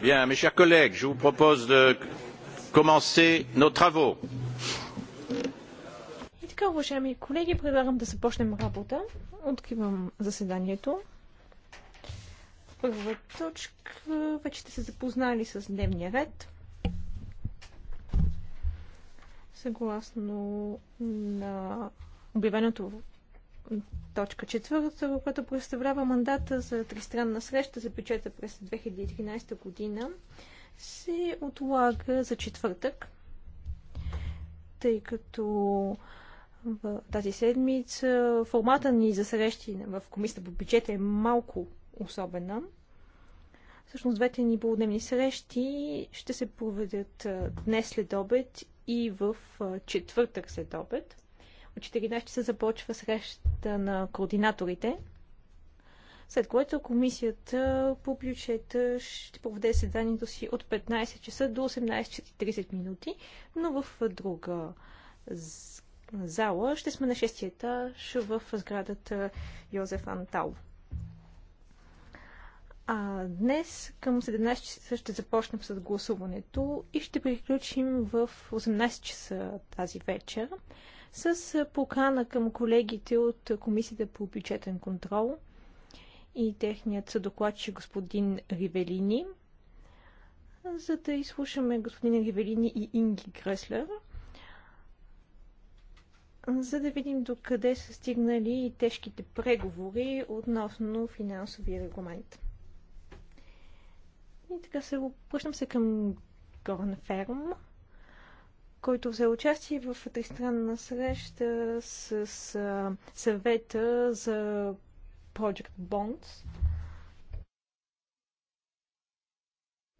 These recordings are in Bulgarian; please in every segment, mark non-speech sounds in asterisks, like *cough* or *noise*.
Bien, mes chers collègues, je vous propose de commencer nos travaux. И така, уважаеми колеги, предлагам да започнем работа. Откривам заседанието. Първа точка. Вече сте се запознали с дневния ред. Съгласно на обявеното точка четвърта, която представлява мандата за тристранна среща за бюджета през 2013 година, се отлага за четвъртък, тъй като в тази седмица формата ни за срещи в комисията по бюджета е малко особена. Всъщност двете ни полудневни срещи ще се проведат днес след обед и в четвъртък след обед. От 14 часа започва среща на координаторите, след което комисията по бюджета ще проведе седанието си от 15 часа до 18.30 минути, но в друга зала ще сме на 6 етаж в сградата Йозеф Антал. А днес към 17 часа ще започнем с гласуването и ще приключим в 18 часа тази вечер с покана към колегите от Комисията по бюджетен контрол и техният съдокладчик господин Ривелини, за да изслушаме господин Ривелини и Инги Креслер, за да видим докъде са стигнали тежките преговори относно финансовия регламент. И така се обръщам се към Горн Ферм който взе участие в тристранна среща с, с съвета за Project Bonds,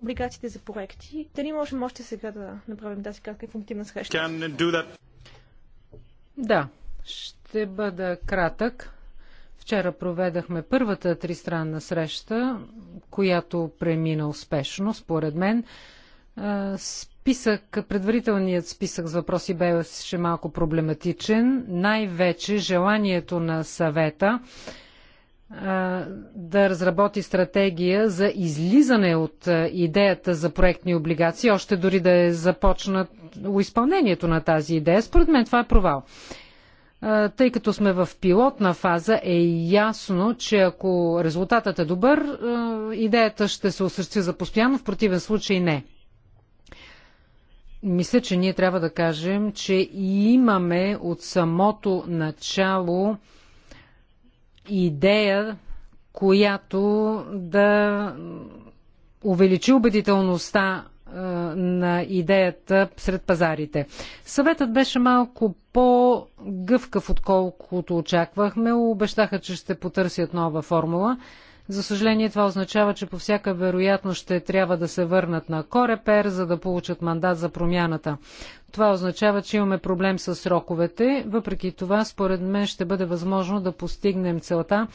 облигациите за проекти. Дали можем още сега да направим тази кратка информативна среща? Да, ще бъда кратък. Вчера проведахме първата тристранна среща, която премина успешно, според мен. Списък, предварителният списък с въпроси беше малко проблематичен. Най-вече желанието на съвета да разработи стратегия за излизане от идеята за проектни облигации, още дори да е започнат изпълнението на тази идея. Според мен това е провал. Тъй като сме в пилотна фаза, е ясно, че ако резултатът е добър, идеята ще се осъществи за постоянно, в противен случай не мисля, че ние трябва да кажем, че имаме от самото начало идея, която да увеличи убедителността на идеята сред пазарите. Съветът беше малко по-гъвкав, отколкото очаквахме. Обещаха, че ще потърсят нова формула. За съжаление, това означава, че по всяка вероятност ще трябва да се върнат на Корепер, за да получат мандат за промяната. Това означава, че имаме проблем с сроковете. Въпреки това, според мен ще бъде възможно да постигнем целта,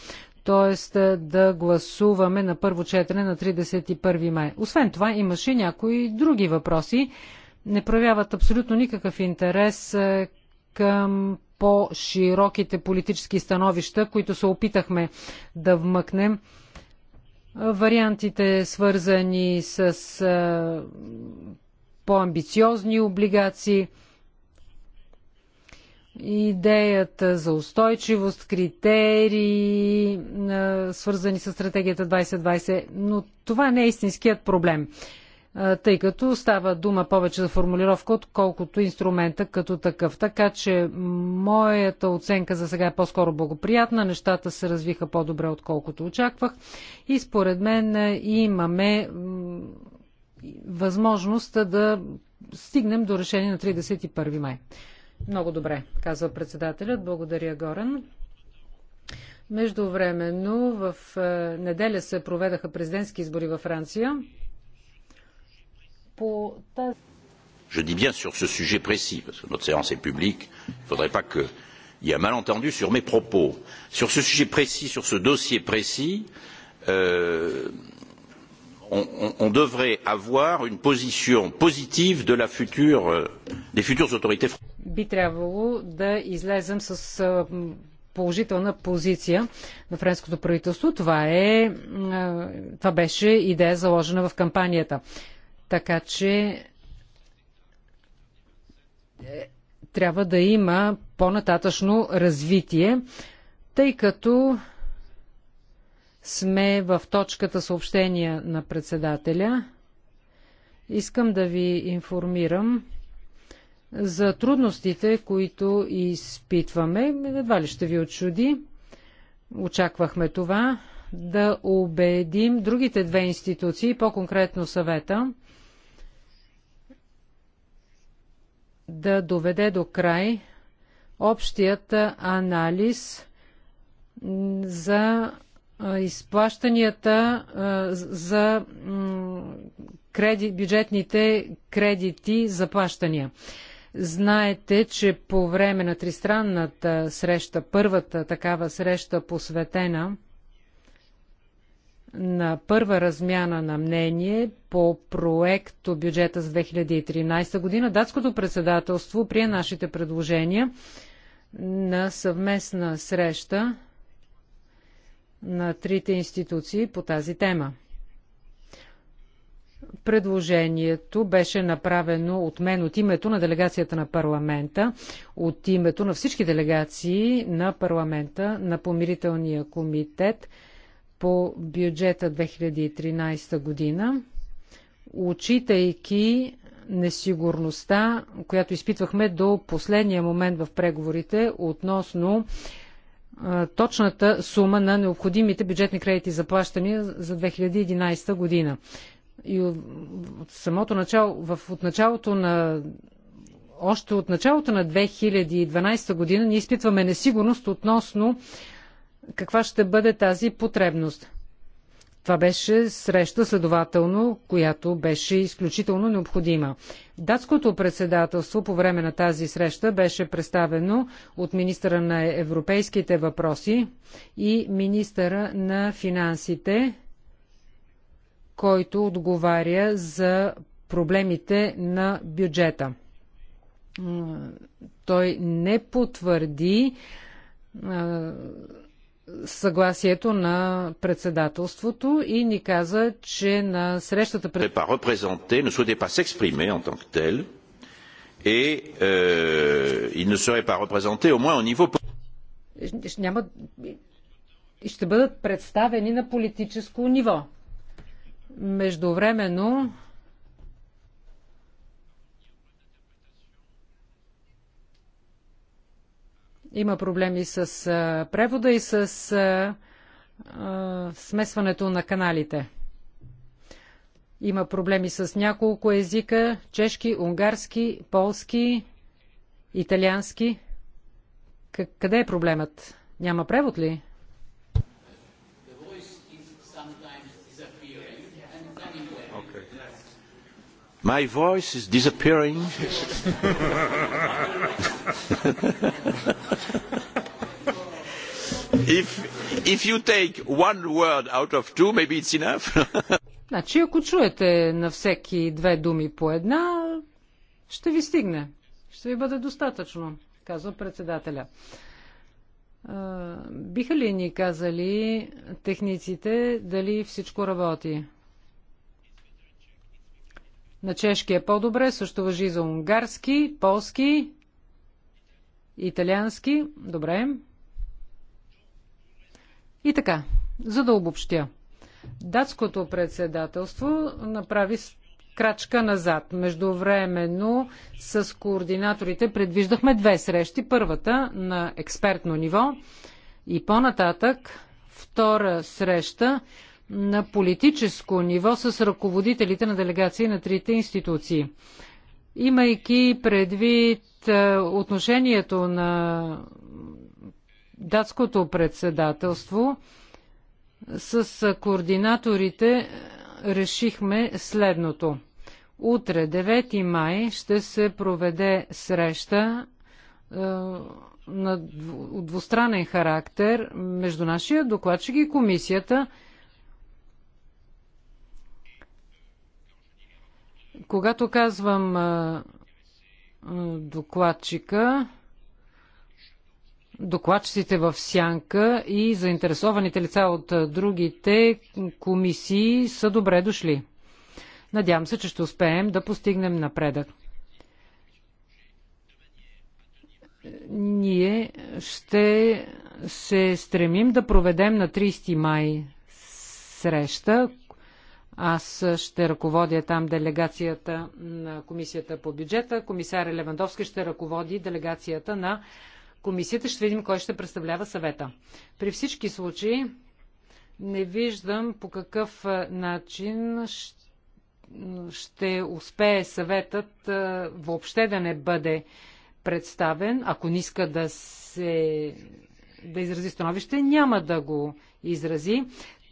т.е. да гласуваме на първо четене на 31 май. Освен това, имаше някои други въпроси. Не проявяват абсолютно никакъв интерес е, към по-широките политически становища, които се опитахме да вмъкнем вариантите свързани с по-амбициозни облигации, идеята за устойчивост, критерии, свързани с стратегията 2020, но това не е истинският проблем тъй като става дума повече за формулировка, отколкото инструмента като такъв. Така че моята оценка за сега е по-скоро благоприятна. Нещата се развиха по-добре, отколкото очаквах. И според мен имаме възможност да стигнем до решение на 31 май. Много добре, казва председателят. Благодаря, Горен. Междувременно в неделя се проведаха президентски избори във Франция. Je dis bien sur ce sujet précis, parce que notre séance est publique, il ne faudrait pas qu'il y ait un malentendu sur mes propos. Sur ce sujet précis, sur ce dossier précis, on, devrait avoir une position positive de la future, des futures autorités françaises. положителна позиция на френското правителство. Това, е, това беше идея заложена в кампанията. Така че е, трябва да има по-нататъчно развитие, тъй като сме в точката съобщения на председателя. Искам да ви информирам за трудностите, които изпитваме. Едва ли ще ви очуди. Очаквахме това да убедим другите две институции, по-конкретно съвета, да доведе до край общият анализ за изплащанията за кредит, бюджетните кредити за плащания. Знаете, че по време на тристранната среща, първата такава среща посветена на първа размяна на мнение по проекто бюджета за 2013 година. Датското председателство прие нашите предложения на съвместна среща на трите институции по тази тема. Предложението беше направено от мен от името на делегацията на парламента, от името на всички делегации на парламента, на помирителния комитет – по бюджета 2013 година, отчитайки несигурността, която изпитвахме до последния момент в преговорите относно точната сума на необходимите бюджетни кредити за плащания за 2011 година. И от самото начало, в, от началото на още от началото на 2012 година ние изпитваме несигурност относно каква ще бъде тази потребност. Това беше среща, следователно, която беше изключително необходима. Датското председателство по време на тази среща беше представено от министра на европейските въпроси и министра на финансите, който отговаря за проблемите на бюджета. Той не потвърди съгласието на председателството и ни каза, че на срещата пред... Euh, ще бъдат представени на политическо ниво. Междувременно Има проблеми с превода и с смесването на каналите. Има проблеми с няколко езика чешки, унгарски, полски, италиански. Къде е проблемът? Няма превод ли? My voice is disappearing. if, if you take one word out of two, maybe it's enough. значи, ако чуете на всеки две думи по една, ще ви стигне. Ще ви бъде достатъчно, казва председателя. биха ли ни казали техниците дали всичко работи? На чешки е по-добре, също въжи за унгарски, полски, италиански. Добре. И така, за да обобщя. Датското председателство направи крачка назад. Междувременно с координаторите предвиждахме две срещи. Първата на експертно ниво и по-нататък втора среща на политическо ниво с ръководителите на делегации на трите институции. Имайки предвид е, отношението на датското председателство, с координаторите е, решихме следното. Утре, 9 май, ще се проведе среща е, на двустранен характер между нашия докладчик и комисията – Когато казвам а, докладчика, докладчиците в сянка и заинтересованите лица от другите комисии са добре дошли. Надявам се, че ще успеем да постигнем напредък. Ние ще се стремим да проведем на 30 май среща, аз ще ръководя там делегацията на Комисията по бюджета. Комисаря Левандовски ще ръководи делегацията на Комисията. Ще видим кой ще представлява съвета. При всички случаи не виждам по какъв начин ще успее съветът въобще да не бъде представен. Ако не иска да се да изрази становище, няма да го изрази.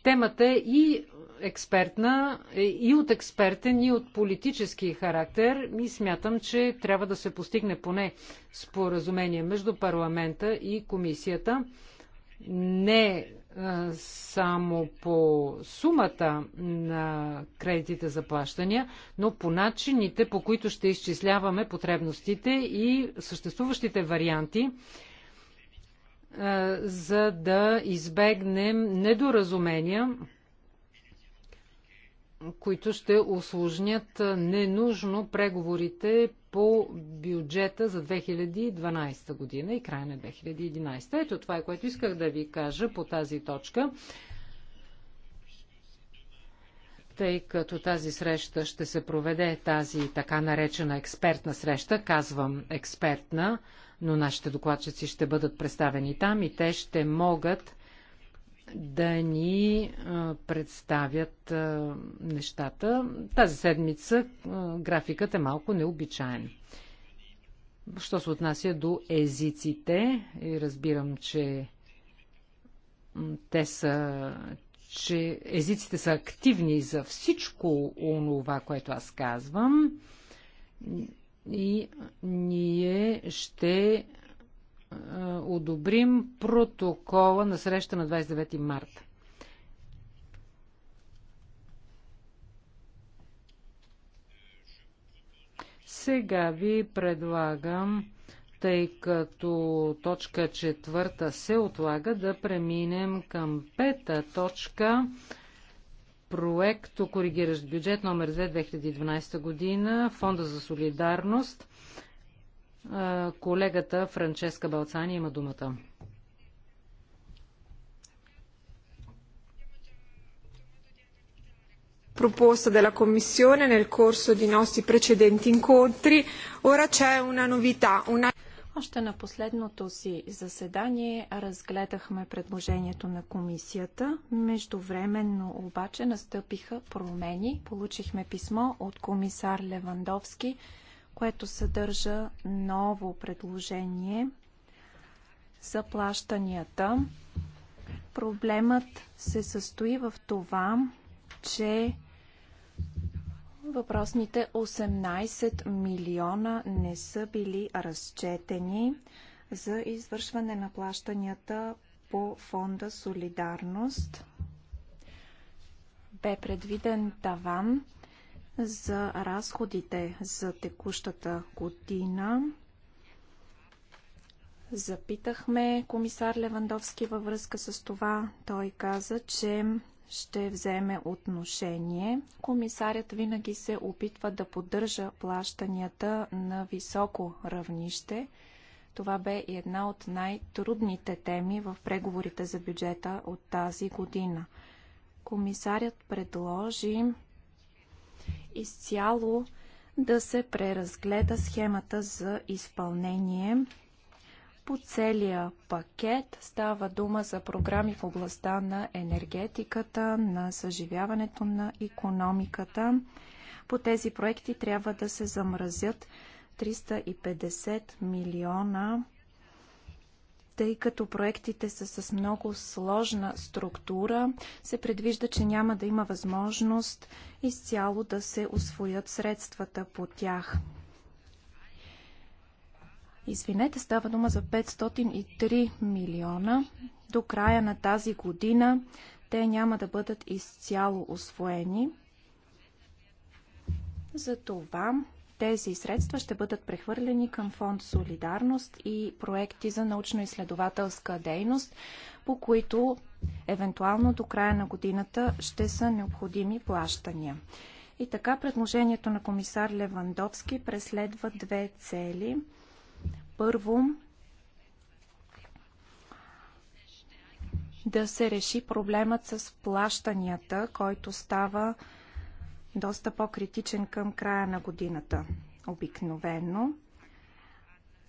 Темата е и експертна, е, и от експертен, и от политически характер и смятам, че трябва да се постигне поне споразумение между парламента и комисията не е, само по сумата на кредитите за плащания, но по начините, по които ще изчисляваме потребностите и съществуващите варианти, е, за да избегнем недоразумения които ще осложнят ненужно преговорите по бюджета за 2012 година и края на 2011. Ето това е което исках да ви кажа по тази точка. Тъй като тази среща ще се проведе тази така наречена експертна среща, казвам експертна, но нашите докладчици ще бъдат представени там и те ще могат да ни представят нещата. Тази седмица графикът е малко необичаен. Що се отнася до езиците, и разбирам, че те са, че езиците са активни за всичко онова, което аз казвам. И ние ще е, одобрим протокола на среща на 29 марта. Сега ви предлагам, тъй като точка четвърта се отлага, да преминем към пета точка проекто коригиращ бюджет номер 2 2012 година, Фонда за солидарност Колегата Франческа Балцани има думата. proposta della Commissione nel corso di nostri precedenti incontri. Ora c'è una novità. Una... Още на последното си заседание разгледахме предложението на комисията. Междувременно обаче настъпиха промени. Получихме писмо от комисар Левандовски, което съдържа ново предложение за плащанията. Проблемът се състои в това, че въпросните 18 милиона не са били разчетени за извършване на плащанията по фонда Солидарност. Бе предвиден таван – за разходите за текущата година. Запитахме комисар Левандовски във връзка с това. Той каза, че ще вземе отношение. Комисарят винаги се опитва да поддържа плащанията на високо равнище. Това бе и една от най-трудните теми в преговорите за бюджета от тази година. Комисарят предложи изцяло да се преразгледа схемата за изпълнение по целия пакет. Става дума за програми в областта на енергетиката, на съживяването на економиката. По тези проекти трябва да се замразят 350 милиона тъй като проектите са с много сложна структура, се предвижда, че няма да има възможност изцяло да се освоят средствата по тях. Извинете, става дума за 503 милиона. До края на тази година те няма да бъдат изцяло освоени. Затова тези средства ще бъдат прехвърлени към фонд Солидарност и проекти за научно-изследователска дейност, по които евентуално до края на годината ще са необходими плащания. И така предложението на комисар Левандовски преследва две цели. Първо, да се реши проблемът с плащанията, който става доста по-критичен към края на годината обикновено.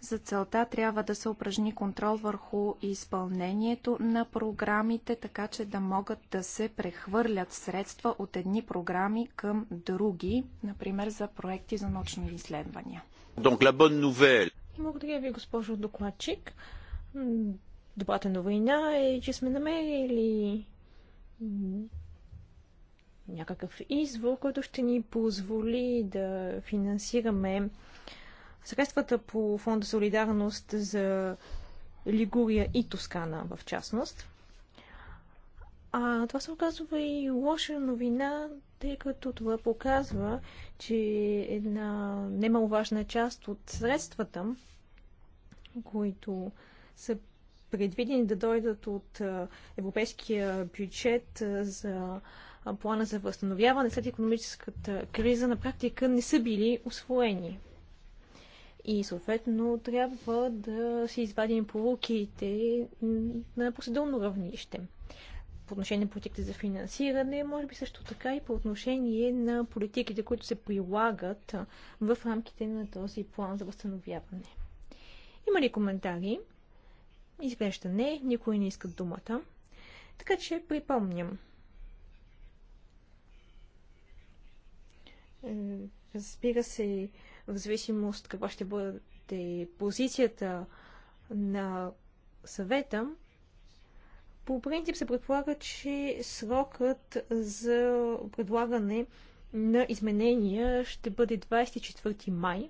За целта трябва да се упражни контрол върху изпълнението на програмите, така че да могат да се прехвърлят средства от едни програми към други, например за проекти за научни изследвания. Благодаря ви, госпожо докладчик. Добрата новина е, че сме намерили някакъв извор, който ще ни позволи да финансираме средствата по фонда Солидарност за Лигурия и Тоскана в частност. А това се оказва и лоша новина, тъй като това показва, че една немаловажна част от средствата, които са предвидени да дойдат от европейския бюджет за плана за възстановяване след економическата криза на практика не са били освоени. И съответно трябва да си извадим полуките на процедурно равнище. По отношение на политиките за финансиране, може би също така и по отношение на политиките, които се прилагат в рамките на този план за възстановяване. Има ли коментари? Изглежда не, никой не иска думата. Така че припомням. Разбира се, в зависимост каква ще бъде позицията на съвета, по принцип се предполага, че срокът за предлагане на изменения ще бъде 24 май.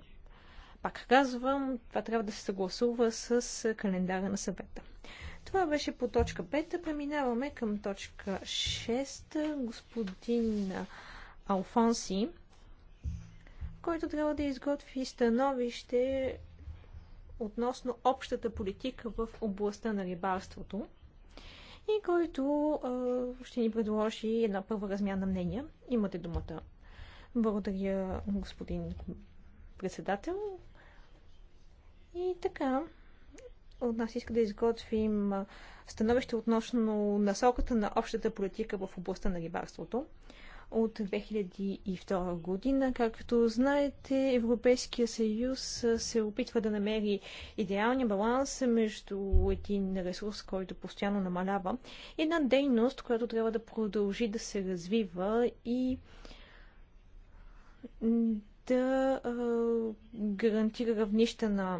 Пак казвам, това трябва да се съгласува с календара на съвета. Това беше по точка 5. Преминаваме към точка 6. Господин Алфонси който трябва да изготви становище относно общата политика в областта на рибарството и който а, ще ни предложи една първа размяна мнения. Имате думата. Благодаря, господин председател. И така, от нас иска да изготвим становище относно насоката на общата политика в областта на рибарството от 2002 година. Както знаете, Европейския съюз се опитва да намери идеалния баланс между един ресурс, който постоянно намалява, и една дейност, която трябва да продължи да се развива и да гарантира равнища на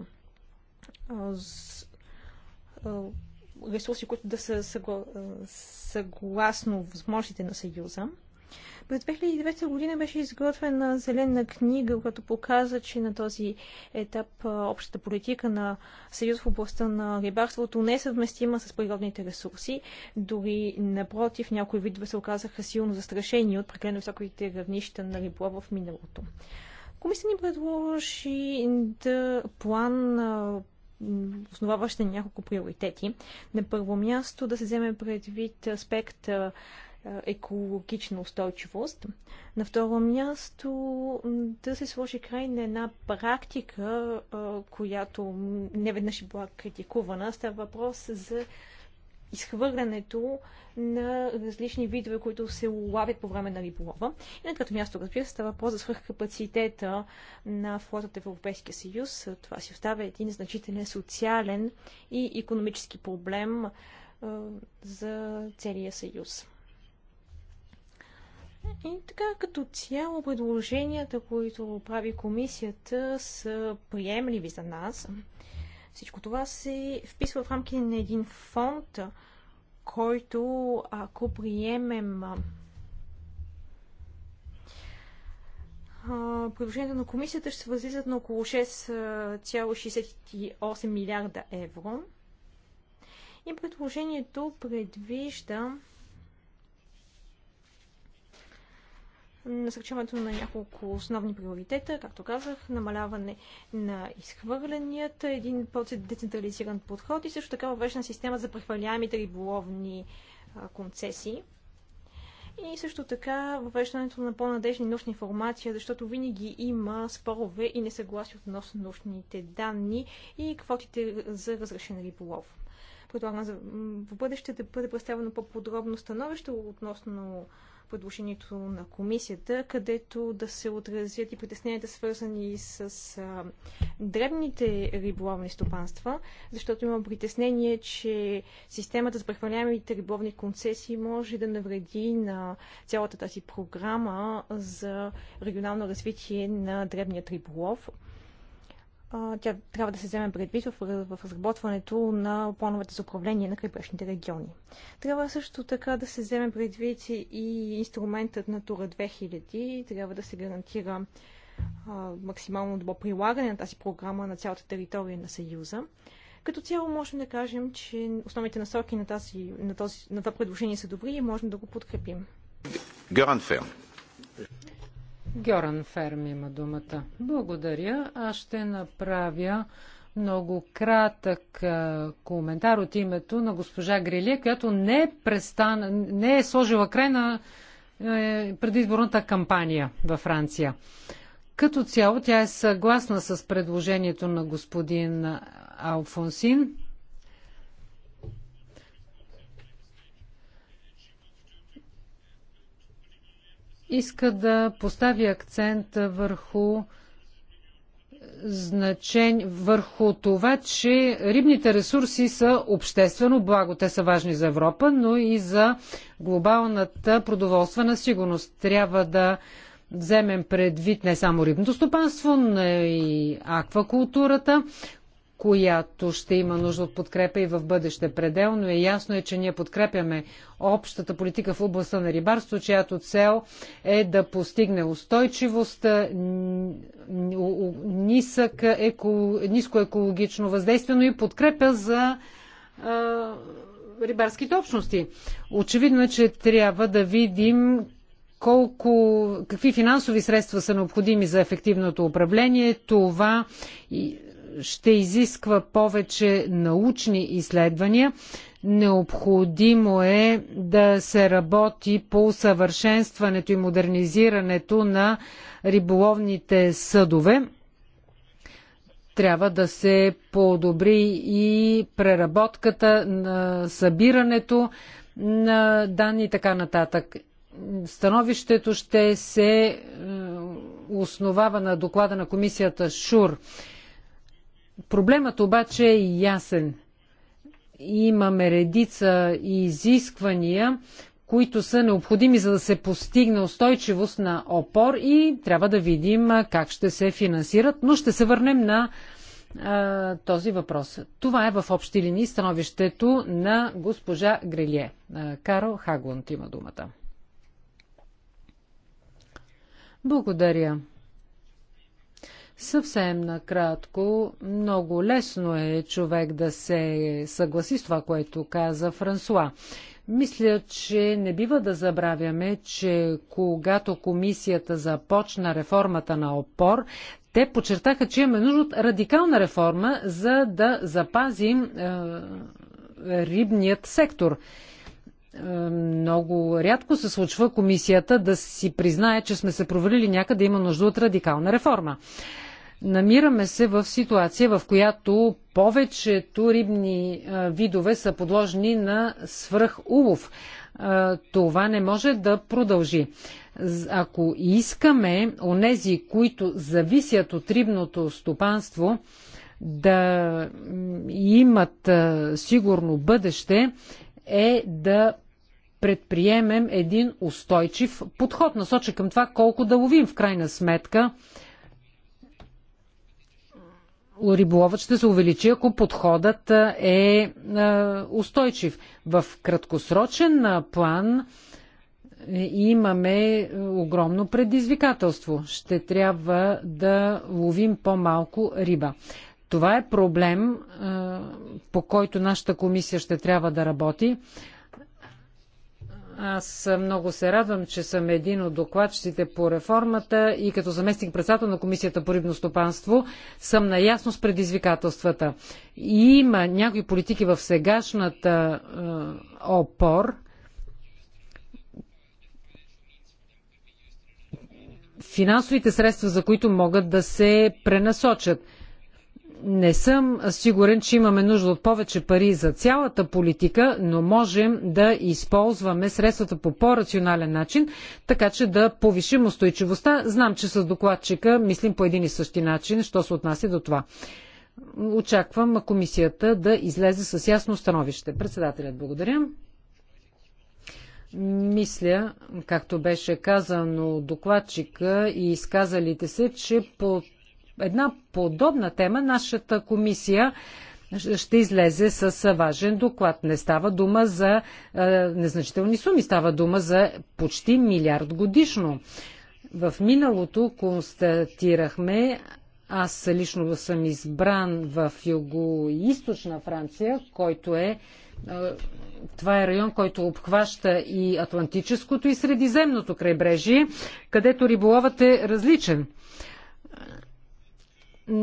ресурси, които да са съгласно възможностите на Съюза. През 2009 година беше изготвена зелена книга, която показа, че на този етап общата политика на Съюз в областта на рибарството не е съвместима с природните ресурси. Дори напротив, някои видове се оказаха силно застрашени от прекалено високите равнища на рибла в миналото. Комисията ни предложи да план основаващ на няколко приоритети. На първо място да се вземе предвид аспект екологична устойчивост. На второ място да се сложи край на една практика, която не веднъж е била критикувана. Става въпрос за изхвърлянето на различни видове, които се улавят по време на риболова. И на трето място, разбира се, става въпрос за свръхкапацитета на флотата в Европейския съюз. Това си оставя един значителен социален и економически проблем за целия съюз. И така като цяло предложенията, които прави комисията, са приемливи за нас. Всичко това се вписва в рамки на един фонд, който ако приемем предложенията на комисията ще се възлизат на около 6,68 милиарда евро. И предложението предвижда насърчаването на няколко основни приоритета, както казах, намаляване на изхвърлянията, един по-децентрализиран подход и също така въвеждана система за прехвърляемите риболовни концесии. И също така въвеждането на по-надежни научни информация, защото винаги има спорове и несъгласи относно научните данни и квотите за разрешен риболов. Предлагам в бъдеще да бъде представено по-подробно становище относно предложението на комисията, където да се отразят и притесненията свързани с а, дребните риболовни стопанства, защото има притеснение, че системата за прехвърляемите риболовни концесии може да навреди на цялата тази програма за регионално развитие на дребният риболов тя трябва да се вземе предвид в разработването на плановете за управление на крайбрежните региони. Трябва също така да се вземе предвид и инструментът на Тура 2000. Трябва да се гарантира максимално добро прилагане на тази програма на цялата територия на Съюза. Като цяло можем да кажем, че основните насоки на, тази, на, този, на това предложение са добри и можем да го подкрепим. Гъран Гьоран Ферм има думата. Благодаря. Аз ще направя много кратък а, коментар от името на госпожа Грилия, която не престана, не е сложила край на е, предизборната кампания във Франция. Като цяло тя е съгласна с предложението на господин Алфонсин иска да постави акцент върху значен... върху това, че рибните ресурси са обществено благо. Те са важни за Европа, но и за глобалната продоволствена сигурност. Трябва да вземем предвид не само рибното стопанство, но и аквакултурата, която ще има нужда от подкрепа и в бъдеще. Пределно е ясно е, че ние подкрепяме общата политика в областта на рибарство, чиято цел е да постигне устойчивост, нисък еко, ниско екологично въздействие, но и подкрепя за а, рибарските общности. Очевидно е, че трябва да видим колко, какви финансови средства са необходими за ефективното управление. Това ще изисква повече научни изследвания. Необходимо е да се работи по усъвършенстването и модернизирането на риболовните съдове. Трябва да се подобри и преработката на събирането на данни и така нататък. Становището ще се е, основава на доклада на комисията ШУР. Проблемът обаче е ясен. Имаме редица и изисквания, които са необходими за да се постигне устойчивост на опор и трябва да видим как ще се финансират, но ще се върнем на а, този въпрос. Това е в общи линии становището на госпожа Грелие. А, Карл Хагланд има думата. Благодаря. Съвсем накратко, много лесно е човек да се съгласи с това, което каза Франсуа. Мисля, че не бива да забравяме, че когато комисията започна реформата на опор, те подчертаха, че имаме нужда от радикална реформа, за да запазим е, рибният сектор. Е, много рядко се случва комисията да си признае, че сме се провалили някъде, има нужда от радикална реформа. Намираме се в ситуация, в която повечето рибни видове са подложени на свръхулов. Това не може да продължи. Ако искаме онези, които зависят от рибното стопанство, да имат сигурно бъдеще, е да предприемем един устойчив подход, Насочи към това колко да ловим в крайна сметка риболовът ще се увеличи, ако подходът е устойчив. В краткосрочен план е, имаме е, огромно предизвикателство. Ще трябва да ловим по-малко риба. Това е проблем, по който нашата комисия ще трябва да работи. Аз много се радвам, че съм един от докладчиците по реформата и като заместник председател на Комисията по рибно стопанство съм наясно с предизвикателствата. И има някои политики в сегашната е, опор, финансовите средства, за които могат да се пренасочат не съм сигурен, че имаме нужда от повече пари за цялата политика, но можем да използваме средствата по по-рационален начин, така че да повишим устойчивостта. Знам, че с докладчика мислим по един и същи начин, що се отнася до това. Очаквам комисията да излезе с ясно становище. Председателят, благодаря. Мисля, както беше казано докладчика и изказалите се, че по една подобна тема нашата комисия ще излезе с важен доклад. Не става дума за е, незначителни суми, става дума за почти милиард годишно. В миналото констатирахме, аз лично съм избран в юго-источна Франция, който е, е това е район, който обхваща и Атлантическото и Средиземното крайбрежие, където риболовът е различен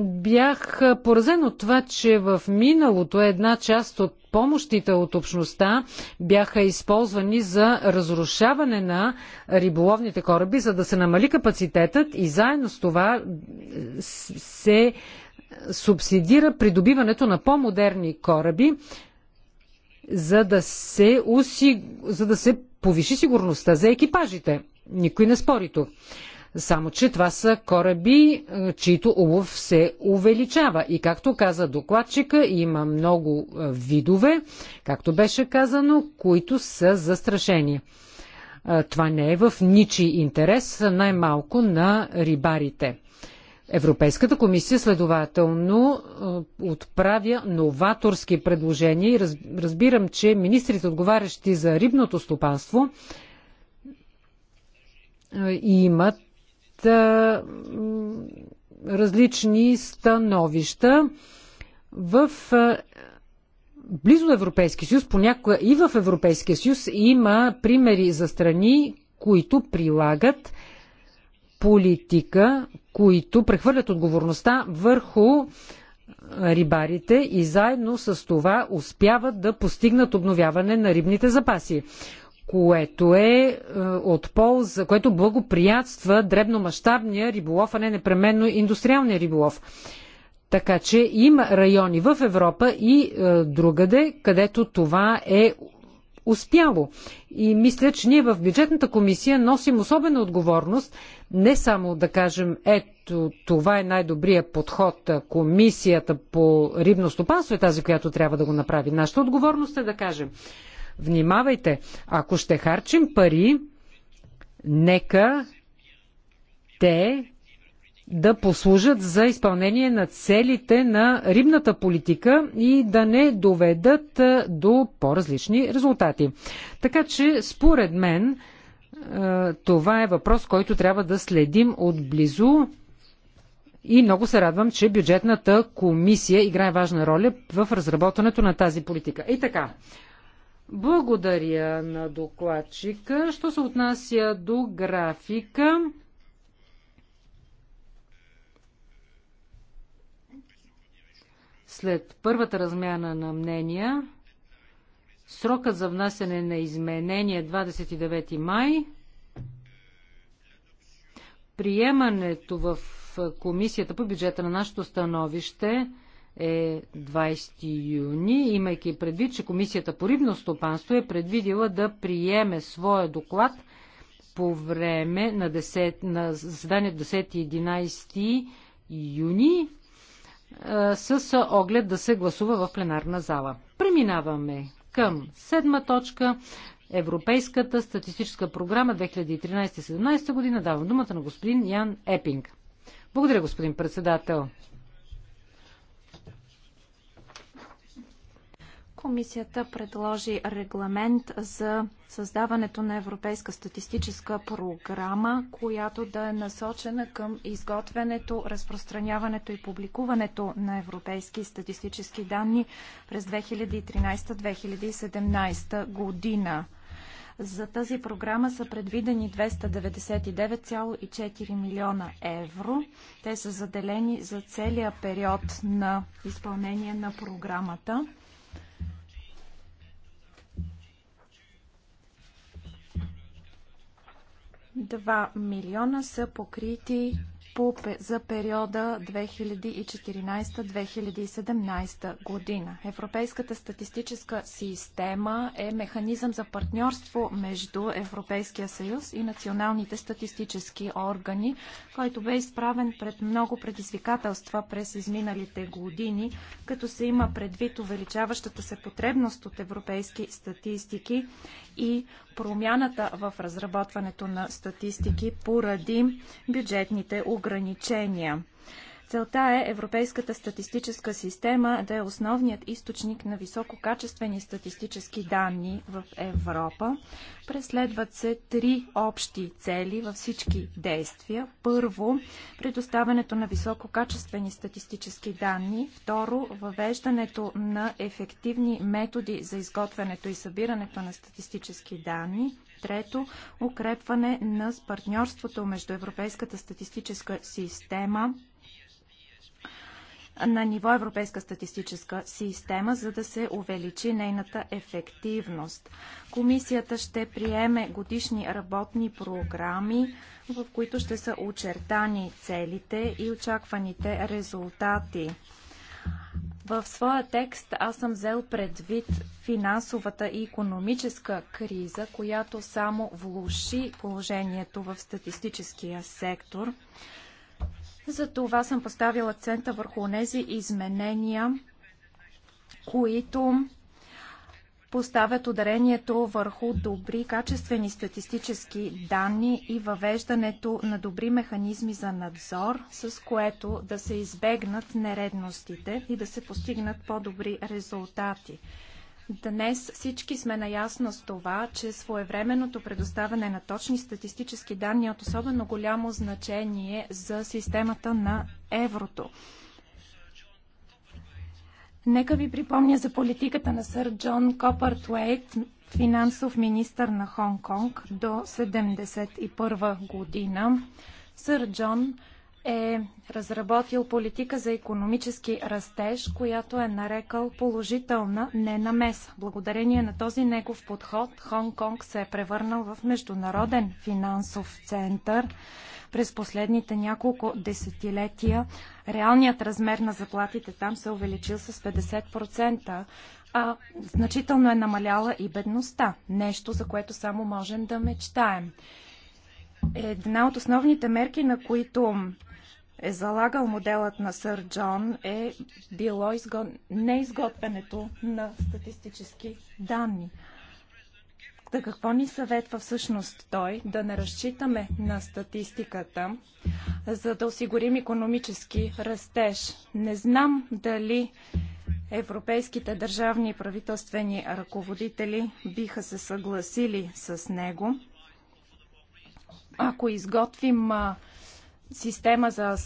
бях поразен от това, че в миналото една част от помощите от общността бяха използвани за разрушаване на риболовните кораби, за да се намали капацитетът и заедно с това се субсидира придобиването на по-модерни кораби, за да се, уси... за да се повиши сигурността за екипажите. Никой не спори тук. Само, че това са кораби, е, чието улов се увеличава. И както каза докладчика, има много е, видове, както беше казано, които са застрашени. Е, това не е в ничи интерес, най-малко на рибарите. Европейската комисия следователно отправя новаторски предложения и разбирам, че министрите, отговарящи за рибното стопанство, имат различни становища в близо до Европейския съюз, понякога и в Европейския съюз има примери за страни, които прилагат политика, които прехвърлят отговорността върху рибарите и заедно с това успяват да постигнат обновяване на рибните запаси което е, е от полза, което благоприятства дребномащабния риболов, а не непременно индустриалния риболов. Така че има райони в Европа и е, другаде, където това е успяло. И мисля, че ние в бюджетната комисия носим особена отговорност не само да кажем ето това е най-добрият подход, комисията по рибно стопанство е тази, която трябва да го направи. Нашата отговорност е да кажем Внимавайте, ако ще харчим пари, нека те да послужат за изпълнение на целите на рибната политика и да не доведат до по-различни резултати. Така че, според мен, това е въпрос, който трябва да следим отблизо и много се радвам, че бюджетната комисия играе важна роля в разработването на тази политика. И така, благодаря на докладчика. Що се отнася до графика, след първата размяна на мнения, срокът за внасяне на изменение 29 май, приемането в комисията по бюджета на нашето становище – е 20 юни, имайки предвид, че Комисията по рибно стопанство е предвидила да приеме своя доклад по време на, 10, на заседание 10-11 юни е, с оглед да се гласува в пленарна зала. Преминаваме към седма точка. Европейската статистическа програма 2013-2017 година. Давам думата на господин Ян Епинг. Благодаря, господин председател. Комисията предложи регламент за създаването на Европейска статистическа програма, която да е насочена към изготвянето, разпространяването и публикуването на европейски статистически данни през 2013-2017 година. За тази програма са предвидени 299,4 милиона евро. Те са заделени за целия период на изпълнение на програмата. 2 милиона са покрити по, за периода 2014-2017 година. Европейската статистическа система е механизъм за партньорство между Европейския съюз и националните статистически органи, който бе изправен пред много предизвикателства през изминалите години, като се има предвид увеличаващата се потребност от европейски статистики и промяната в разработването на статистики поради бюджетните ограничения. Целта е Европейската статистическа система да е основният източник на висококачествени статистически данни в Европа. Преследват се три общи цели във всички действия. Първо, предоставянето на висококачествени статистически данни. Второ, въвеждането на ефективни методи за изготвянето и събирането на статистически данни. Трето, укрепване на партньорството между Европейската статистическа система на ниво Европейска статистическа система, за да се увеличи нейната ефективност. Комисията ще приеме годишни работни програми, в които ще са очертани целите и очакваните резултати. В своя текст аз съм взел предвид финансовата и економическа криза, която само влуши положението в статистическия сектор. Затова съм поставил акцента върху тези изменения, които поставят ударението върху добри, качествени статистически данни и въвеждането на добри механизми за надзор, с което да се избегнат нередностите и да се постигнат по-добри резултати. Днес всички сме наясно с това, че своевременното предоставяне на точни статистически данни е от особено голямо значение за системата на еврото. Нека ви припомня за политиката на сър Джон Копъртвейт, финансов министър на Хонг Конг до 1971 година. Сър Джон е разработил политика за економически растеж, която е нарекал положителна ненамеса. Благодарение на този негов подход, Хонг Конг се е превърнал в международен финансов център. През последните няколко десетилетия реалният размер на заплатите там се е увеличил с 50%, а значително е намаляла и бедността. Нещо, за което само можем да мечтаем. Една от основните мерки, на които е залагал моделът на сър Джон е било изго... неизготвянето на статистически данни. Да какво ни съветва всъщност той? Да не разчитаме на статистиката, за да осигурим економически растеж. Не знам дали европейските държавни и правителствени ръководители биха се съгласили с него. Ако изготвим система за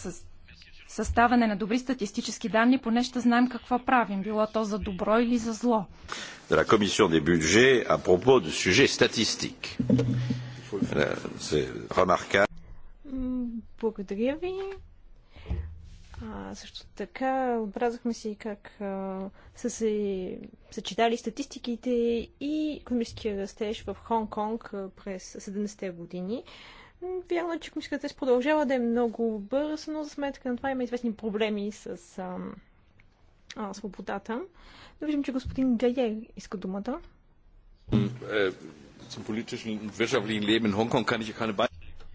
съставане на добри статистически данни, поне ще знаем какво правим, било то за добро или за зло. De la commission des budgets à propos de sujets statistiques. C'est remarquable. Благодаря ви. А, също така отбразахме си как а, са се съчетали статистиките и економическия растеж в Хонг-Конг през 70-те години. А, Вярно, е, че економическият процес продължава да е много бърз, но за сметка на това има известни проблеми с а, а, свободата. Но виждам, че господин Гайер иска думата.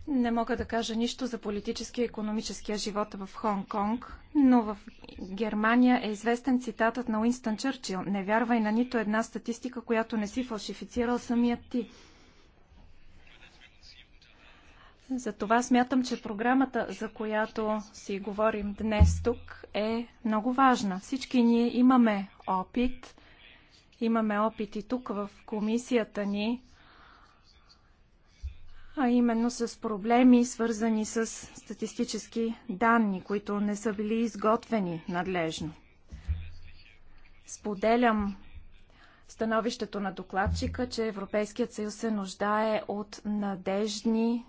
Не мога да кажа нищо за политическия и економическия живот в Хонг-Конг, но в Германия е известен цитатът на Уинстън Чърчил. Не вярвай на нито една статистика, която не си фалшифицирал самият ти. Затова смятам, че програмата, за която си говорим днес тук, е много важна. Всички ние имаме опит. Имаме опит и тук в комисията ни, а именно с проблеми, свързани с статистически данни, които не са били изготвени надлежно. Споделям становището на докладчика, че Европейският съюз се нуждае от надежни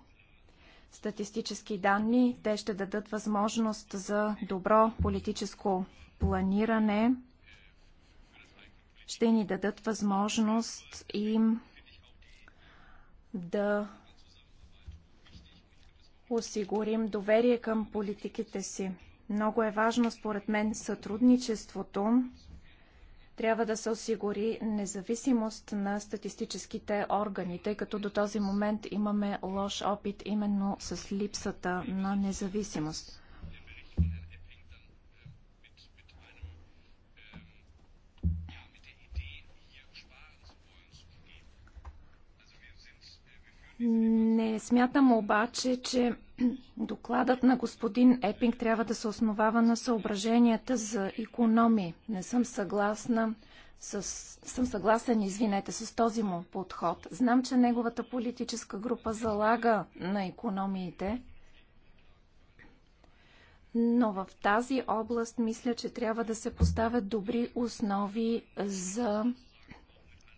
статистически данни. Те ще дадат възможност за добро политическо планиране, ще ни дадат възможност им да осигурим доверие към политиките си. Много е важно, според мен, сътрудничеството трябва да се осигури независимост на статистическите органи, тъй като до този момент имаме лош опит именно с липсата на независимост. Не смятам обаче, че Докладът на господин Епинг трябва да се основава на съображенията за економии. Не съм съгласна с... съм съгласен, извинете, с този му подход. Знам, че неговата политическа група залага на економиите, но в тази област мисля, че трябва да се поставят добри основи за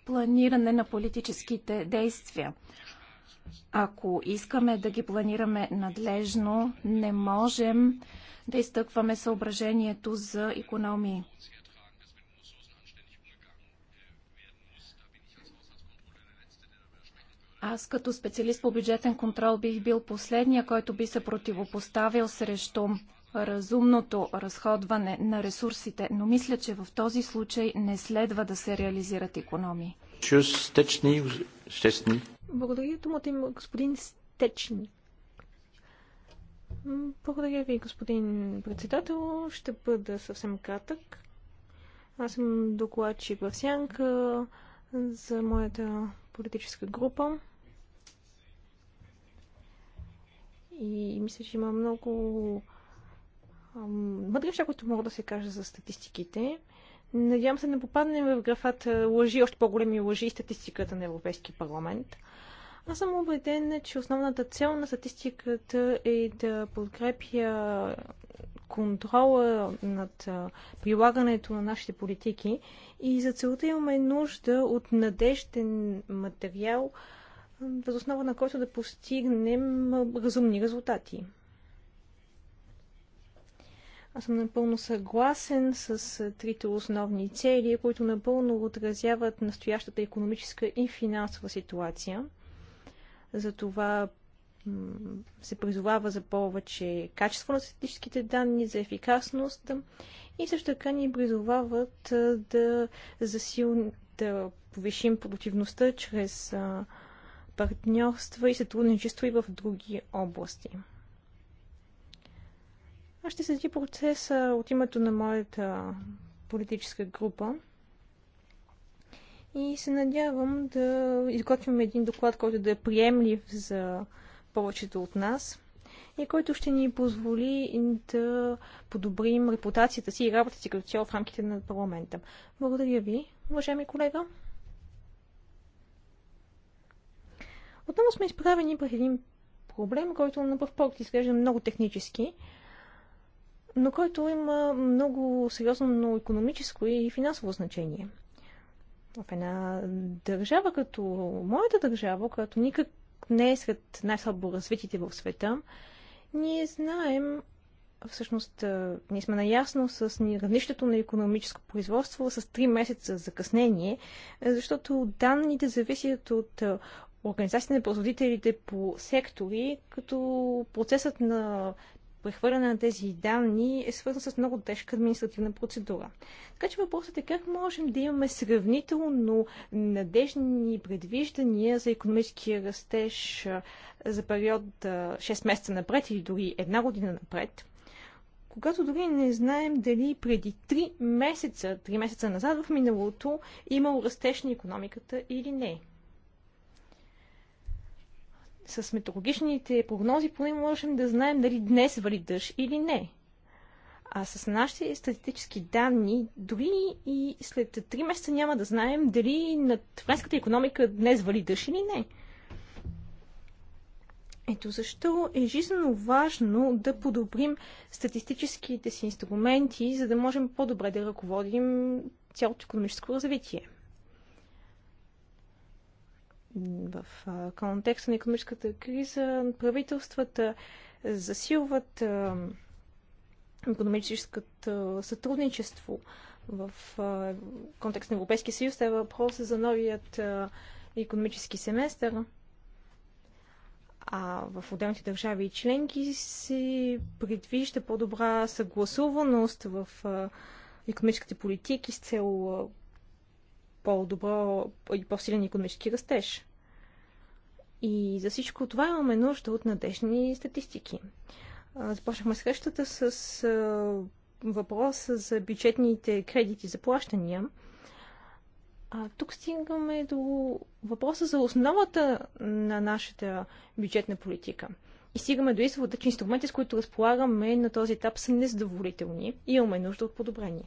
планиране на политическите действия. Ако искаме да ги планираме надлежно, не можем да изтъкваме съображението за економии. Аз като специалист по бюджетен контрол бих бил последния, който би се противопоставил срещу разумното разходване на ресурсите, но мисля, че в този случай не следва да се реализират економии. Благодаря думата има господин Стечин. Благодаря ви, господин председател. Ще бъда съвсем кратък. Аз съм докладчик в Сянка за моята политическа група. И мисля, че има много мъдри неща, които могат да се кажа за статистиките. Надявам се да не попаднем в графата лъжи, още по-големи лъжи и статистиката на Европейския парламент. Аз съм убеден, че основната цел на статистиката е да подкрепя контрола над прилагането на нашите политики и за целта имаме нужда от надежден материал, възоснова на който да постигнем разумни резултати. Аз съм напълно съгласен с трите основни цели, които напълно отразяват настоящата економическа и финансова ситуация. Затова се призовава за повече качество на статистическите данни, за ефикасност и също така ни призовават да, засил... да повишим продуктивността чрез партньорства и сътрудничество и в други области. Аз ще следи процеса от името на моята политическа група и се надявам да изготвим един доклад, който да е приемлив за повечето от нас и който ще ни позволи да подобрим репутацията си и работата си като цяло в рамките на парламента. Благодаря ви, уважаеми колега. Отново сме изправени пред един проблем, който на пръв поглед изглежда много технически, но който има много сериозно економическо и финансово значение. В една държава като моята държава, която никак не е сред най-слабо развитите в света, ние знаем, всъщност, ние сме наясно с равнището на економическо производство с 3 месеца закъснение, защото данните зависят от организацията на производителите по сектори, като процесът на прехвърляне на тези данни е свързан с много тежка административна процедура. Така че въпросът е как можем да имаме сравнително надежни предвиждания за економическия растеж за период 6 месеца напред или дори една година напред, когато дори не знаем дали преди 3 месеца, 3 месеца назад в миналото, имало растеж на економиката или не с метеорологичните прогнози поне можем да знаем дали днес вали дъжд или не. А с нашите статистически данни, дори и след 3 месеца няма да знаем дали над френската економика днес вали дъжд или не. Ето защо е жизненно важно да подобрим статистическите си инструменти, за да можем по-добре да ръководим цялото економическо развитие. В контекста на економическата криза правителствата засилват економическото сътрудничество в контекст на Европейския съюз. това е въпрос за новият економически семестър. А в отделните държави и членки се предвижда по-добра съгласуваност в економическите политики с цел по-добро и по-силен економически растеж. И за всичко това имаме нужда от надежни статистики. Започнахме срещата с въпроса за бюджетните кредити за плащания. А, тук стигаме до въпроса за основата на нашата бюджетна политика. И стигаме до извода, че инструментите, с които разполагаме на този етап, са незадоволителни и имаме нужда от подобрение.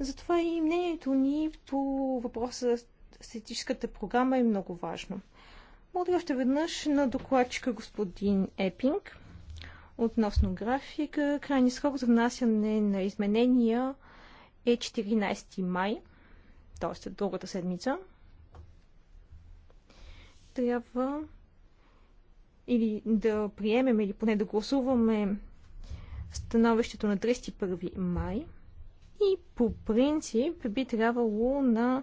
Затова и мнението ни по въпроса с етическата програма е много важно. Благодаря още веднъж на докладчика господин Епинг относно графика. Крайни срок за внасяне на изменения е 14 май, т.е. другата седмица. Трябва или да приемем, или поне да гласуваме становището на 31 май – и по принцип би трябвало на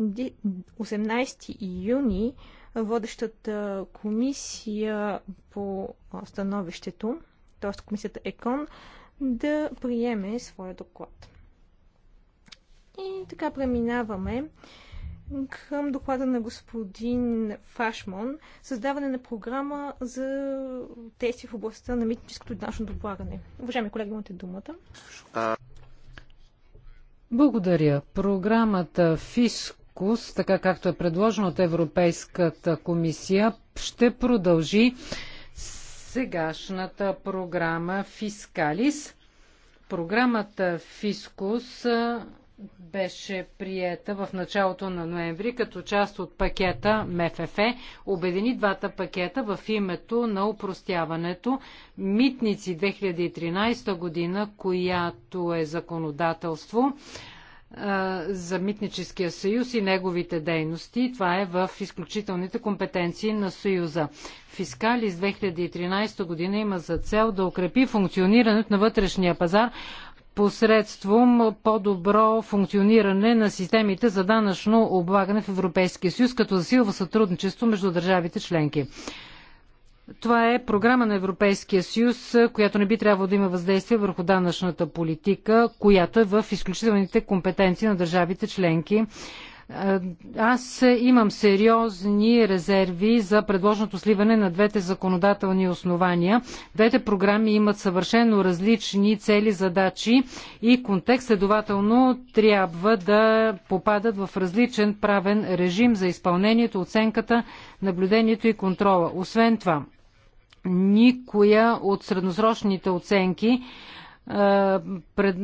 18 юни водещата комисия по становището, т.е. комисията ЕКОН, да приеме своя доклад. И така преминаваме към доклада на господин Фашмон създаване на програма за тести в областта на митническото и данъчно облагане. Уважаеми колеги, имате думата. Благодаря. Програмата Фискус, така както е предложена от Европейската комисия, ще продължи сегашната програма Фискалис. Програмата Фискус беше приета в началото на ноември като част от пакета МФФ, обедини двата пакета в името на упростяването Митници 2013 година, която е законодателство за Митническия съюз и неговите дейности. Това е в изключителните компетенции на съюза. Фискали с 2013 година има за цел да укрепи функционирането на вътрешния пазар посредством по-добро функциониране на системите за данъчно облагане в Европейския съюз, като засилва сътрудничество между държавите членки. Това е програма на Европейския съюз, която не би трябвало да има въздействие върху данъчната политика, която е в изключителните компетенции на държавите членки. Аз имам сериозни резерви за предложеното сливане на двете законодателни основания. Двете програми имат съвършено различни цели, задачи и контекст, следователно трябва да попадат в различен правен режим за изпълнението, оценката, наблюдението и контрола. Освен това, никоя от средносрочните оценки пред,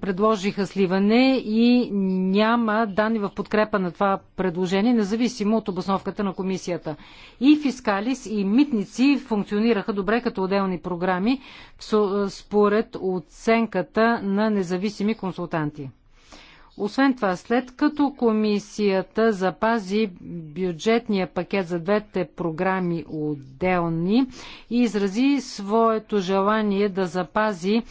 предложиха сливане и няма данни в подкрепа на това предложение, независимо от обосновката на комисията. И фискалис, и митници функционираха добре като отделни програми, според оценката на независими консултанти. Освен това, след като комисията запази бюджетния пакет за двете програми отделни и изрази своето желание да запази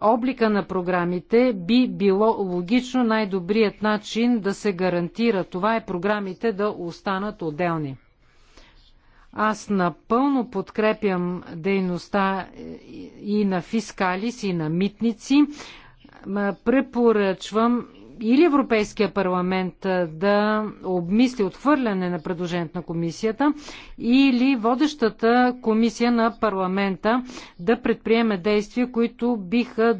облика на програмите, би било логично най-добрият начин да се гарантира това е програмите да останат отделни. Аз напълно подкрепям дейността и на фискалис, и на митници. Препоръчвам или Европейския парламент да обмисли отхвърляне на предложението на комисията, или водещата комисия на парламента да предприеме действия, които биха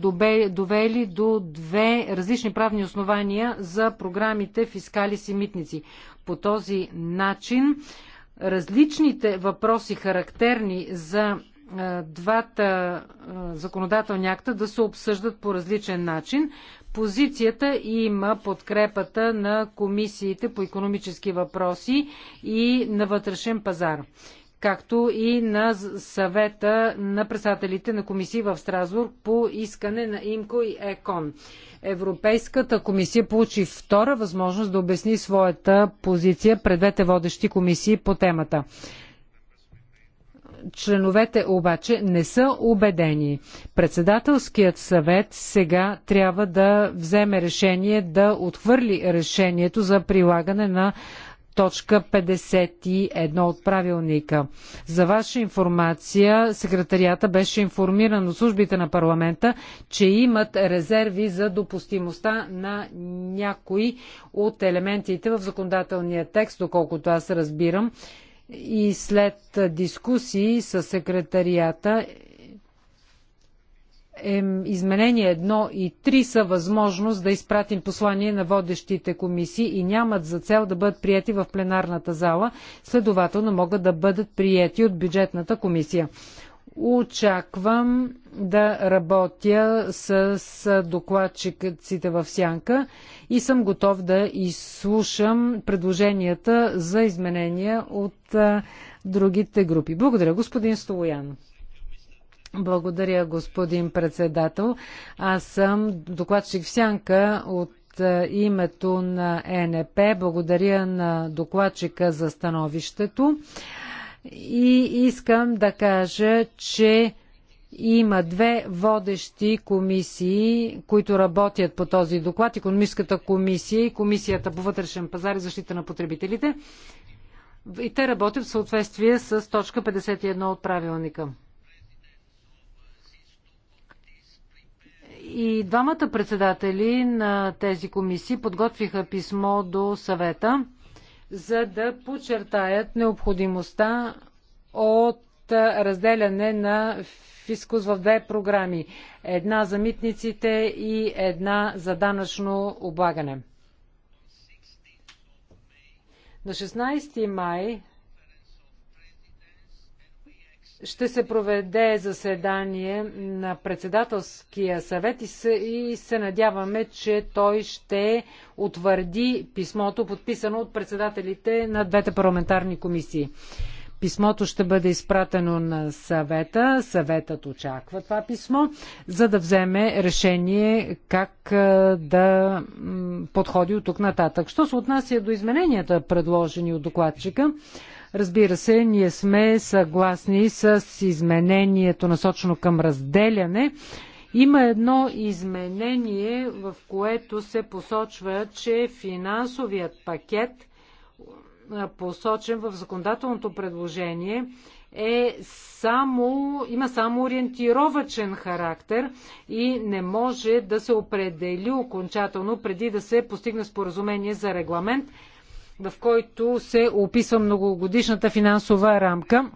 довели до две различни правни основания за програмите фискали и митници. По този начин различните въпроси, характерни за двата законодателни акта да се обсъждат по различен начин позицията има подкрепата на комисиите по економически въпроси и на вътрешен пазар както и на съвета на председателите на комисии в Страсбург по искане на ИМКО и ЕКОН. Европейската комисия получи втора възможност да обясни своята позиция пред двете водещи комисии по темата. Членовете обаче не са убедени. Председателският съвет сега трябва да вземе решение да отхвърли решението за прилагане на точка 51 от правилника. За ваша информация, секретарията беше информиран от службите на парламента, че имат резерви за допустимостта на някои от елементите в законодателния текст, доколкото аз разбирам и след дискусии с секретарията изменения 1 и 3 са възможност да изпратим послание на водещите комисии и нямат за цел да бъдат прияти в пленарната зала, следователно могат да бъдат прияти от бюджетната комисия. Очаквам да работя с докладчиците в Сянка и съм готов да изслушам предложенията за изменения от другите групи. Благодаря, господин Столоян. Благодаря, господин председател. Аз съм докладчик в Сянка от името на ЕНП. Благодаря на докладчика за становището. И искам да кажа, че има две водещи комисии, които работят по този доклад. Економическата комисия и Комисията по вътрешен пазар и защита на потребителите. И те работят в съответствие с точка 51 от правилника. И двамата председатели на тези комисии подготвиха писмо до съвета за да подчертаят необходимостта от разделяне на фискус в две програми. Една за митниците и една за данъчно облагане. На 16 май ще се проведе заседание на председателския съвет и се, и се надяваме, че той ще утвърди писмото, подписано от председателите на двете парламентарни комисии. Писмото ще бъде изпратено на съвета. Съветът очаква това писмо, за да вземе решение как да подходи от тук нататък. Що се отнася до измененията, предложени от докладчика, Разбира се, ние сме съгласни с изменението насочено към разделяне. Има едно изменение, в което се посочва, че финансовият пакет, посочен в законодателното предложение, е само, има само ориентировачен характер и не може да се определи окончателно преди да се постигне споразумение за регламент в който се описва многогодишната финансова рамка.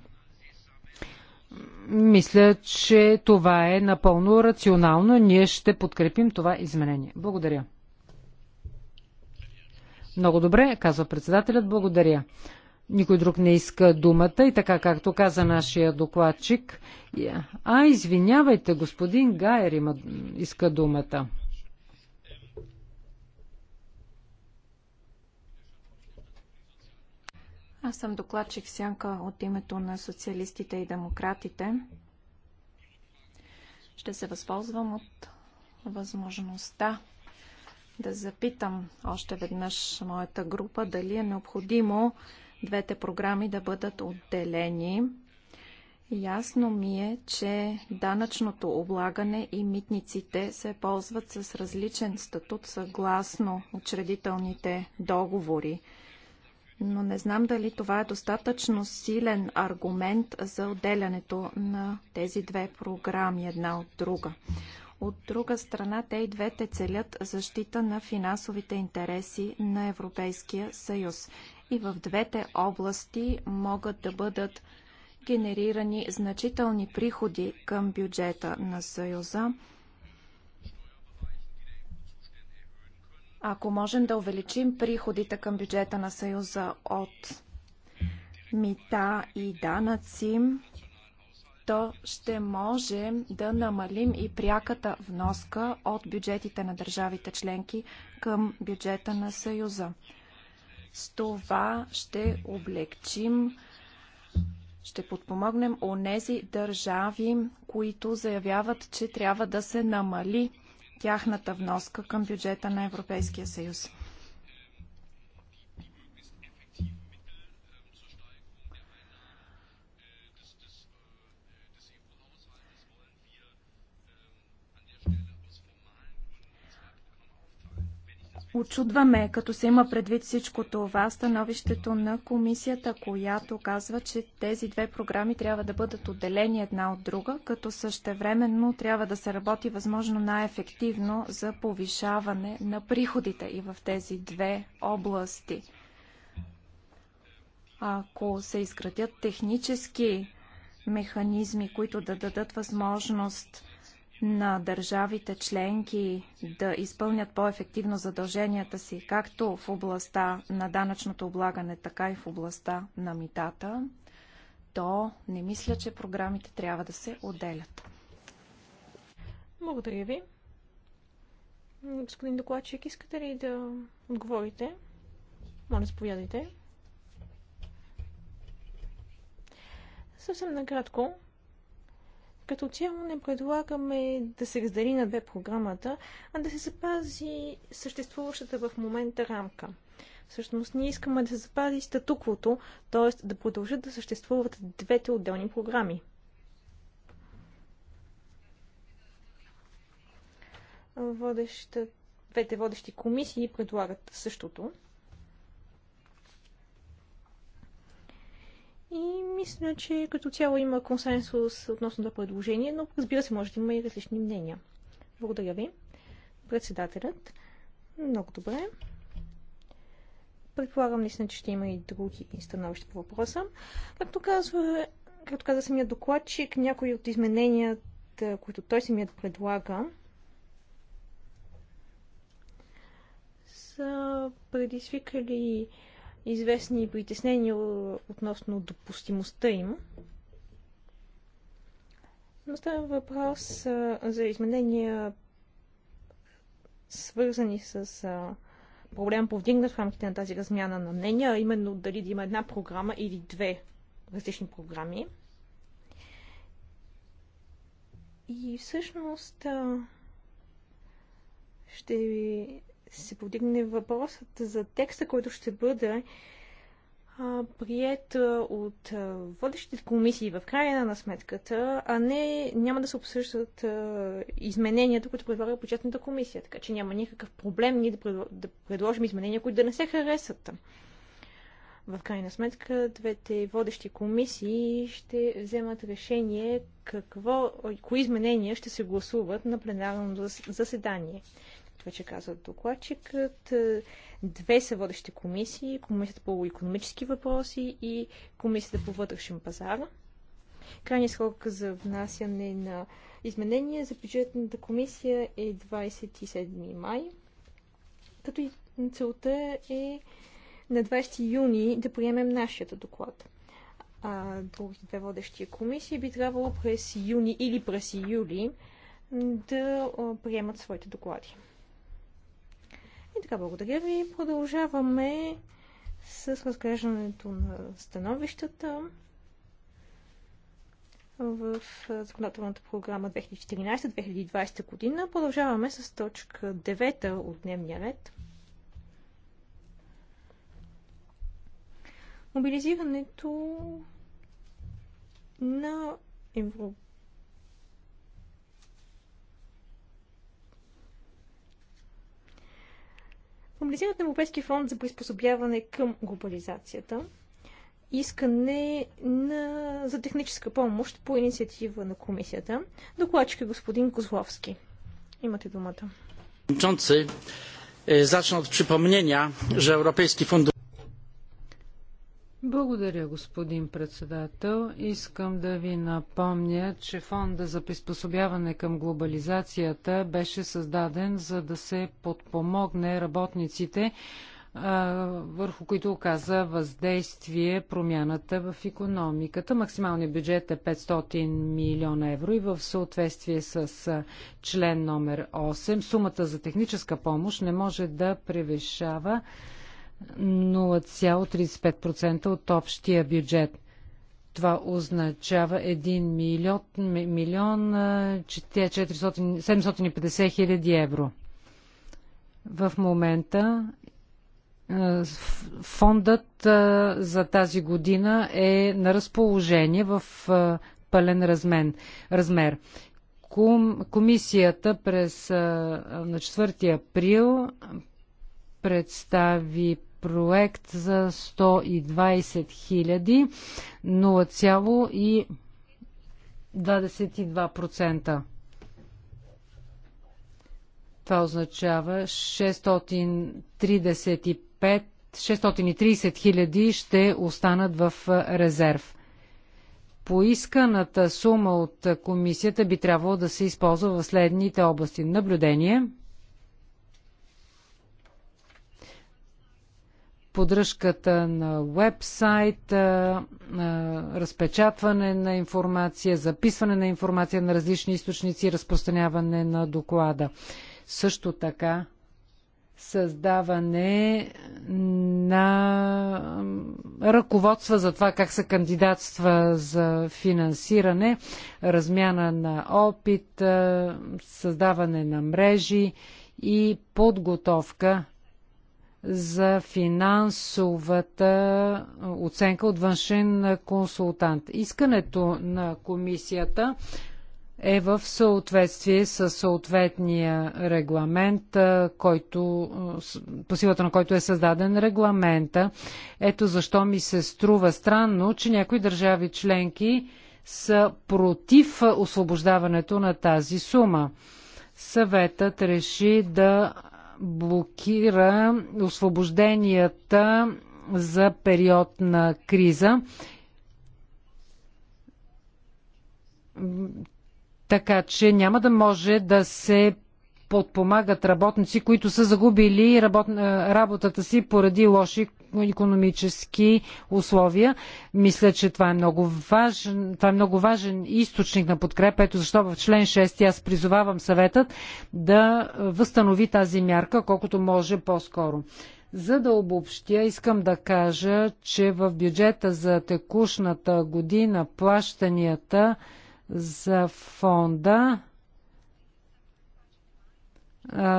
Мисля, че това е напълно рационално. Ние ще подкрепим това изменение. Благодаря. Много добре, казва председателят. Благодаря. Никой друг не иска думата и така както каза нашия докладчик. А, извинявайте, господин Гайер има, иска думата. Аз съм докладчик Сянка от името на социалистите и демократите. Ще се възползвам от възможността да запитам още веднъж моята група дали е необходимо двете програми да бъдат отделени. Ясно ми е, че данъчното облагане и митниците се ползват с различен статут съгласно учредителните договори но не знам дали това е достатъчно силен аргумент за отделянето на тези две програми една от друга. От друга страна, те и двете целят защита на финансовите интереси на Европейския съюз. И в двете области могат да бъдат генерирани значителни приходи към бюджета на Съюза Ако можем да увеличим приходите към бюджета на Съюза от мита и данъци, то ще можем да намалим и пряката вноска от бюджетите на държавите членки към бюджета на Съюза. С това ще облегчим, ще подпомогнем онези държави, които заявяват, че трябва да се намали тяхната вноска към бюджета на Европейския съюз. очудваме, като се има предвид всичко това, становището на комисията, която казва, че тези две програми трябва да бъдат отделени една от друга, като същевременно трябва да се работи възможно най-ефективно за повишаване на приходите и в тези две области. Ако се изградят технически механизми, които да дадат възможност на държавите членки да изпълнят по-ефективно задълженията си, както в областта на данъчното облагане, така и в областта на митата, то не мисля, че програмите трябва да се отделят. Благодаря ви. Господин докладчик, искате ли да отговорите? Моля, заповядайте. Съвсем накратко, като цяло не предлагаме да се раздели на две програмата, а да се запази съществуващата в момента рамка. Всъщност ние искаме да се запази статуквото, т.е. да продължат да съществуват двете отделни програми. Водещата двете водещи комисии предлагат същото. И мисля, че като цяло има консенсус относно това предложение, но разбира се, може да има и различни мнения. Благодаря ви. Председателят. Много добре. Предполагам, наистина, че ще има и други становища по въпроса. Както казва, както каза самият докладчик, някои от измененията, които той самият предлага, са предизвикали известни притеснения относно допустимостта им. Но става въпрос а, за изменения, свързани с а, проблем повдигнат в рамките на тази размяна на мнения, а именно дали да има една програма или две различни програми. И всъщност а, ще се подигне въпросът за текста, който ще бъде а, прият от а, водещите комисии в края на сметката, а не няма да се обсъждат а, измененията, които предлага почетната комисия. Така че няма никакъв проблем ние да, предло... да предложим изменения, които да не се харесат. В крайна сметка, двете водещи комисии ще вземат решение какво, кои изменения ще се гласуват на пленарното заседание както вече каза докладчикът. Е, две са водещи комисии. Комисията по економически въпроси и Комисията по вътрешен пазар. Крайният срок за внасяне на изменения за бюджетната комисия е 27 май. Като и целта е на 20 юни да приемем нашия доклад. А другите две водещи комисии би трябвало през юни или през юли да приемат своите доклади. И така, благодаря ви. Продължаваме с разглеждането на становищата в законодателната програма 2014-2020 година. Продължаваме с точка 9 от дневния ред. Мобилизирането на европейските мобилизират на Европейски фонд за приспособяване към глобализацията искане на, за техническа помощ по инициатива на комисията. Докладчик е господин Козловски. Имате думата. Przewodniczący, zacznę od przypomnienia, że Europejski Fundusz благодаря, господин председател. Искам да ви напомня, че фонда за приспособяване към глобализацията беше създаден за да се подпомогне работниците, върху които оказа въздействие промяната в економиката. Максималният бюджет е 500 милиона евро и в съответствие с член номер 8 сумата за техническа помощ не може да превишава 0,35% от общия бюджет. Това означава 1 милион, милион 400, 750 хиляди евро. В момента фондът за тази година е на разположение в пълен размен, размер. Комисията през на 4 април представи проект за 120 хиляди 0,22%. Това означава 635 630 хиляди ще останат в резерв. Поисканата сума от комисията би трябвало да се използва в следните области. Наблюдение – поддръжката на вебсайт, разпечатване на информация, записване на информация на различни източници, разпространяване на доклада. Също така създаване на ръководства за това как се кандидатства за финансиране, размяна на опит, създаване на мрежи и подготовка за финансовата оценка от външен консултант. Искането на комисията е в съответствие с съответния регламент, който, по силата на който е създаден регламента. Ето защо ми се струва странно, че някои държави членки са против освобождаването на тази сума. Съветът реши да блокира освобожденията за период на криза. Така че няма да може да се подпомагат работници, които са загубили работ... работата си поради лоши економически условия. Мисля, че това е много важен, това е много важен източник на подкрепа. Ето защо в член 6 аз призовавам съветът да възстанови тази мярка колкото може по-скоро. За да обобщя, искам да кажа, че в бюджета за текущната година плащанията за фонда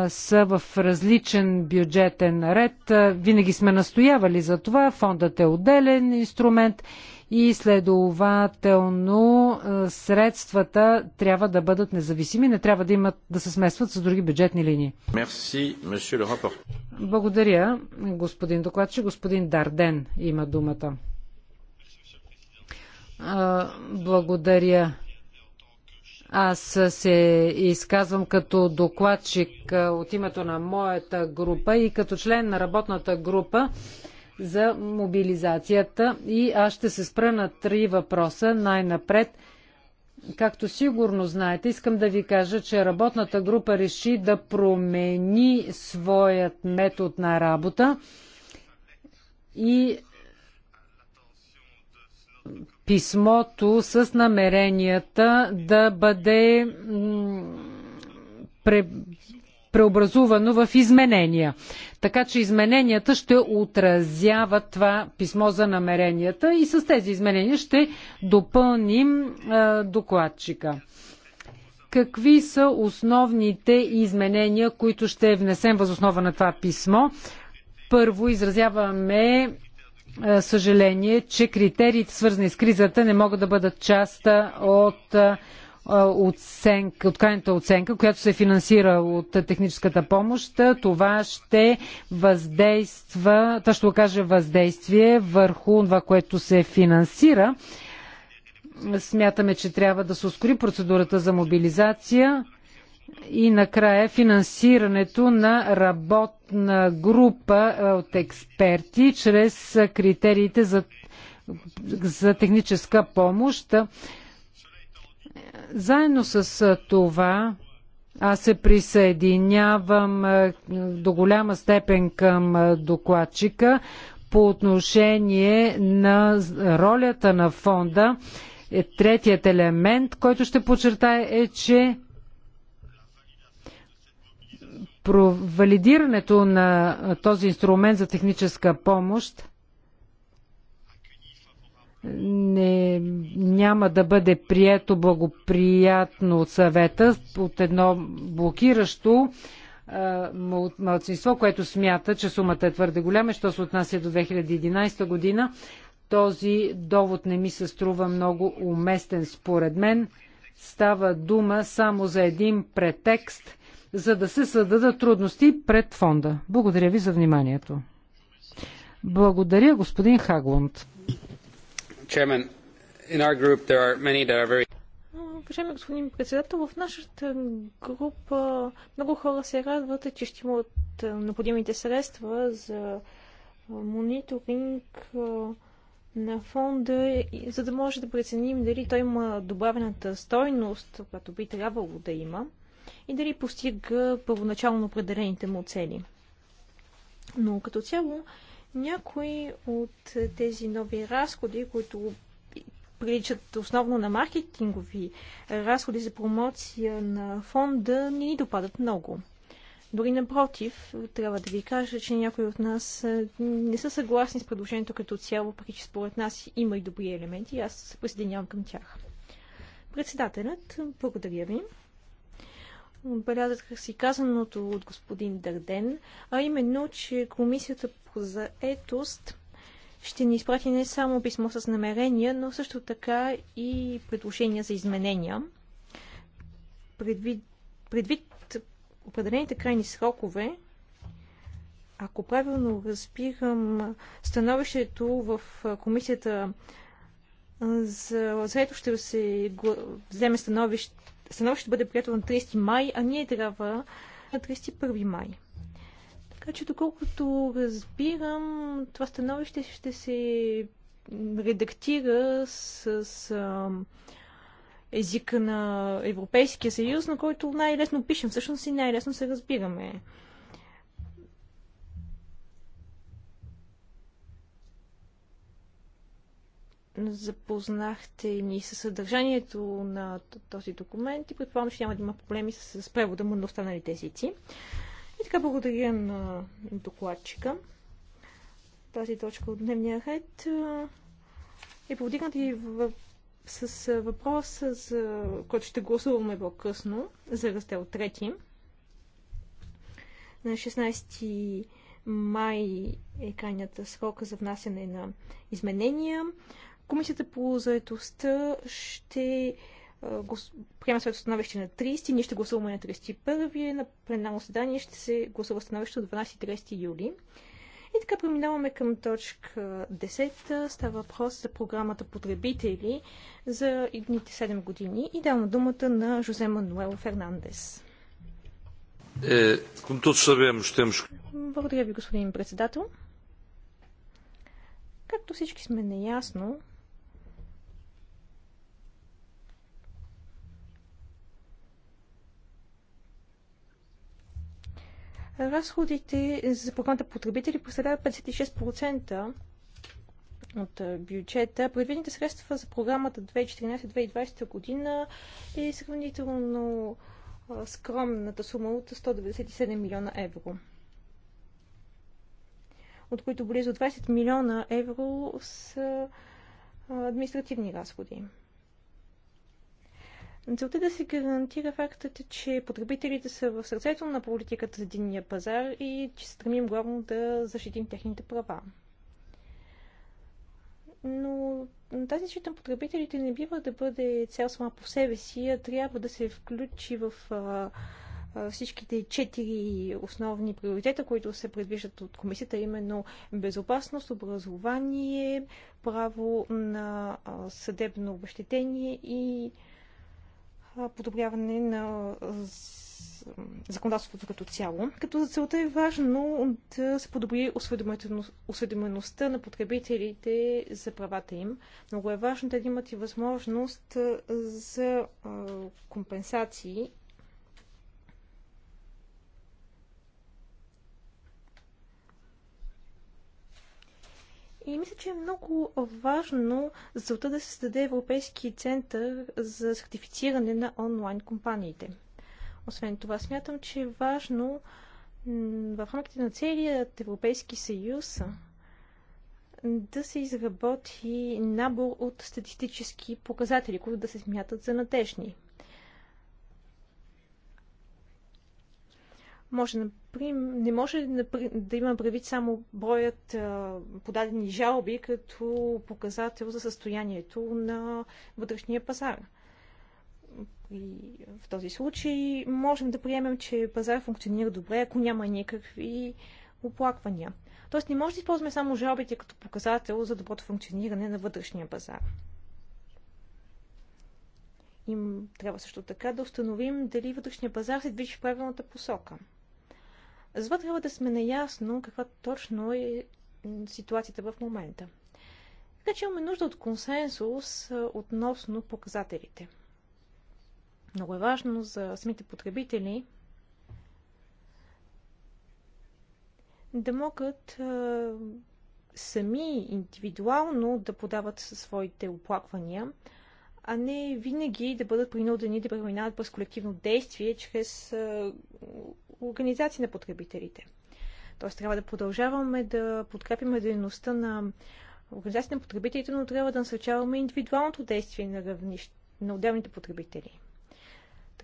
са в различен бюджетен ред. Винаги сме настоявали за това. Фондът е отделен инструмент и следователно средствата трябва да бъдат независими, не трябва да имат да се смесват с други бюджетни линии. Merci, Благодаря, господин докладчик. Господин Дарден има думата. Благодаря, аз се изказвам като докладчик от името на моята група и като член на работната група за мобилизацията и аз ще се спра на три въпроса най-напред. Както сигурно знаете, искам да ви кажа, че работната група реши да промени своят метод на работа и писмото с намеренията да бъде пре, преобразувано в изменения. Така че измененията ще отразяват това писмо за намеренията и с тези изменения ще допълним а, докладчика. Какви са основните изменения, които ще внесем възоснова на това писмо? Първо изразяваме е, съжаление, че критериите, свързани с кризата, не могат да бъдат част от е, оценка, от крайната оценка, която се финансира от техническата помощ, това ще въздейства, това ще окаже въздействие върху това, което се финансира. Смятаме, че трябва да се ускори процедурата за мобилизация и накрая финансирането на работна група от експерти чрез критериите за, за техническа помощ. Заедно с това аз се присъединявам до голяма степен към докладчика по отношение на ролята на фонда. Е, третият елемент, който ще подчертая е, че Провалидирането на този инструмент за техническа помощ не, няма да бъде прието благоприятно от съвета от едно блокиращо мълцинство, което смята, че сумата е твърде голяма, що се отнася до 2011 година. Този довод не ми се струва много уместен според мен. Става дума само за един претекст, за да се създадат трудности пред фонда. Благодаря ви за вниманието. Благодаря, господин Хаглунд. Уважаеми господин председател, в нашата група много хора се радват, че ще имат е, необходимите средства за е, мониторинг е, на фонда, за да може да преценим дали той има добавената стойност, която би трябвало да има и дали постига първоначално определените му цели. Но като цяло, някои от тези нови разходи, които приличат основно на маркетингови разходи за промоция на фонда, не ни допадат много. Дори напротив, трябва да ви кажа, че някои от нас не са съгласни с предложението като цяло, въпреки че според нас има и добри елементи. Аз се присъединявам към тях. Председателят, благодаря ви. Отбелязах си казаното от господин Дърден, а именно, че комисията по заетост ще ни изпрати не само писмо с намерения, но също така и предложения за изменения. Предвид, предвид определените крайни срокове, ако правилно разбирам становището в комисията за заето ще се вземе становище становище ще бъде прието на 30 май, а ние трябва на 31 май. Така че, доколкото разбирам, това становище ще се редактира с, с а, езика на Европейския съюз, на който най-лесно пишем всъщност и най-лесно се разбираме. запознахте ни с съдържанието на този документ и предполагам, че няма да има проблеми с превода му на останалите езици. И така благодаря на докладчика. Тази точка от дневния ред е повдигната и в... с въпрос, за който ще гласуваме по-късно, за раздел 3. На 16 май е крайната срока за внасяне на изменения. Комисията по заедостта ще приема своето становище на 30, ние ще гласуваме на 31, на пленарно съдание ще се гласува становище от 12-30 юли. И така преминаваме към точка 10. Става въпрос за програмата Потребители за идните 7 години и давам думата на Жозе Мануел Фернандес. Е, Благодаря ви, господин председател. Както всички сме неясно, Разходите за програмата потребители представляват 56% от бюджета. Предвидените средства за програмата 2014-2020 година е сравнително скромната сума от 197 милиона евро от които близо 20 милиона евро са административни разходи. Целта е да се гарантира фактът, че потребителите са в сърцето на политиката за единния пазар и че се стремим главно да защитим техните права. Но тази защита на потребителите не бива да бъде цял сама по себе си, а трябва да се включи в а, а, всичките четири основни приоритета, които се предвиждат от комисията, именно безопасност, образование, право на а, съдебно обещетение и а, подобряване на законодателството като цяло, като за целта е важно да се подобри осведомеността на потребителите за правата им. Много е важно да имат и възможност за компенсации И мисля, че е много важно за да се създаде Европейски център за сертифициране на онлайн компаниите. Освен това, смятам, че е важно в рамките на целият Европейски съюз да се изработи набор от статистически показатели, които да се смятат за надежни. Може, например, не може да има правит само броят подадени жалби като показател за състоянието на вътрешния пазар. И в този случай можем да приемем, че пазар функционира добре, ако няма никакви оплаквания. Тоест не може да използваме само жалбите като показател за доброто функциониране на вътрешния пазар. Им трябва също така да установим дали вътрешния пазар се движи в правилната посока – затова трябва да сме наясно каква точно е ситуацията в момента. Така че имаме нужда от консенсус относно показателите. Много е важно за самите потребители да могат сами индивидуално да подават своите оплаквания, а не винаги да бъдат принудени да преминават през колективно действие чрез организации на потребителите. Тоест трябва да продължаваме да подкрепим дейността на организации на потребителите, но трябва да насърчаваме индивидуалното действие на, равнищ... на отделните потребители.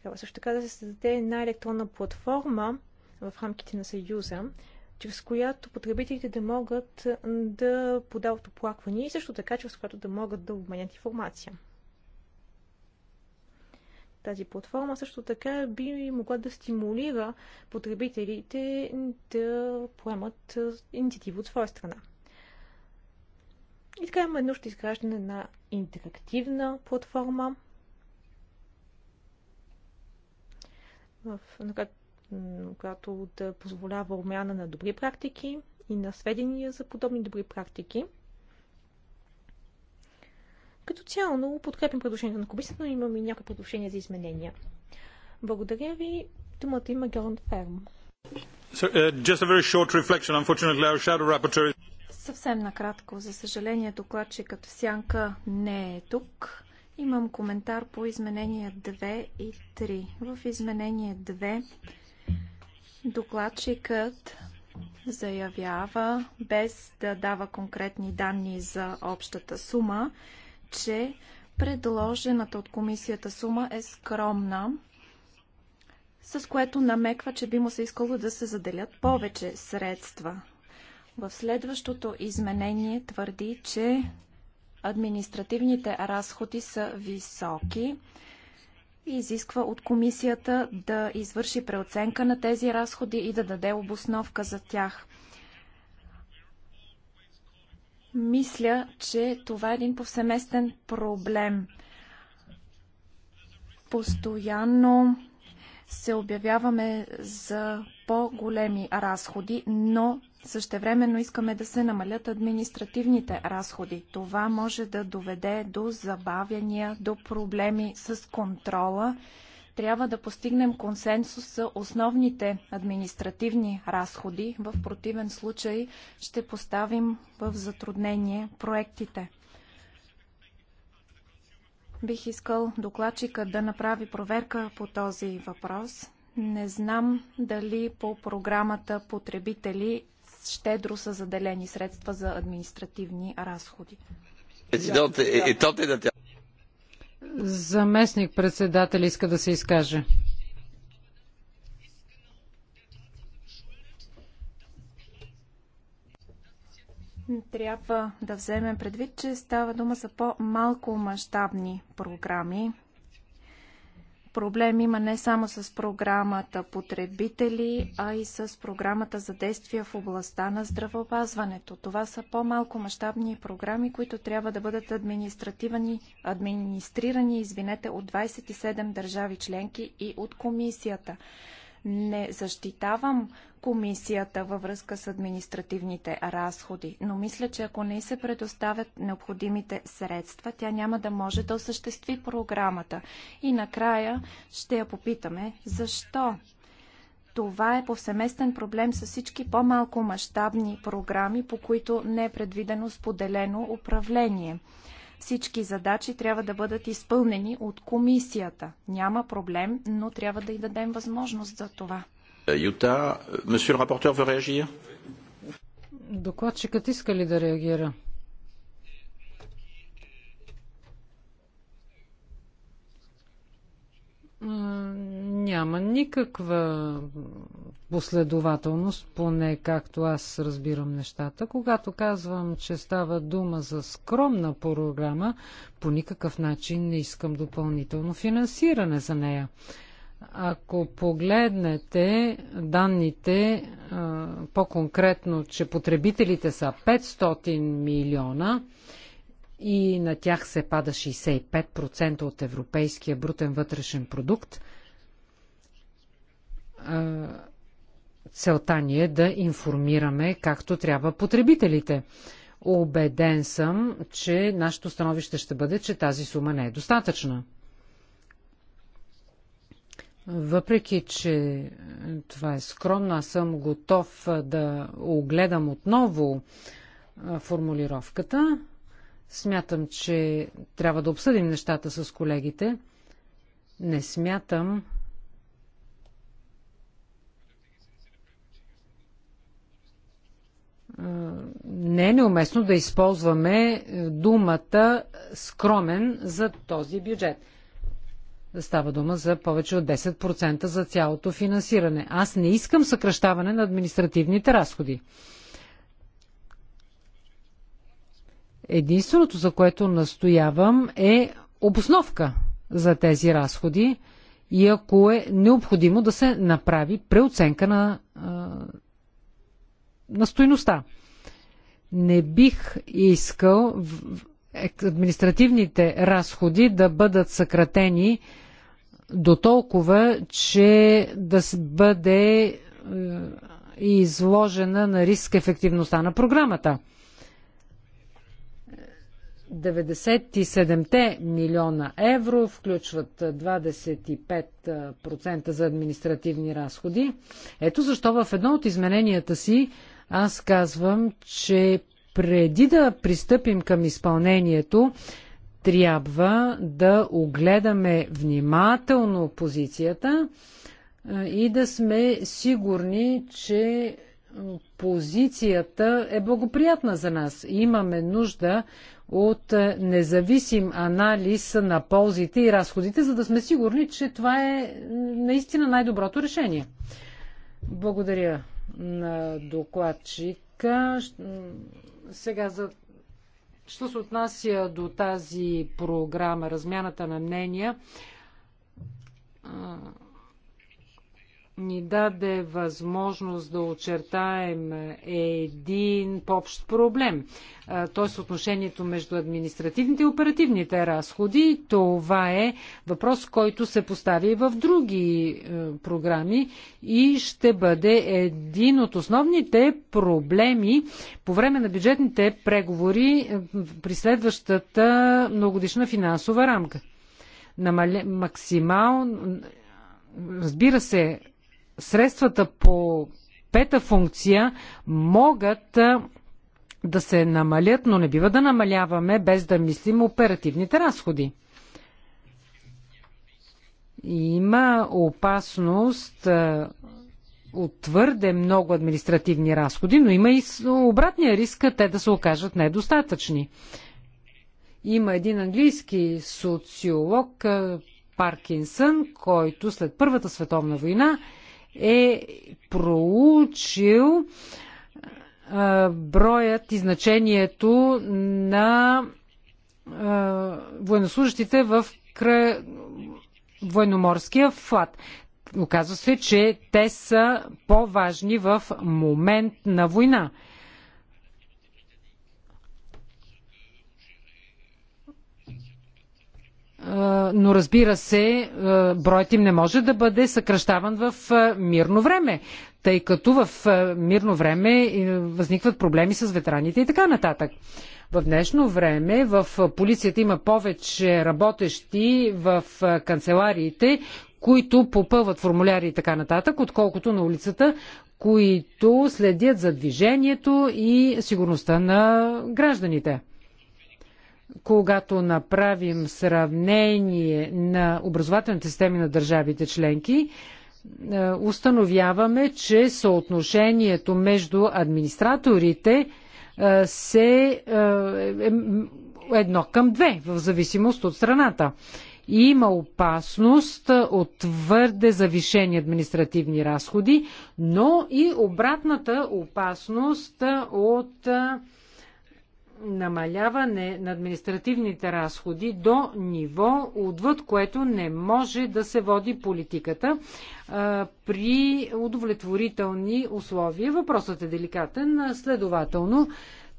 Трябва също така да се създаде една електронна платформа в рамките на Съюза, чрез която потребителите да могат да подават оплаквания и също така, чрез която да могат да обменят информация. Тази платформа също така би могла да стимулира потребителите да поемат инициатива от своя страна. И така имаме нужда изграждане на интерактивна платформа, в, която да позволява обмяна на добри практики и на сведения за подобни добри практики – като цяло много подкрепям предложението на комисията, но имам и някои предложения за изменения. Благодаря ви. Думата има Георн Ферм. Uh, Съвсем накратко. За съжаление, докладчикът в сянка не е тук. Имам коментар по изменения 2 и 3. В изменение 2 докладчикът заявява, без да дава конкретни данни за общата сума, че предложената от комисията сума е скромна, с което намеква, че би му се искало да се заделят повече средства. В следващото изменение твърди, че административните разходи са високи и изисква от комисията да извърши преоценка на тези разходи и да даде обосновка за тях. Мисля, че това е един повсеместен проблем. Постоянно се обявяваме за по-големи разходи, но същевременно искаме да се намалят административните разходи. Това може да доведе до забавяния, до проблеми с контрола трябва да постигнем консенсус за основните административни разходи. В противен случай ще поставим в затруднение проектите. Бих искал докладчика да направи проверка по този въпрос. Не знам дали по програмата потребители щедро са заделени средства за административни разходи. Заместник председател иска да се изкаже. Трябва да вземем предвид, че става дума за по-малко мащабни програми, Проблем има не само с програмата потребители, а и с програмата за действия в областта на здравеопазването. Това са по-малко мащабни програми, които трябва да бъдат администрирани извинете, от 27 държави членки и от комисията. Не защитавам комисията във връзка с административните разходи, но мисля, че ако не се предоставят необходимите средства, тя няма да може да осъществи програмата. И накрая ще я попитаме защо. Това е повсеместен проблем с всички по-малко мащабни програми, по които не е предвидено споделено управление. Всички задачи трябва да бъдат изпълнени от комисията. Няма проблем, но трябва да й дадем възможност за това. Юта, месье рапортер, ве реагира? Докладчикът иска ли да реагира? няма никаква последователност, поне както аз разбирам нещата. Когато казвам, че става дума за скромна програма, по никакъв начин не искам допълнително финансиране за нея. Ако погледнете данните, по-конкретно, че потребителите са 500 милиона и на тях се пада 65% от европейския брутен вътрешен продукт, Целта ни е да информираме както трябва потребителите. Обеден съм, че нашето становище ще бъде, че тази сума не е достатъчна. Въпреки, че това е скромно, аз съм готов да огледам отново формулировката. Смятам, че трябва да обсъдим нещата с колегите. Не смятам, не е неуместно да използваме е, думата скромен за този бюджет. Става дума за повече от 10% за цялото финансиране. Аз не искам съкръщаване на административните разходи. Единственото, за което настоявам, е обосновка за тези разходи и ако е необходимо да се направи преоценка на на стойността. Не бих искал административните разходи да бъдат съкратени до толкова, че да бъде е, изложена на риск ефективността на програмата. 97-те милиона евро включват 25% за административни разходи. Ето защо в едно от измененията си аз казвам, че преди да пристъпим към изпълнението, трябва да огледаме внимателно позицията и да сме сигурни, че позицията е благоприятна за нас. Имаме нужда от независим анализ на ползите и разходите, за да сме сигурни, че това е наистина най-доброто решение. Благодаря, на докладчика. Сега за Що се отнася до тази програма, размяната на мнения, ни даде възможност да очертаем един общ проблем, т.е. отношението между административните и оперативните разходи. Това е въпрос, който се постави и в други е, програми и ще бъде един от основните проблеми по време на бюджетните преговори е, при следващата многодишна финансова рамка. Намале, максимал, разбира се, средствата по пета функция могат да се намалят, но не бива да намаляваме без да мислим оперативните разходи. Има опасност от твърде много административни разходи, но има и обратния риск те да се окажат недостатъчни. Има един английски социолог Паркинсън, който след Първата световна война е проучил броят и значението на военнослужащите в военноморския флат. Оказва се, че те са по-важни в момент на война. но разбира се, броят им не може да бъде съкръщаван в мирно време, тъй като в мирно време възникват проблеми с ветераните и така нататък. В днешно време в полицията има повече работещи в канцелариите, които попълват формуляри и така нататък, отколкото на улицата, които следят за движението и сигурността на гражданите когато направим сравнение на образователните системи на държавите членки, е, установяваме, че съотношението между администраторите е, се е, е едно към две, в зависимост от страната. И има опасност от твърде завишени административни разходи, но и обратната опасност от намаляване на административните разходи до ниво, отвъд което не може да се води политиката а, при удовлетворителни условия. Въпросът е деликатен, следователно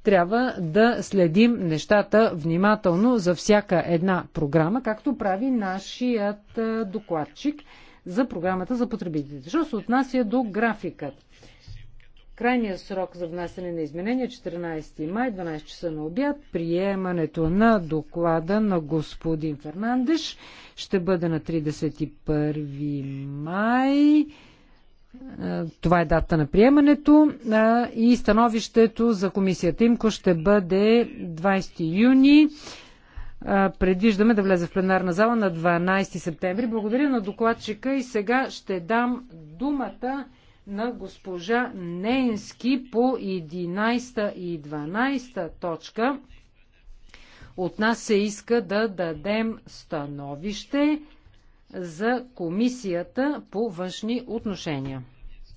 трябва да следим нещата внимателно за всяка една програма, както прави нашият докладчик за програмата за потребителите. Що се отнася до графикът? Крайния срок за внасяне на изменения 14 е май, 12 часа на обяд. Приемането на доклада на господин Фернандеш ще бъде на 31 май. Това е дата на приемането и становището за комисията Имко ще бъде 20 юни. Предвиждаме да влезе в пленарна зала на 12 септември. Благодаря на докладчика и сега ще дам думата на госпожа Ненски по 11 и 12 точка. От нас се иска да дадем становище за Комисията по външни отношения.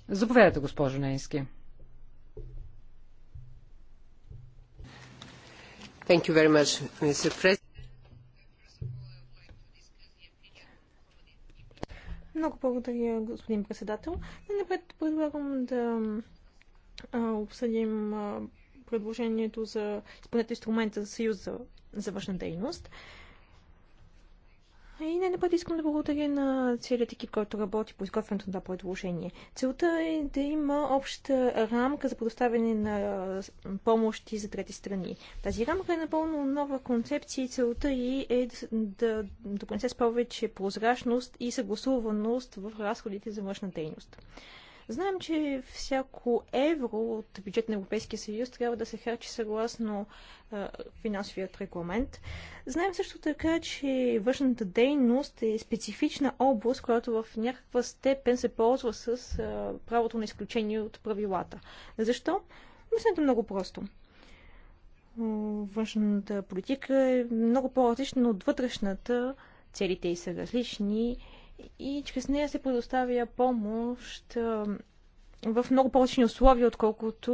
Заповядайте, госпожо Ненски. Much, Много благодаря, господин председател. Напред предлагам да обсъдим предложението за изпълнете инструмента за съюз за, за външна дейност. И не път искам да благодаря на целият екип, който работи по изготвянето на това предложение. Целта е да има обща рамка за предоставяне на помощи за трети страни. Тази рамка е напълно нова концепция и целта и е да допринесе да с повече прозрачност и съгласуваност в разходите за външна дейност. Знаем, че всяко евро от бюджет на Европейския съюз трябва да се харчи съгласно а, финансовият регламент. Знаем също така, че външната дейност е специфична област, която в някаква степен се ползва с а, правото на изключение от правилата. Защо? Мисля, е много просто външната политика е много по-различна от вътрешната. Целите й са различни и чрез нея се предоставя помощ в много повечени условия, отколкото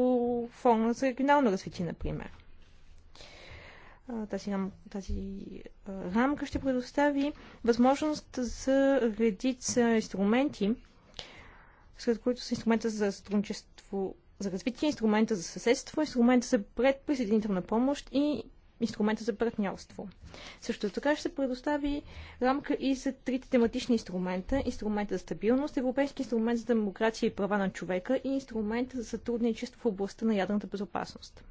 форма за регионално развитие, например. Тази, рам, тази рамка ще предостави възможност за редица инструменти, сред които са инструмента за сътрудничество за развитие, инструмента за съседство, инструмента за предприсъединителна помощ и инструмента за партньорство. Също така ще се предостави рамка и за трите тематични инструмента. Инструмента за стабилност, Европейски инструмент за демокрация и права на човека и инструмента за сътрудничество в областта на ядрената безопасност.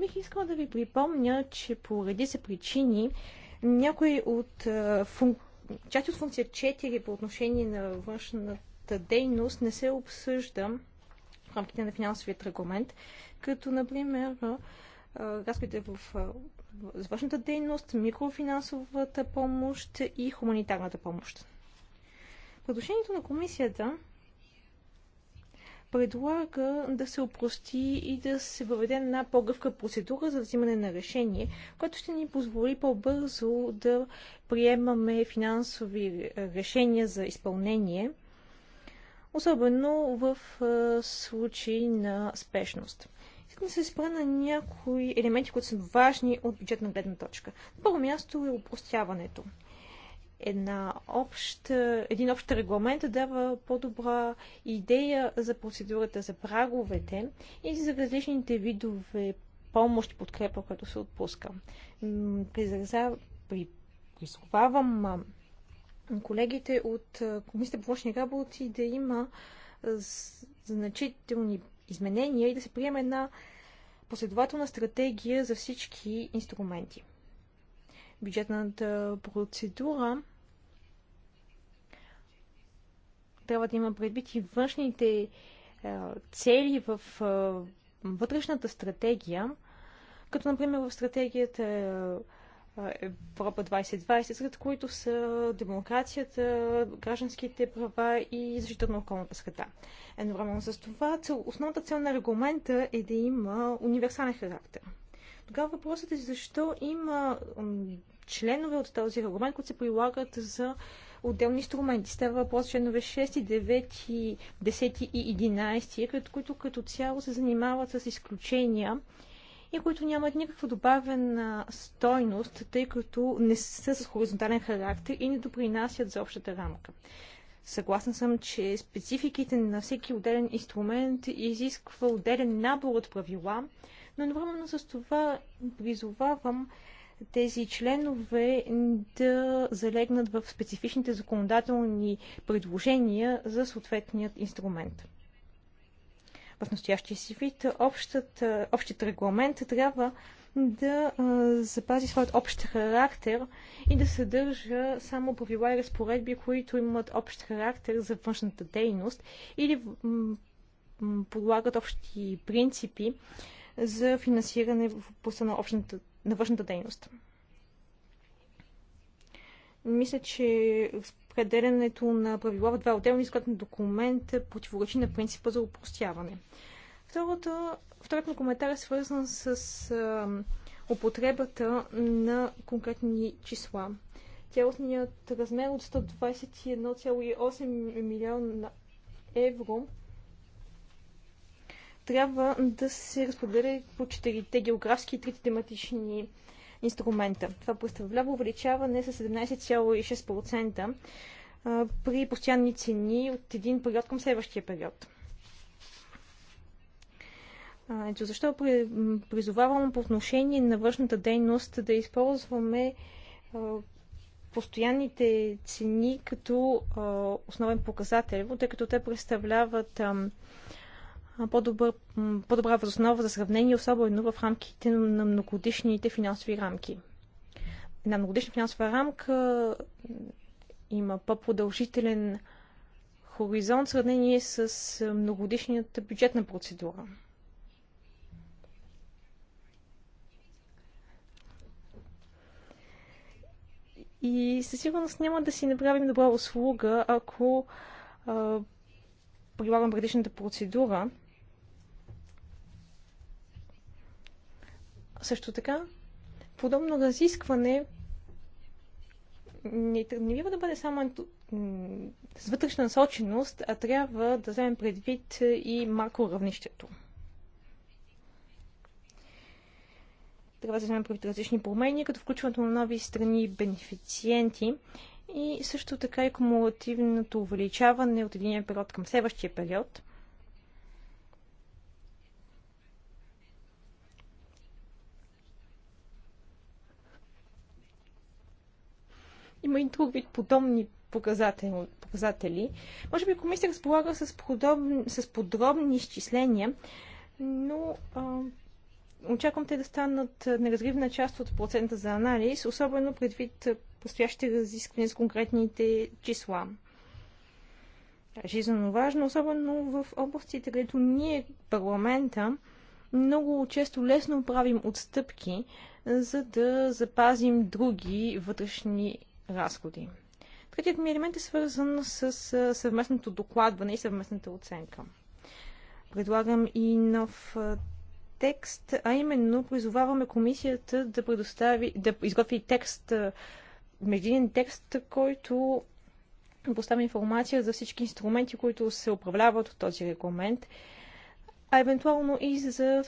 Бих искала да ви припомня, че по се причини някои от фун... част от функция 4 по отношение на външната дейност не се обсъжда в рамките на финансовият регламент, като, например, разходите в външната дейност, микрофинансовата помощ и хуманитарната помощ. Предложението на комисията предлага да се опрости и да се въведе една по-гъвка процедура за взимане на решение, което ще ни позволи по-бързо да приемаме финансови решения за изпълнение, особено в случай на спешност. Искам да се спра на някои елементи, които са важни от бюджетна гледна точка. На първо място е упростяването. Една обща, един общ регламент дава по-добра идея за процедурата за праговете и за различните видове помощ и подкрепа, която се отпуска. Призраза, при, призовавам колегите от Комисията по външни работи да има значителни изменения и да се приеме една последователна стратегия за всички инструменти. Бюджетната процедура трябва да има предвид и външните е, цели в е, вътрешната стратегия, като например в стратегията е, Европа 2020, сред които са демокрацията, гражданските права и защита на околната среда. Едновременно с това, цел, основната цел на регламента е да има универсален характер. Тогава въпросът е защо има членове от този регламент, които се прилагат за отделни инструменти. Става въпрос членове 6, 9, 10 и 11, които като цяло се занимават с изключения и които нямат никаква добавена стойност, тъй като не са с хоризонтален характер и не допринасят за общата рамка. Съгласна съм, че спецификите на всеки отделен инструмент изисква отделен набор от правила, но едновременно с това призовавам тези членове да залегнат в специфичните законодателни предложения за съответният инструмент в настоящия си вид, общият, общият регламент трябва да запази своят общ характер и да съдържа само правила и разпоредби, които имат общ характер за външната дейност или подлагат общи принципи за финансиране в областта на, на външната дейност. Мисля, че разпределянето на правила в два отделни изкратен документ противоречи на принципа за упростяване. Втората, вторият коментар е свързан с а, употребата на конкретни числа. Тялостният размер от 121,8 милиона евро трябва да се разпределя по четирите географски и трите тематични инструмента. Това представлява увеличаване с 17,6% при постоянни цени от един период към следващия период. Ето защо призовавам по отношение на външната дейност да използваме постоянните цени като основен показател, тъй като те представляват по-добър, по-добра възоснова за сравнение, особено в рамките на многодишните финансови рамки. Една многодишна финансова рамка има по-продължителен хоризонт в сравнение с многодишната бюджетна процедура. И със сигурност няма да си направим добра услуга, ако а, прилагам предишната процедура, Също така, подобно разискване не, не бива да бъде само с вътрешна насоченост, а трябва да вземем предвид и макроравнището. Трябва да вземем предвид различни промени, като включването на нови страни и бенефициенти и също така и кумулативното увеличаване от един период към следващия период. Има и друг вид подобни показатели. Може би комисията разполага с, подобни, с подробни изчисления, но а, очаквам те да станат неразривна част от процента за анализ, особено предвид предстоящите разисквания с конкретните числа. Е, жизненно важно, особено в областите, където ние, парламента, много често лесно правим отстъпки, за да запазим други вътрешни разходи. Третият ми елемент е свързан с съвместното докладване и съвместната оценка. Предлагам и нов текст, а именно призоваваме комисията да предостави, да изготви текст, междинен текст, който поставя информация за всички инструменти, които се управляват от този регламент, а евентуално и за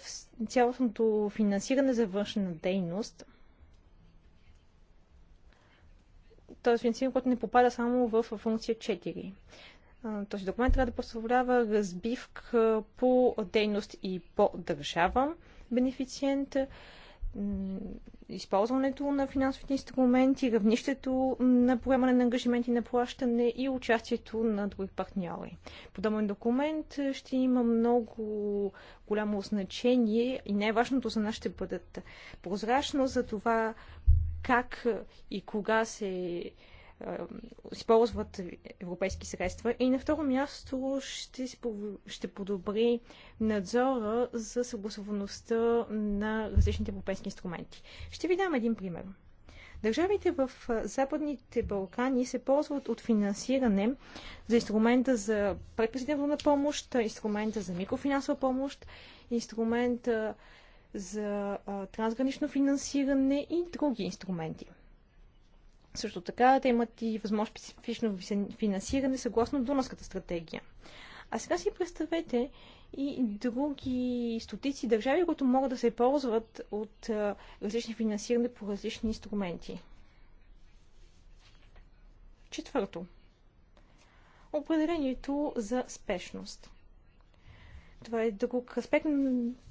цялостното финансиране за външна дейност – този финансиране, който не попада само в функция 4. Този документ трябва да представлява разбивка по дейност и по държава бенефициент, използването на финансовите инструменти, равнището на поемане на ангажименти на плащане и участието на други партньори. Подобен документ ще има много голямо значение и най-важното за нас ще бъдат прозрачно за това как и кога се използват европейски средства. И на второ място ще, ще подобри надзора за съгласоваността на различните европейски инструменти. Ще ви дам един пример. Държавите в Западните Балкани се ползват от финансиране за инструмента за предприсъединителна помощ, инструмента за микрофинансова помощ, инструмента за а, трансгранично финансиране и други инструменти. Също така, те имат и възможност специфично финансиране съгласно Дунавската стратегия. А сега си представете и други стотици държави, които могат да се ползват от а, различни финансиране по различни инструменти. Четвърто. Определението за спешност. Това е друг аспект,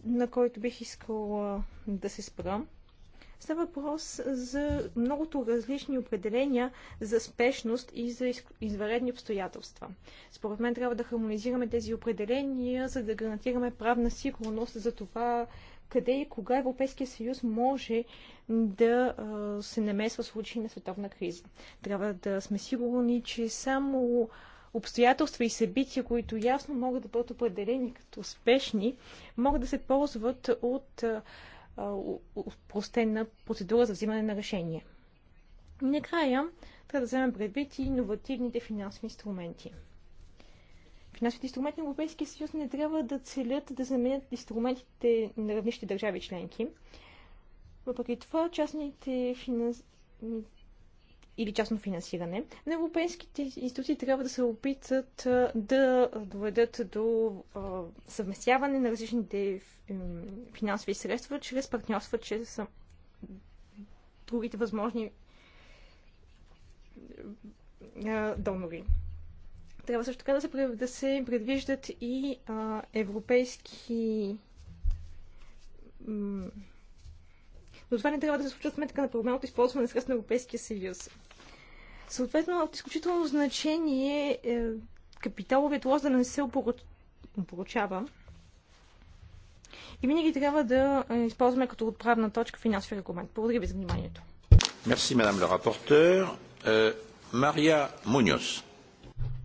на който бих искала да се спра. Става въпрос за многото различни определения за спешност и за изваредни обстоятелства. Според мен трябва да хармонизираме тези определения, за да гарантираме правна сигурност за това къде и кога Европейския съюз може да се намесва в случаи на световна криза. Трябва да сме сигурни, че само обстоятелства и събития, които ясно могат да бъдат определени като успешни, могат да се ползват от простена процедура за взимане на решение. Накрая трябва да вземем предвид и иновативните финансови инструменти. Финансовите инструменти на Европейския съюз не трябва да целят да заменят инструментите на равнище държави членки. Въпреки това, частните финанс или частно финансиране, на европейските институции трябва да се опитат да доведат до съвместяване на различните финансови средства чрез партньорства, чрез другите възможни донори. Трябва също така да се, предвиждат и европейски. Но това не трябва да се случва сметка на програмното използване на средства на Европейския съюз. Съответно, от изключително значение е, е капиталовият лоз да не се получава. И винаги трябва да е, използваме като отправна точка финансови регламент. Благодаря ви за вниманието. Мерси, мадам ла рапортер. Мария Муньос.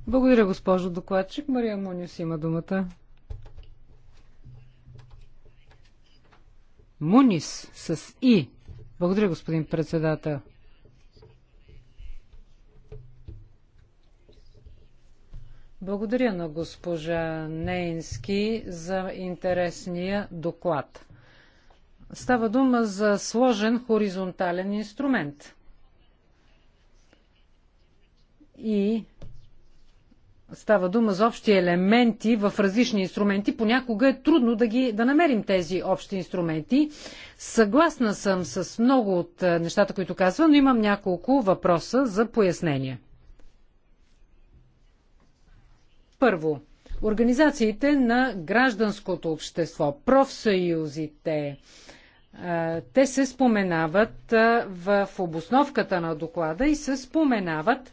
Благодаря, госпожо докладчик. Мария Муньос има думата. Мунис с И. Благодаря, господин председател. Благодаря на госпожа Нейнски за интересния доклад. Става дума за сложен хоризонтален инструмент. И става дума за общи елементи в различни инструменти. Понякога е трудно да, ги, да намерим тези общи инструменти. Съгласна съм с много от нещата, които казва, но имам няколко въпроса за пояснение. Първо, организациите на гражданското общество, профсъюзите, те се споменават в обосновката на доклада и се споменават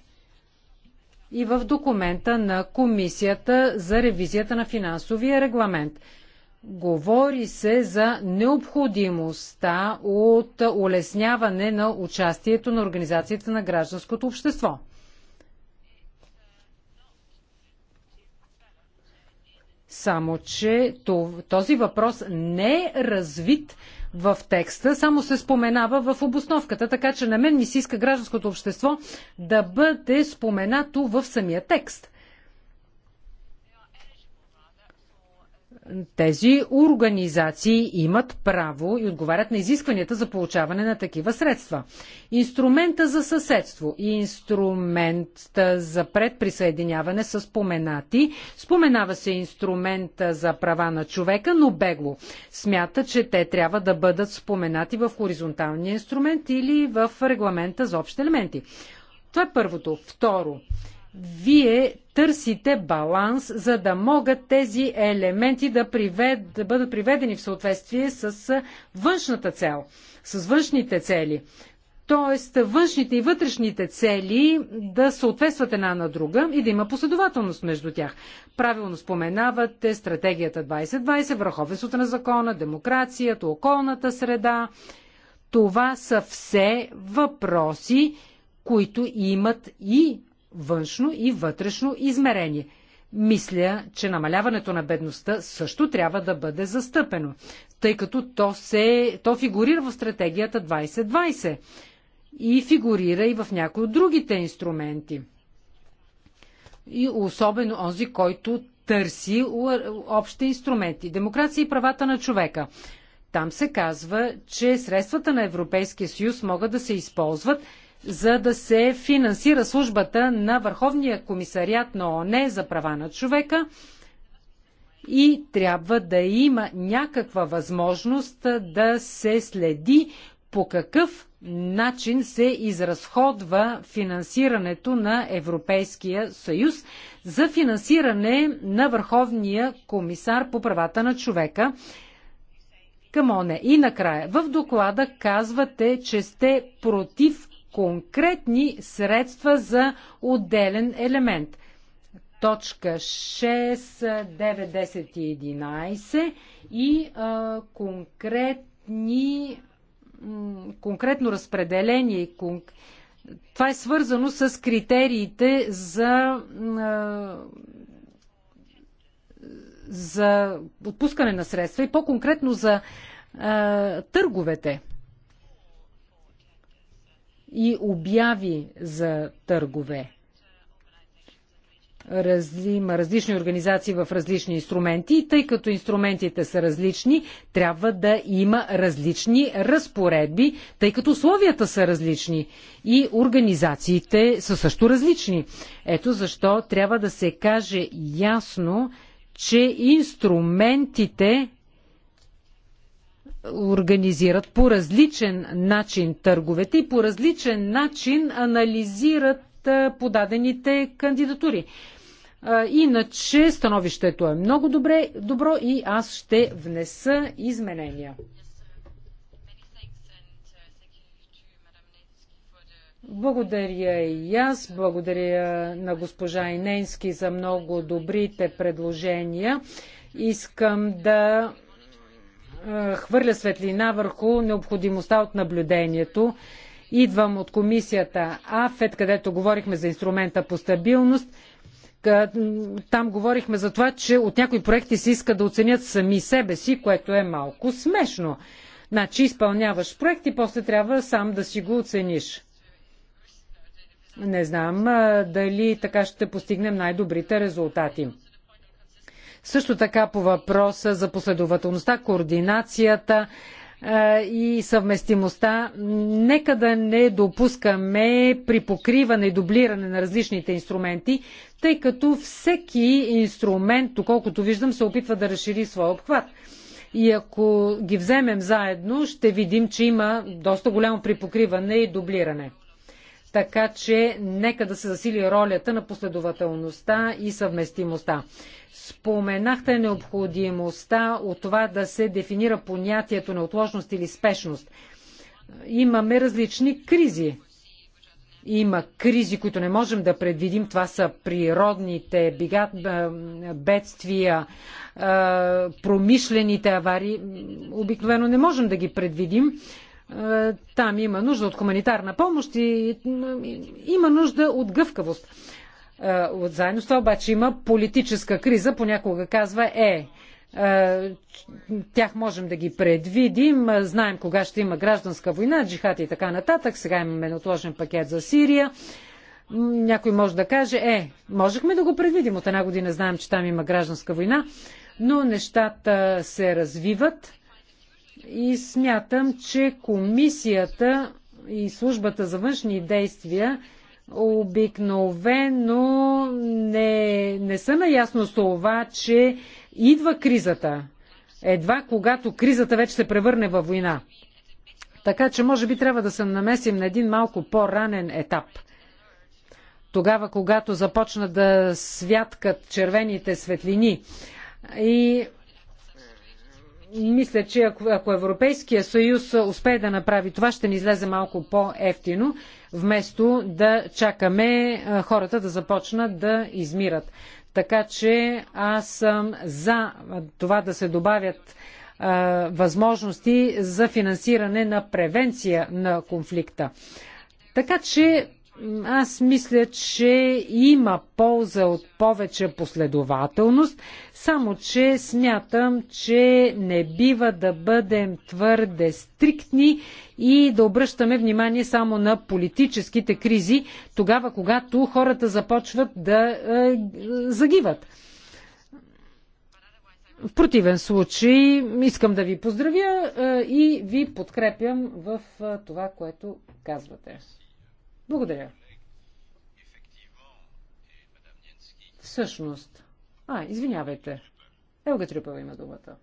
и в документа на Комисията за ревизията на финансовия регламент. Говори се за необходимостта от улесняване на участието на организацията на гражданското общество – Само, че този въпрос не е развит в текста, само се споменава в обосновката, така че на мен ми се иска гражданското общество да бъде споменато в самия текст. тези организации имат право и отговарят на изискванията за получаване на такива средства. Инструмента за съседство и инструмента за предприсъединяване са споменати. Споменава се инструмента за права на човека, но бегло смята, че те трябва да бъдат споменати в хоризонталния инструмент или в регламента за общи елементи. Това е първото. Второ, вие търсите баланс, за да могат тези елементи да, привед, да бъдат приведени в съответствие с външната цел, с външните цели. Тоест, външните и вътрешните цели да съответстват една на друга и да има последователност между тях. Правилно споменавате стратегията 2020, върховенството на закона, демокрацията, околната среда. Това са все въпроси, които имат и външно и вътрешно измерение. Мисля, че намаляването на бедността също трябва да бъде застъпено, тъй като то, се, то фигурира в стратегията 2020 и фигурира и в някои от другите инструменти. И особено онзи, който търси общи инструменти. Демокрация и правата на човека. Там се казва, че средствата на Европейския съюз могат да се използват за да се финансира службата на Върховния комисариат на ООН за права на човека и трябва да има някаква възможност да се следи по какъв начин се изразходва финансирането на Европейския съюз за финансиране на Върховния комисар по правата на човека. Камоне, и накрая, в доклада казвате, че сте против конкретни средства за отделен елемент. Точка 6, 9, 10 и 11 и а, конкретни, конкретно разпределение. Кон... Това е свързано с критериите за, а, за отпускане на средства и по-конкретно за а, търговете и обяви за търгове. Разли, има различни организации в различни инструменти и тъй като инструментите са различни, трябва да има различни разпоредби, тъй като условията са различни и организациите са също различни. Ето защо трябва да се каже ясно, че инструментите организират по различен начин търговете и по различен начин анализират подадените кандидатури. Иначе становището е много добре, добро и аз ще внеса изменения. Благодаря и аз, благодаря на госпожа Иненски за много добрите предложения. Искам да е, хвърля светлина върху необходимостта от наблюдението. Идвам от комисията АФЕД, където говорихме за инструмента по стабилност. Там говорихме за това, че от някои проекти се иска да оценят сами себе си, което е малко смешно. Значи изпълняваш проект и после трябва сам да си го оцениш. Не знам дали така ще постигнем най-добрите резултати. Също така по въпроса за последователността, координацията и съвместимостта. Нека да не допускаме припокриване и дублиране на различните инструменти, тъй като всеки инструмент, доколкото виждам, се опитва да разшири своя обхват. И ако ги вземем заедно, ще видим, че има доста голямо припокриване и дублиране така че нека да се засили ролята на последователността и съвместимостта. Споменахте необходимостта от това да се дефинира понятието на отложност или спешност. Имаме различни кризи. Има кризи, които не можем да предвидим. Това са природните бигат, бедствия, е, промишлените аварии. Обикновено не можем да ги предвидим е, там има нужда от хуманитарна помощ и има нужда от гъвкавост. Е, от заедно с това обаче има политическа криза. Понякога казва е, е, тях можем да ги предвидим. Знаем кога ще има гражданска война, джихад и така нататък. Сега имаме отложен пакет за Сирия. Някой може да каже, е, можехме да го предвидим. От една година знаем, че там има гражданска война, но нещата се развиват. И смятам, че комисията и службата за външни действия обикновено не, не са наясно с това, че идва кризата. Едва когато кризата вече се превърне във война. Така че може би трябва да се намесим на един малко по-ранен етап. Тогава, когато започна да святкат червените светлини и мисля, че ако, ако Европейския съюз успее да направи това, ще ни излезе малко по-ефтино, вместо да чакаме хората да започнат да измират. Така че аз съм за това да се добавят възможности за финансиране на превенция на конфликта. Така че аз мисля, че има полза от повече последователност, само че смятам, че не бива да бъдем твърде стриктни и да обръщаме внимание само на политическите кризи, тогава когато хората започват да е, загиват. В противен случай искам да ви поздравя е, и ви подкрепям в е, това, което казвате. Благодаря. Всъщност. А, извинявайте. Елга Трюпева има думата.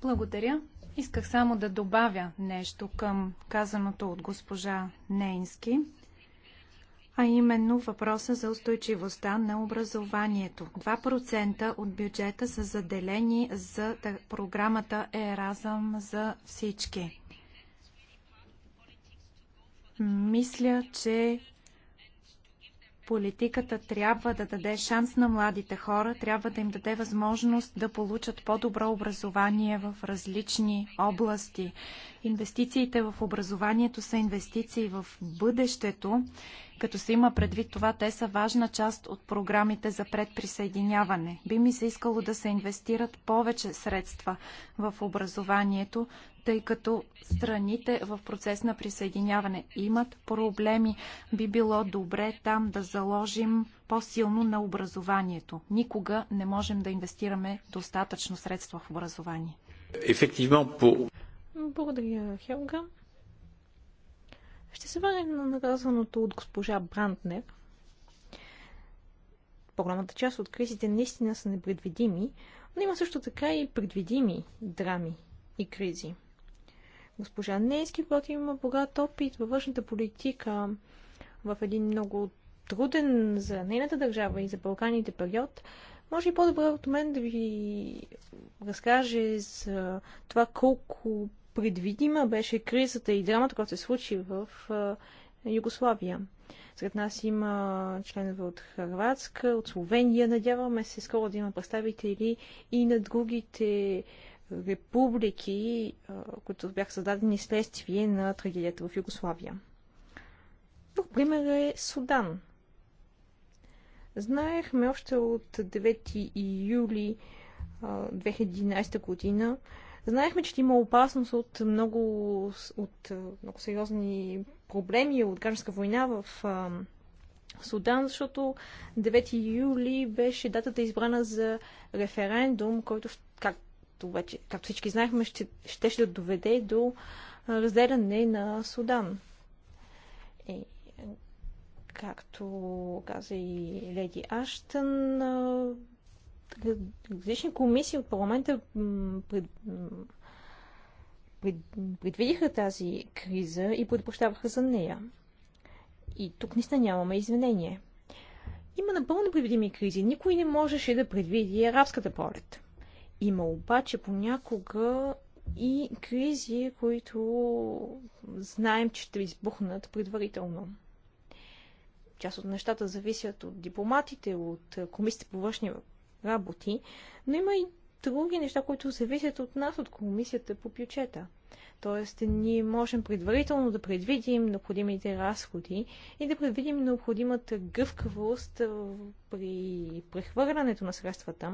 Благодаря. Исках само да добавя нещо към казаното от госпожа Нейнски а именно въпроса за устойчивостта на образованието. 2% от бюджета са заделени за програмата Еразъм за всички. Мисля, че политиката трябва да даде шанс на младите хора, трябва да им даде възможност да получат по-добро образование в различни области. Инвестициите в образованието са инвестиции в бъдещето като се има предвид това, те са важна част от програмите за предприсъединяване. Би ми се искало да се инвестират повече средства в образованието, тъй като страните в процес на присъединяване имат проблеми. Би било добре там да заложим по-силно на образованието. Никога не можем да инвестираме достатъчно средства в образование. Ефективно по... Благодаря, Хелга. Ще се върнем на наказаното от госпожа Брантнер. По-голямата част от кризите наистина са непредвидими, но има също така и предвидими драми и кризи. Госпожа Нейски, която има богат опит във външната политика в един много труден за нейната държава и за Балканите период, може и по-добре от мен да ви разкаже за това колко предвидима беше кризата и драмата, която се случи в Югославия. Сред нас има членове от Харватска, от Словения. Надяваме се скоро да има представители и на другите републики, които бяха създадени следствие на трагедията в Югославия. Друг пример е Судан. Знаехме още от 9 юли 2011 година, Знаехме, че има опасност от много, от много сериозни проблеми от гражданска война в Судан, защото 9 юли беше датата избрана за референдум, който, както, вече, както всички знаехме, ще, ще, ще доведе до разделяне на Судан. И, както каза и леди Аштън, различни комисии от парламента пред, пред, предвидиха тази криза и предпощаваха за нея. И тук наистина нямаме извинение. Има напълно непредвидими кризи. Никой не можеше да предвиди арабската пролет. Има обаче понякога и кризи, които знаем, че ще избухнат предварително. Част от нещата зависят от дипломатите, от комисията по външни работи, но има и други неща, които зависят от нас, от комисията по бюджета. Тоест, ние можем предварително да предвидим необходимите разходи и да предвидим необходимата гъвкавост при прехвърлянето на средствата,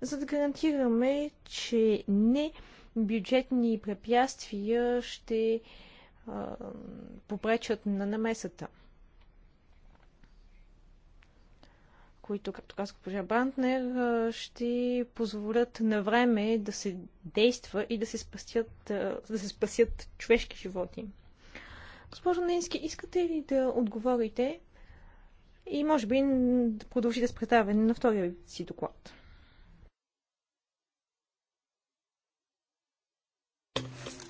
за да гарантираме, че не бюджетни препятствия ще а, попречат на намесата. които, както казах, госпожа Брантнер, ще позволят на време да се действа и да се спасят, да се спасят човешки животи. Госпожо Нински, искате ли да отговорите и може би да продължите с представяне на втория си доклад?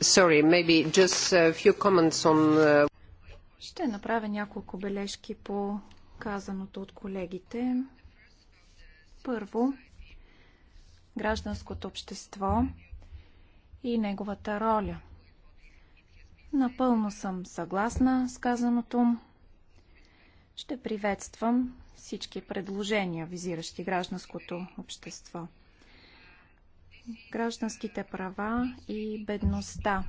Sorry, maybe just a few comments on... Uh, ще направя няколко бележки по казаното от колегите. Първо, гражданското общество и неговата роля. Напълно съм съгласна с казаното. Ще приветствам всички предложения, визиращи гражданското общество. Гражданските права и бедността.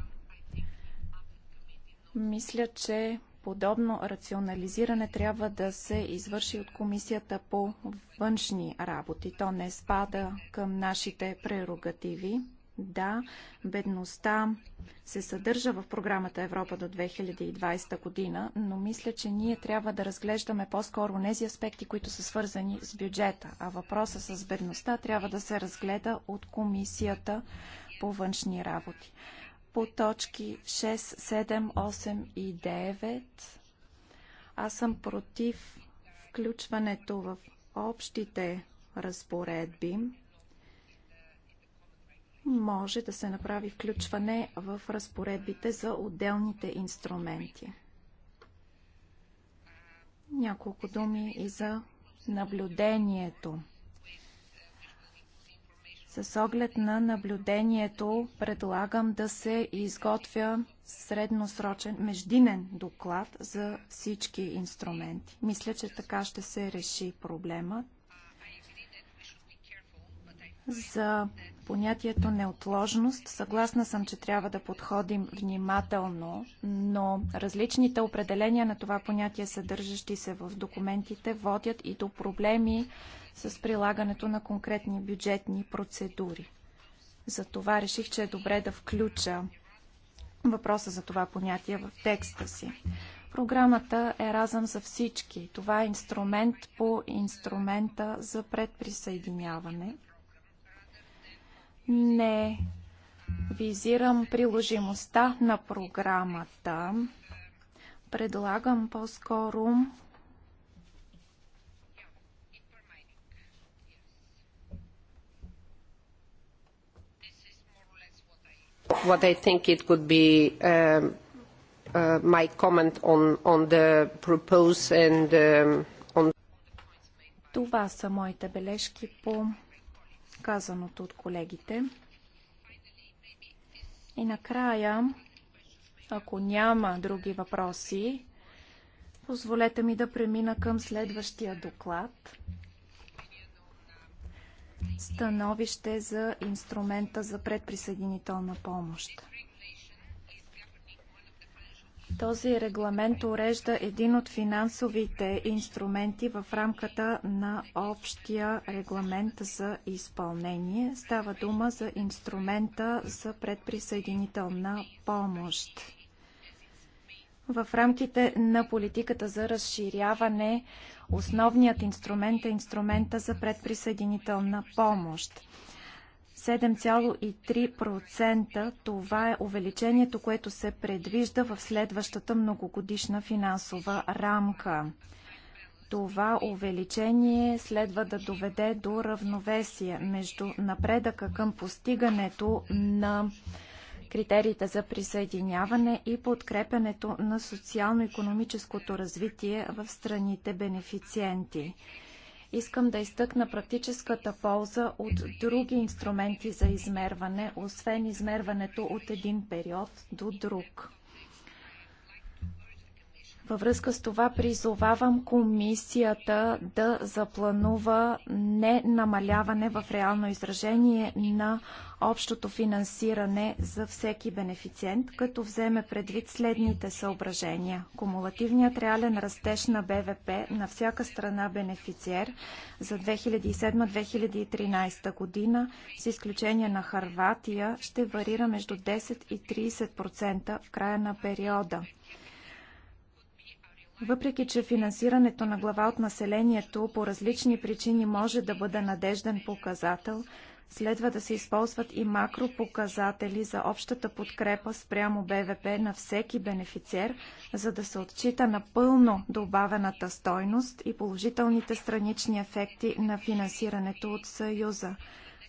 Мисля, че Подобно рационализиране трябва да се извърши от Комисията по външни работи. То не спада към нашите прерогативи. Да, бедността се съдържа в програмата Европа до 2020 година, но мисля, че ние трябва да разглеждаме по-скоро тези аспекти, които са свързани с бюджета. А въпроса с бедността трябва да се разгледа от Комисията по външни работи. По точки 6, 7, 8 и 9 аз съм против включването в общите разпоредби. Може да се направи включване в разпоредбите за отделните инструменти. Няколко думи и за наблюдението. С оглед на наблюдението предлагам да се изготвя средносрочен междинен доклад за всички инструменти. Мисля, че така ще се реши проблема. За понятието неотложност съгласна съм, че трябва да подходим внимателно, но различните определения на това понятие, съдържащи се в документите, водят и до проблеми с прилагането на конкретни бюджетни процедури. Затова реших, че е добре да включа въпроса за това понятие в текста си. Програмата е разъм за всички. Това е инструмент по инструмента за предприсъединяване. Не визирам приложимостта на програмата. Предлагам по-скоро what I think it could be um, uh, my comment on the proposed and um, on Това са моите бележки по казаното от колегите. И накрая, ако няма други въпроси, позволете ми да премина към следващия доклад становище за инструмента за предприсъединителна помощ. Този регламент урежда един от финансовите инструменти в рамката на общия регламент за изпълнение. Става дума за инструмента за предприсъединителна помощ. В рамките на политиката за разширяване Основният инструмент е инструмента за предприсъединителна помощ. 7,3% това е увеличението, което се предвижда в следващата многогодишна финансова рамка. Това увеличение следва да доведе до равновесие между напредъка към постигането на критериите за присъединяване и подкрепянето на социално-економическото развитие в страните бенефициенти. Искам да изтъкна практическата полза от други инструменти за измерване, освен измерването от един период до друг. Във връзка с това призовавам комисията да запланува не намаляване в реално изражение на общото финансиране за всеки бенефициент, като вземе предвид следните съображения. Кумулативният реален растеж на БВП на всяка страна бенефициер за 2007-2013 година, с изключение на Харватия, ще варира между 10 и 30% в края на периода. Въпреки, че финансирането на глава от населението по различни причини може да бъде надежден показател, следва да се използват и макропоказатели за общата подкрепа спрямо БВП на всеки бенефициер, за да се отчита напълно добавената стойност и положителните странични ефекти на финансирането от Съюза.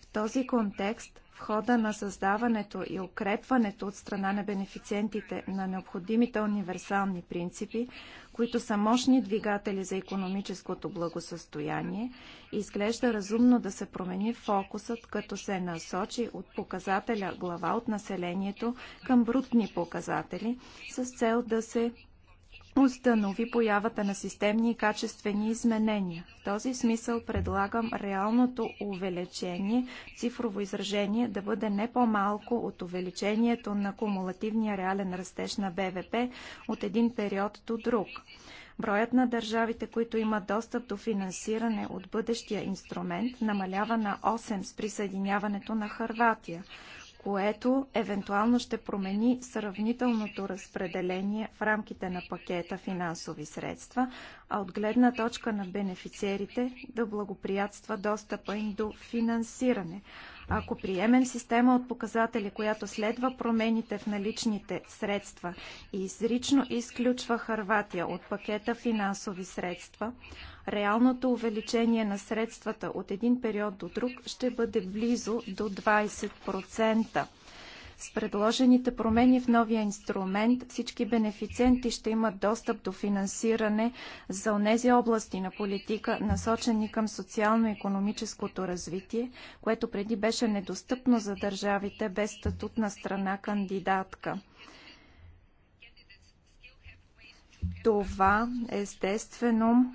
В този контекст, в хода на създаването и укрепването от страна на бенефициентите на необходимите универсални принципи, които са мощни двигатели за економическото благосъстояние. Изглежда разумно да се промени фокусът, като се насочи от показателя глава от населението към брутни показатели с цел да се установи появата на системни и качествени изменения. В този смисъл предлагам реалното увеличение, цифрово изражение да бъде не по-малко от увеличението на кумулативния реален растеж на БВП от един период до друг. Броят на държавите, които имат достъп до финансиране от бъдещия инструмент, намалява на 8 с присъединяването на Харватия което евентуално ще промени сравнителното разпределение в рамките на пакета финансови средства, а от гледна точка на бенефициерите да благоприятства достъпа им до финансиране. Ако приемем система от показатели, която следва промените в наличните средства и изрично изключва Харватия от пакета финансови средства, реалното увеличение на средствата от един период до друг ще бъде близо до 20%. С предложените промени в новия инструмент всички бенефициенти ще имат достъп до финансиране за онези области на политика, насочени към социално-економическото развитие, което преди беше недостъпно за държавите без статут на страна кандидатка. Това естествено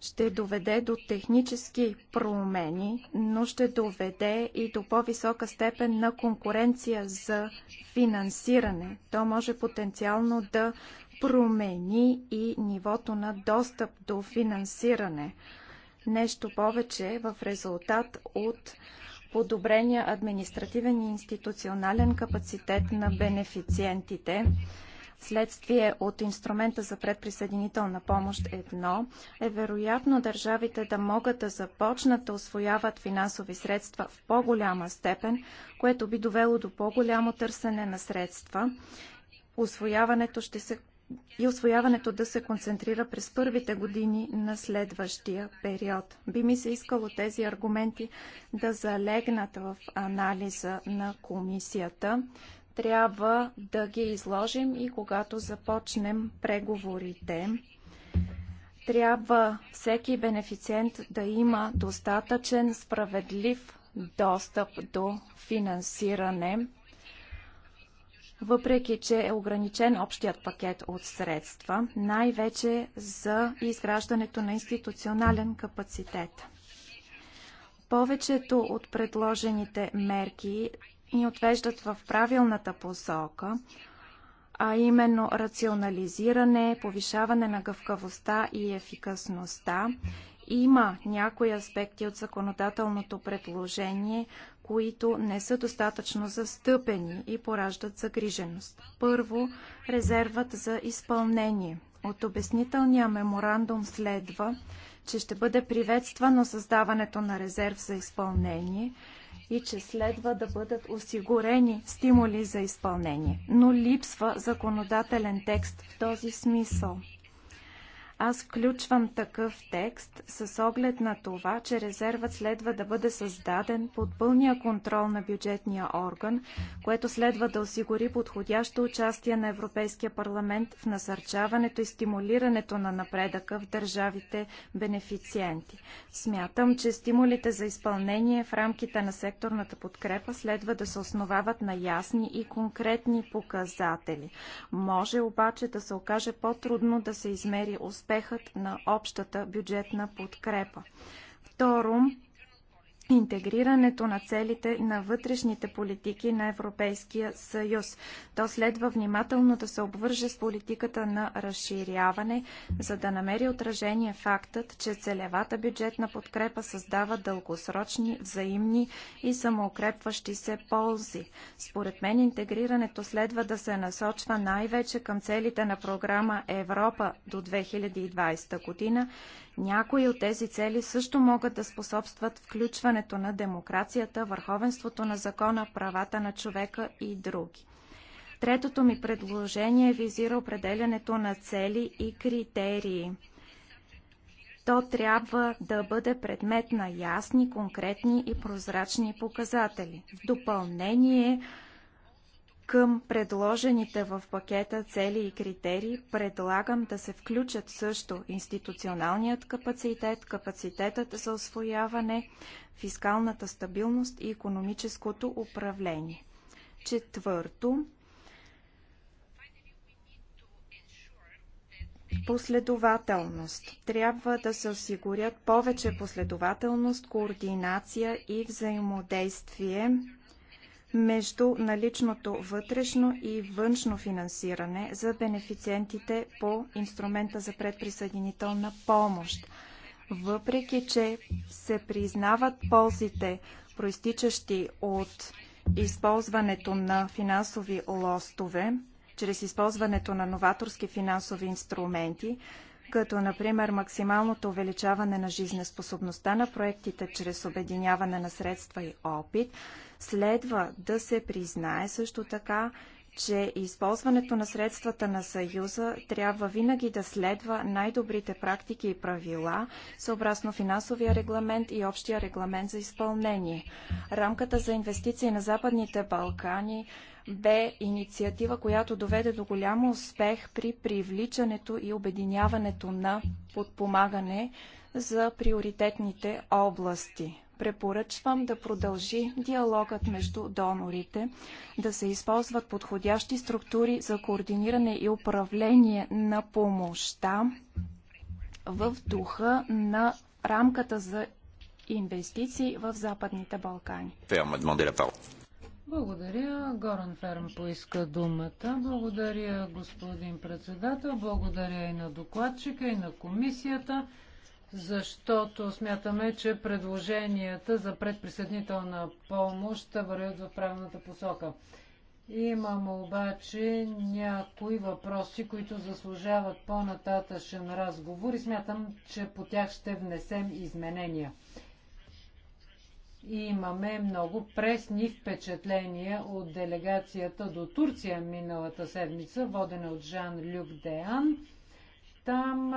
ще доведе до технически промени, но ще доведе и до по-висока степен на конкуренция за финансиране. То може потенциално да промени и нивото на достъп до финансиране. Нещо повече в резултат от подобрения административен и институционален капацитет на бенефициентите – следствие от инструмента за предприсъединителна помощ едно, е вероятно държавите да могат да започнат да освояват финансови средства в по-голяма степен, което би довело до по-голямо търсене на средства. Освояването ще се и освояването да се концентрира през първите години на следващия период. Би ми се искало тези аргументи да залегнат в анализа на комисията трябва да ги изложим и когато започнем преговорите. Трябва всеки бенефициент да има достатъчен справедлив достъп до финансиране, въпреки че е ограничен общият пакет от средства, най-вече за изграждането на институционален капацитет. Повечето от предложените мерки ни отвеждат в правилната посока, а именно рационализиране, повишаване на гъвкавостта и ефикасността. Има някои аспекти от законодателното предложение, които не са достатъчно застъпени и пораждат загриженост. Първо, резервът за изпълнение. От обяснителния меморандум следва, че ще бъде приветствано създаването на резерв за изпълнение – и че следва да бъдат осигурени стимули за изпълнение. Но липсва законодателен текст в този смисъл. Аз включвам такъв текст с оглед на това, че резервът следва да бъде създаден под пълния контрол на бюджетния орган, което следва да осигури подходящо участие на Европейския парламент в насърчаването и стимулирането на напредъка в държавите бенефициенти. Смятам, че стимулите за изпълнение в рамките на секторната подкрепа следва да се основават на ясни и конкретни показатели. Може обаче да се окаже по-трудно да се измери успех успехът на общата бюджетна подкрепа. Второ, интегрирането на целите на вътрешните политики на Европейския съюз. То следва внимателно да се обвърже с политиката на разширяване, за да намери отражение фактът, че целевата бюджетна подкрепа създава дългосрочни, взаимни и самоукрепващи се ползи. Според мен интегрирането следва да се насочва най-вече към целите на програма Европа до 2020 година някои от тези цели също могат да способстват включването на демокрацията, върховенството на закона, правата на човека и други. Третото ми предложение визира определянето на цели и критерии. То трябва да бъде предмет на ясни, конкретни и прозрачни показатели. В допълнение, към предложените в пакета цели и критерии предлагам да се включат също институционалният капацитет, капацитетът за освояване, фискалната стабилност и економическото управление. Четвърто, Последователност. Трябва да се осигурят повече последователност, координация и взаимодействие между наличното вътрешно и външно финансиране за бенефициентите по инструмента за предприсъединителна помощ. Въпреки, че се признават ползите, проистичащи от използването на финансови лостове, чрез използването на новаторски финансови инструменти, като например максималното увеличаване на жизнеспособността на проектите чрез обединяване на средства и опит, Следва да се признае също така, че използването на средствата на Съюза трябва винаги да следва най-добрите практики и правила, съобразно финансовия регламент и общия регламент за изпълнение. Рамката за инвестиции на Западните Балкани бе инициатива, която доведе до голям успех при привличането и обединяването на подпомагане за приоритетните области препоръчвам да продължи диалогът между донорите, да се използват подходящи структури за координиране и управление на помощта в духа на рамката за инвестиции в Западните Балкани. Благодаря. Горан Ферм поиска думата. Благодаря, господин председател. Благодаря и на докладчика, и на комисията защото смятаме, че предложенията за предприсъединителна помощ вървят в правилната посока. Имам обаче някои въпроси, които заслужават по-нататъчен разговор и смятам, че по тях ще внесем изменения. И имаме много пресни впечатления от делегацията до Турция миналата седмица, водена от Жан Люк Деан – там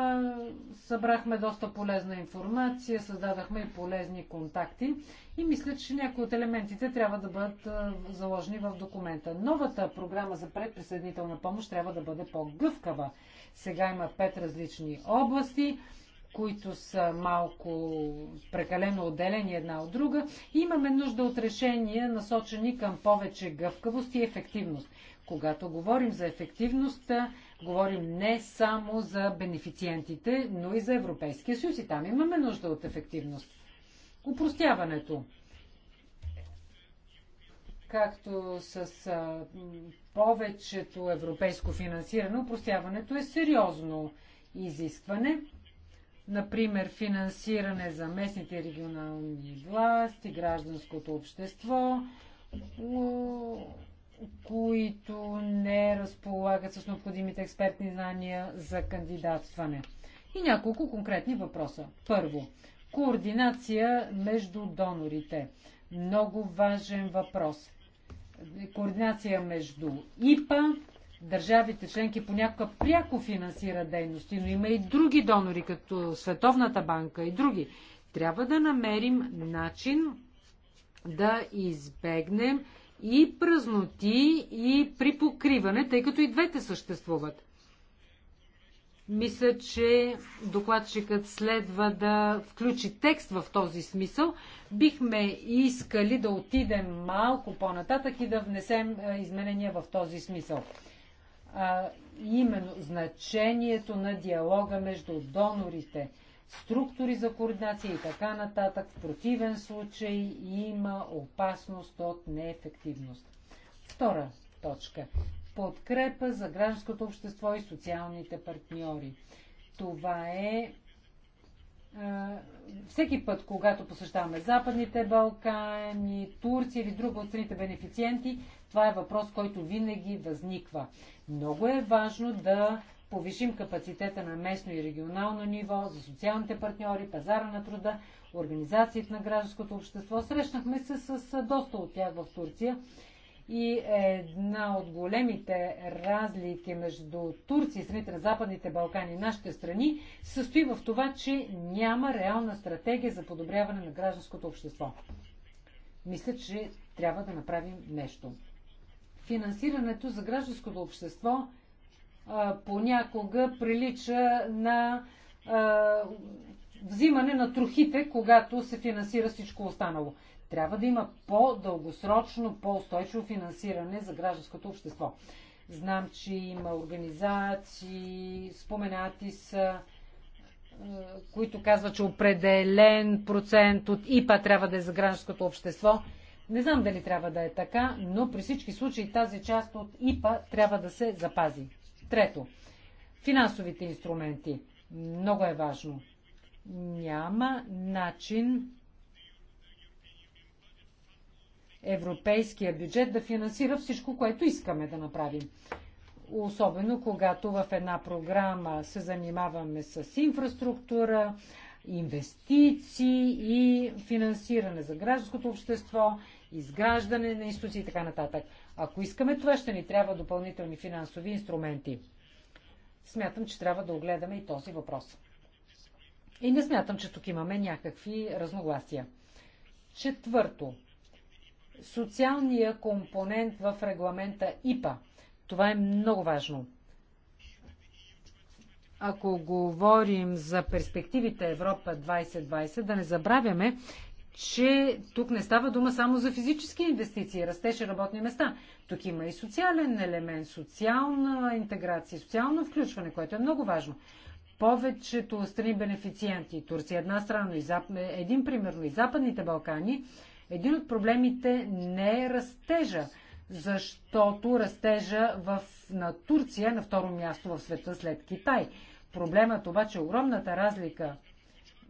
събрахме доста полезна информация, създадахме и полезни контакти и мисля, че някои от елементите трябва да бъдат заложени в документа. Новата програма за предприсъединителна помощ трябва да бъде по-гъвкава. Сега има пет различни области които са малко прекалено отделени една от друга. И имаме нужда от решения, насочени към повече гъвкавост и ефективност. Когато говорим за ефективността, говорим не само за бенефициентите, но и за Европейския съюз. И там имаме нужда от ефективност. Упростяването. Както с а, повечето европейско финансиране, упростяването е сериозно изискване. Например, финансиране за местните регионални власти, гражданското общество, които не разполагат с необходимите експертни знания за кандидатстване. И няколко конкретни въпроса. Първо, координация между донорите. Много важен въпрос. Координация между ИПА, държавите членки понякога пряко финансира дейности, но има и други донори, като Световната банка и други. Трябва да намерим начин да избегнем и празноти, и при покриване, тъй като и двете съществуват. Мисля, че докладчикът следва да включи текст в този смисъл. Бихме искали да отидем малко по-нататък и да внесем изменения в този смисъл. А, именно значението на диалога между донорите – структури за координация и така нататък. В противен случай има опасност от неефективност. Втора точка. Подкрепа за гражданското общество и социалните партньори. Това е всеки път, когато посещаваме Западните Балкани, Турция или друга от страните бенефициенти, това е въпрос, който винаги възниква. Много е важно да повишим капацитета на местно и регионално ниво, за социалните партньори, пазара на труда, организациите на гражданското общество. Срещнахме се с доста от тях в Турция и една от големите разлики между Турция и страните на Западните Балкани и нашите страни състои в това, че няма реална стратегия за подобряване на гражданското общество. Мисля, че трябва да направим нещо. Финансирането за гражданското общество а, понякога прилича на а, взимане на трохите, когато се финансира всичко останало. Трябва да има по-дългосрочно, по-устойчиво финансиране за гражданското общество. Знам, че има организации, споменати са, които казват, че определен процент от ИПА трябва да е за гражданското общество. Не знам дали трябва да е така, но при всички случаи тази част от ИПА трябва да се запази. Трето, финансовите инструменти. Много е важно. Няма начин европейския бюджет да финансира всичко, което искаме да направим. Особено когато в една програма се занимаваме с инфраструктура, инвестиции и финансиране за гражданското общество изграждане на институции и така нататък. Ако искаме това, ще ни трябва допълнителни финансови инструменти. Смятам, че трябва да огледаме и този въпрос. И не смятам, че тук имаме някакви разногласия. Четвърто. Социалния компонент в регламента ИПА. Това е много важно. Ако говорим за перспективите Европа 2020, да не забравяме, че тук не става дума само за физически инвестиции, растеж и работни места. Тук има и социален елемент, социална интеграция, социално включване, което е много важно. Повечето страни бенефициенти, Турция е една страна, и зап... Е един примерно и Западните Балкани, един от проблемите не е растежа, защото растежа в... на Турция е на второ място в света след Китай. Проблемът обаче е огромната разлика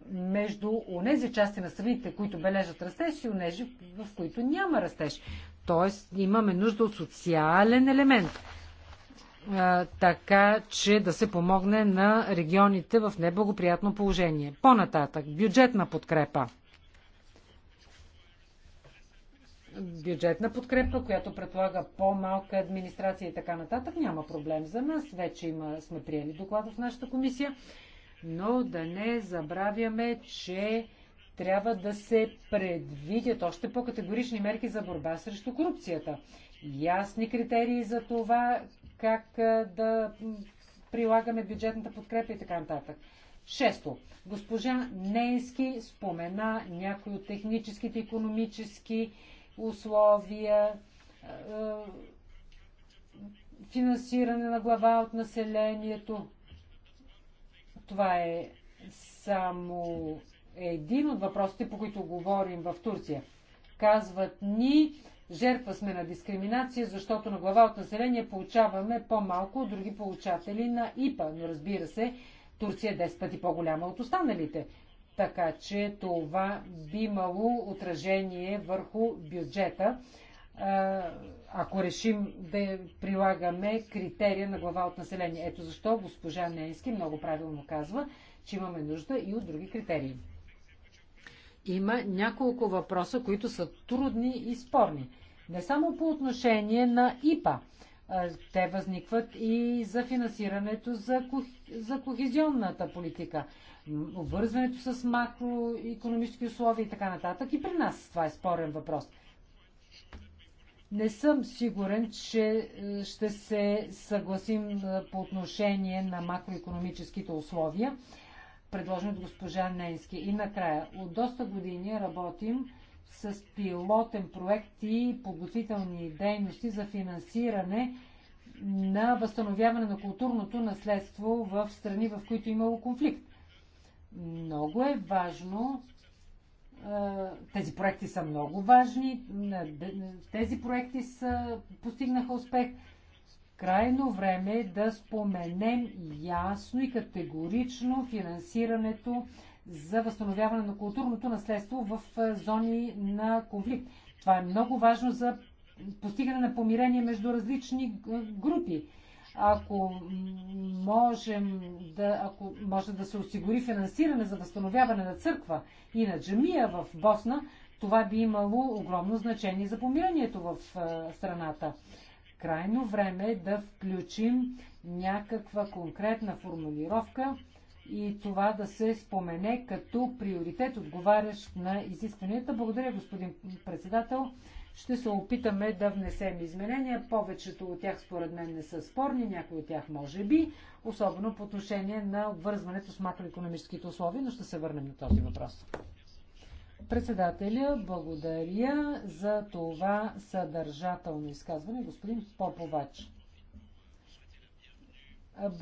между онези части на страните, които бележат растеж и онези, в които няма растеж. Тоест имаме нужда от социален елемент, така че да се помогне на регионите в неблагоприятно положение. По-нататък, бюджетна подкрепа. бюджетна подкрепа, която предлага по-малка администрация и така нататък, няма проблем за нас. Вече има, сме приели доклада в нашата комисия но да не забравяме, че трябва да се предвидят още по-категорични мерки за борба срещу корупцията. Ясни критерии за това как да прилагаме бюджетната подкрепа и така нататък. Шесто. Госпожа Нейски спомена някои от техническите, економически условия, финансиране на глава от населението, това е само един от въпросите, по които говорим в Турция. Казват ни, жертва сме на дискриминация, защото на глава от население получаваме по-малко от други получатели на ИПА. Но разбира се, Турция е 10 пъти по-голяма от останалите. Така че това би имало отражение върху бюджета ако решим да прилагаме критерия на глава от население. Ето защо госпожа Ненски много правилно казва, че имаме нужда и от други критерии. Има няколко въпроса, които са трудни и спорни. Не само по отношение на ИПА. Те възникват и за финансирането за, кох... за кохезионната политика, обвързването с макроекономически условия и така нататък. И при нас това е спорен въпрос – не съм сигурен, че е, ще се съгласим е, по отношение на макроекономическите условия, предложени от госпожа Ненски. И накрая, от доста години работим с пилотен проект и подготвителни дейности за финансиране на възстановяване на културното наследство в страни, в които е имало конфликт. Много е важно тези проекти са много важни. Тези проекти са, постигнаха успех. Крайно време е да споменем ясно и категорично финансирането за възстановяване на културното наследство в зони на конфликт. Това е много важно за постигане на помирение между различни групи. Ако можем да, ако може да се осигури финансиране за възстановяване на църква и на джамия в Босна, това би имало огромно значение за помирението в страната. Крайно време е да включим някаква конкретна формулировка и това да се спомене като приоритет, отговарящ на изискванията. Благодаря, господин председател. Ще се опитаме да внесем изменения. Повечето от тях според мен не са спорни, някои от тях може би, особено по отношение на обвързването с макроекономическите условия, но ще се върнем на този въпрос. Председателя, благодаря за това съдържателно изказване, господин Поповач.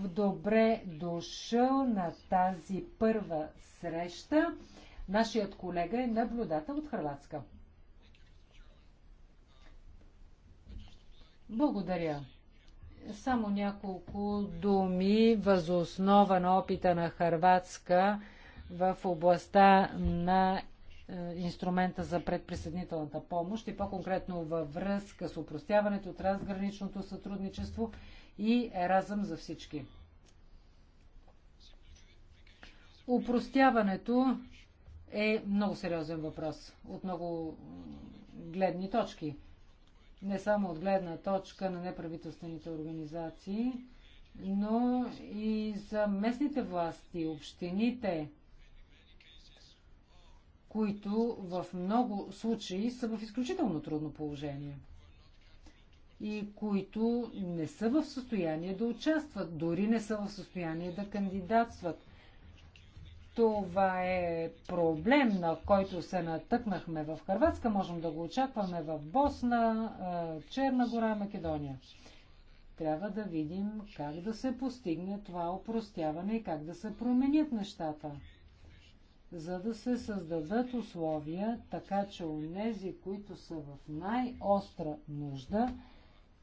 Добре дошъл на тази първа среща. Нашият колега е наблюдател от Хрватска. Благодаря. Само няколко думи възоснова на опита на Харватска в областта на е, инструмента за предприсъединителната помощ и по-конкретно във връзка с упростяването, трансграничното сътрудничество и еразъм за всички. Упростяването е много сериозен въпрос от много гледни точки – не само от гледна точка на неправителствените организации, но и за местните власти, общините, които в много случаи са в изключително трудно положение и които не са в състояние да участват, дори не са в състояние да кандидатстват. Това е проблем, на който се натъкнахме в Харватска, можем да го очакваме в Босна, Черна гора Македония. Трябва да видим как да се постигне това опростяване и как да се променят нещата, за да се създадат условия, така че у нези, които са в най-остра нужда,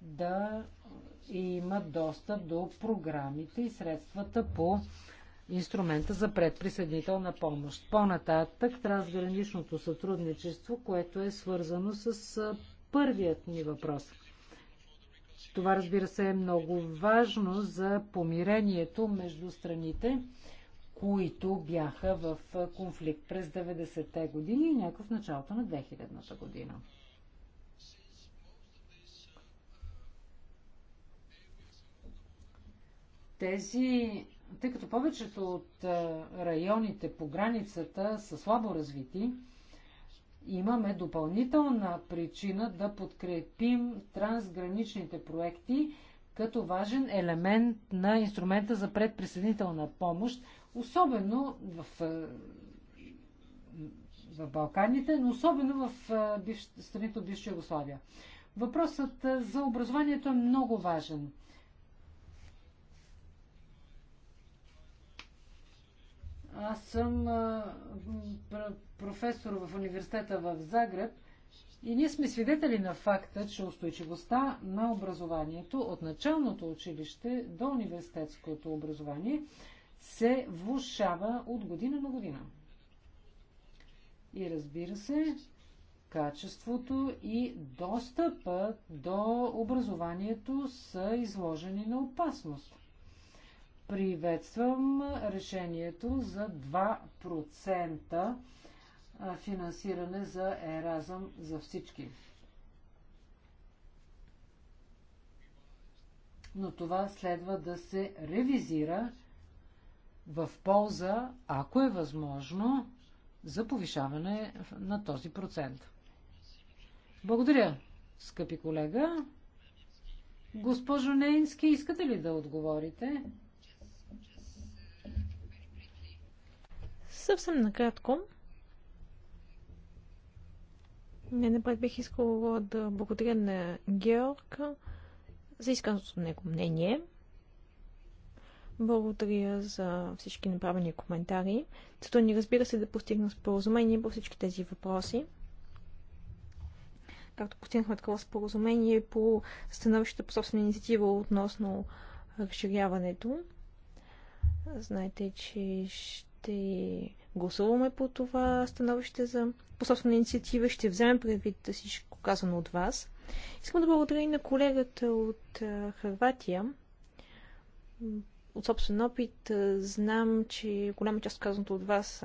да имат достъп до програмите и средствата по инструмента за предприсъединителна помощ. По-нататък трансграничното сътрудничество, което е свързано с първият ни въпрос. Това, разбира се, е много важно за помирението между страните, които бяха в конфликт през 90-те години и някакво в началото на 2000-та година. Тези тъй като повечето от районите по границата са слабо развити, имаме допълнителна причина да подкрепим трансграничните проекти като важен елемент на инструмента за предприсъединителна помощ, особено в, в Балканите, но особено в страните от бивша Югославия. Въпросът за образованието е много важен – Аз съм а, професор в университета в Загреб и ние сме свидетели на факта, че устойчивостта на образованието от началното училище до университетското образование се влушава от година на година. И разбира се, качеството и достъпът до образованието са изложени на опасност. Приветствам решението за 2% финансиране за еразъм за всички. Но това следва да се ревизира в полза, ако е възможно, за повишаване на този процент. Благодаря, скъпи колега. Госпожо Нейнски, искате ли да отговорите? Съвсем накратко. Не, напред бих искала да благодаря на Георг за изказаното него мнение. Благодаря за всички направени коментари. Цето ни разбира се да постигна споразумение по всички тези въпроси. Както постигнахме такова споразумение по становището по собствена инициатива относно разширяването. Знаете, че ще. Ще гласуваме по това становище за пособствена инициатива. Ще вземем предвид всичко казано от вас. Искам да благодаря и на колегата от Харватия. От собствен опит знам, че голяма част от казаното от вас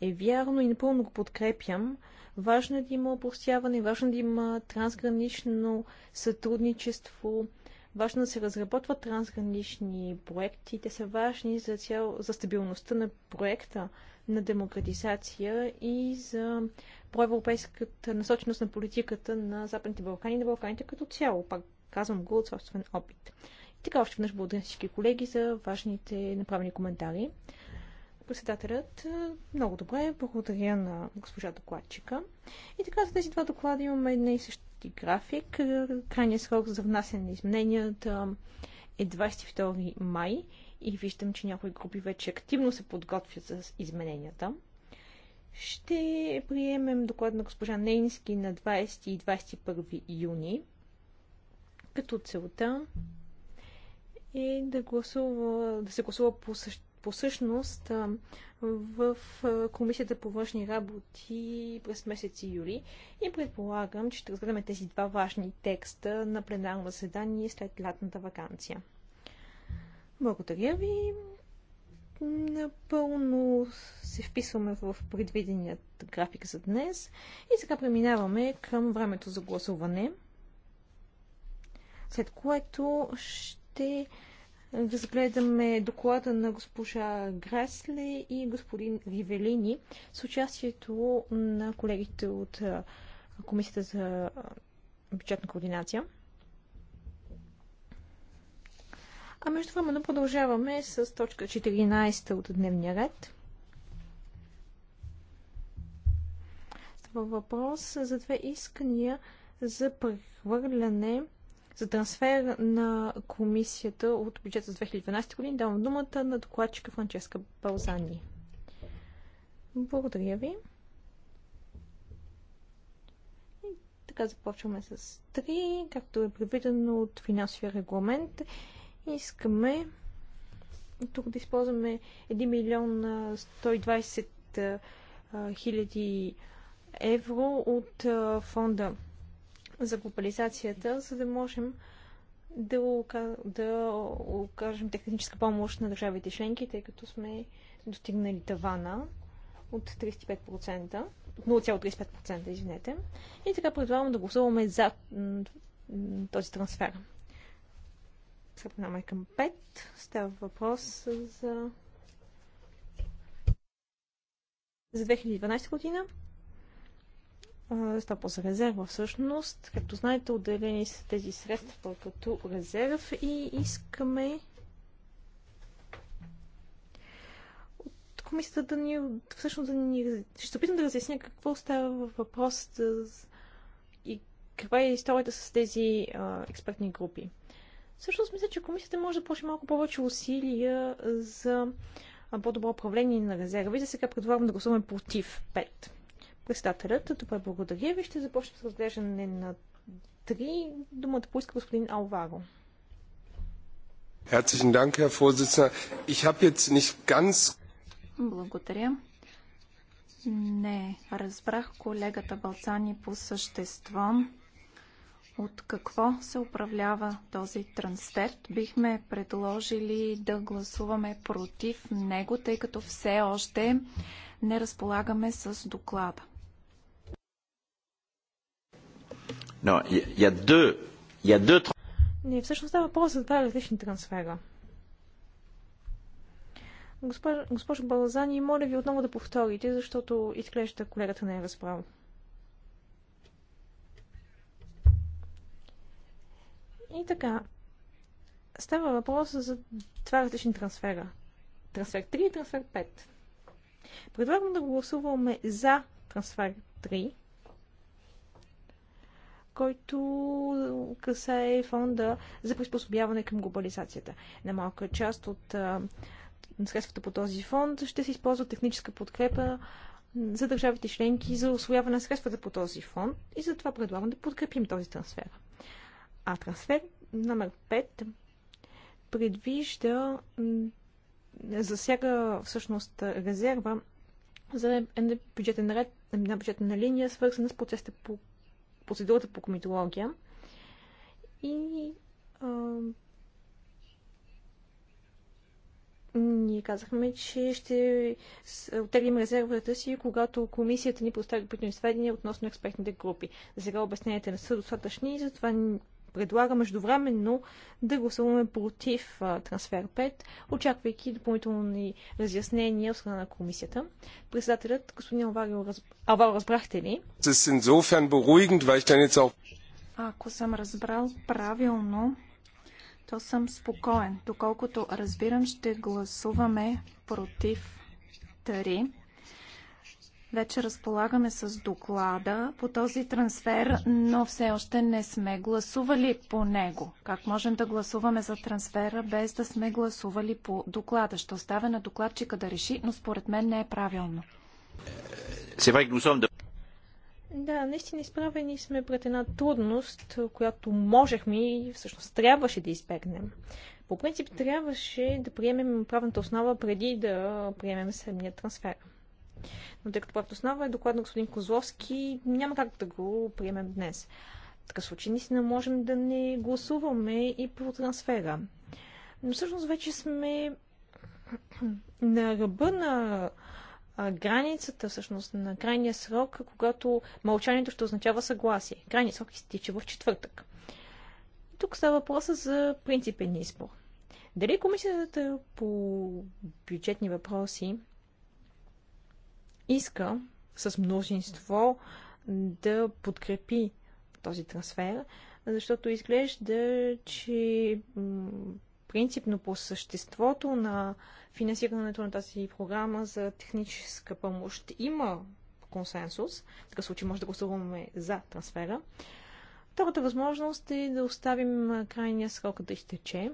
е вярно и напълно го подкрепям. Важно е да има опростяване, важно е да има трансгранично сътрудничество Важно да се разработват трансгранични проекти. Те са важни за, цял, за стабилността на проекта на демократизация и за проевропейската насоченост на политиката на Западните Балкани и на Балканите като цяло. Пак казвам го от собствен опит. И така още веднъж благодаря всички колеги за важните направени коментари. Председателят, много добре, благодаря на госпожа докладчика. И така, за тези два доклада имаме една и съща и график. Е, крайният срок за внасяне на измененията е 22 май и виждам, че някои групи вече активно се подготвят с измененията. Ще приемем доклад на госпожа Нейнски на 20 и 21 юни, като целта е да, гласува, да се гласува по същ по същност в Комисията по външни работи през месец юли и предполагам, че ще разгледаме тези два важни текста на пленарно заседание след лятната вакансия. Благодаря ви. Напълно се вписваме в предвиденият график за днес и сега преминаваме към времето за гласуване, след което ще разгледаме доклада на госпожа Грасле и господин Ривелини с участието на колегите от Комисията за бюджетна координация. А между времено продължаваме с точка 14 от дневния ред. Става въпрос за две искания за прехвърляне за трансфер на комисията от бюджета за 2012 година. Давам думата на докладчика Франческа Балзани. Благодаря ви. И така започваме с 3, както е предвидено от финансовия регламент. Искаме тук да използваме 1 милион 120 хиляди евро от фонда за глобализацията, за да можем да, да окажем техническа помощ на държавите членки, тъй като сме достигнали тавана от 35%, 0,35%, извинете. И така предлагам да гласуваме за този трансфер. Съпнаме към 5. Става въпрос за за 2012 година стопа за е резерва всъщност. Както знаете, отделени са тези средства като резерв и искаме от комисията да ни, всъщност да ни, ще опитам да разясня какво става в въпрос да... и каква е историята с тези а, експертни групи. Всъщност мисля, че комисията може да почне малко повече усилия за по-добро управление на резерва и за сега предлагам да гласуваме против 5. Председателят, добре, благодаря ви. Ще започнем с разглеждане на три. Думата поиска господин Алваро. Herzlichen Dank, Herr Vorsitzender. Ich habe jetzt nicht ganz... Благодаря. Не, разбрах колегата Балцани по същество. От какво се управлява този трансферт. Бихме предложили да гласуваме против него, тъй като все още не разполагаме с доклада. Non, il y a deux. Не, всъщност става въпрос за два различни трансфера. Госпожо, госпожо Балазани, моля ви отново да повторите, защото изглежда колегата не е разбрал. И така, става въпрос за два различни трансфера. Трансфер 3 и трансфер 5. Предлагам да гласуваме за трансфер 3 който касае фонда за приспособяване към глобализацията. На малка част от средствата по този фонд ще се използва техническа подкрепа за държавите членки за освояване на средствата по този фонд и затова предлагам да подкрепим този трансфер. А трансфер номер 5 предвижда засяга всъщност резерва за бюджетен ред, една бюджетна линия, свързана с процесите по процедурата по комитология. И а, ние казахме, че ще оттеглим резервата си, когато комисията ни постави допълнителни сведения относно експертните групи. За сега обясненията не са достатъчни, затова предлага междувременно да гласуваме против трансфер 5, очаквайки допълнителни разяснения от страна на комисията. Председателят, господин Алваро, раз... разбрахте ли? Ако съм разбрал правилно, то съм спокоен. Доколкото разбирам, ще гласуваме против вече разполагаме с доклада по този трансфер, но все още не сме гласували по него. Как можем да гласуваме за трансфера без да сме гласували по доклада? Ще оставя на докладчика да реши, но според мен не е правилно. Да, наистина изправени сме пред една трудност, която можехме и всъщност трябваше да избегнем. По принцип трябваше да приемем правната основа преди да приемем самия трансфер. Но тъй като правото основа е доклад на господин Козловски, няма как да го приемем днес. В такъв случай не можем да не гласуваме и по трансфера. Но всъщност вече сме *clears throat* на ръба на границата, всъщност на крайния срок, когато мълчанието ще означава съгласие. Крайният срок изтича в четвъртък. И тук става въпроса за принципен избор. Дали комисията по бюджетни въпроси иска с мнозинство да подкрепи този трансфер, защото изглежда, че принципно по съществото на финансирането на тази програма за техническа помощ има консенсус. В такъв случай може да гласуваме за трансфера. Втората възможност е да оставим крайния срок да изтече.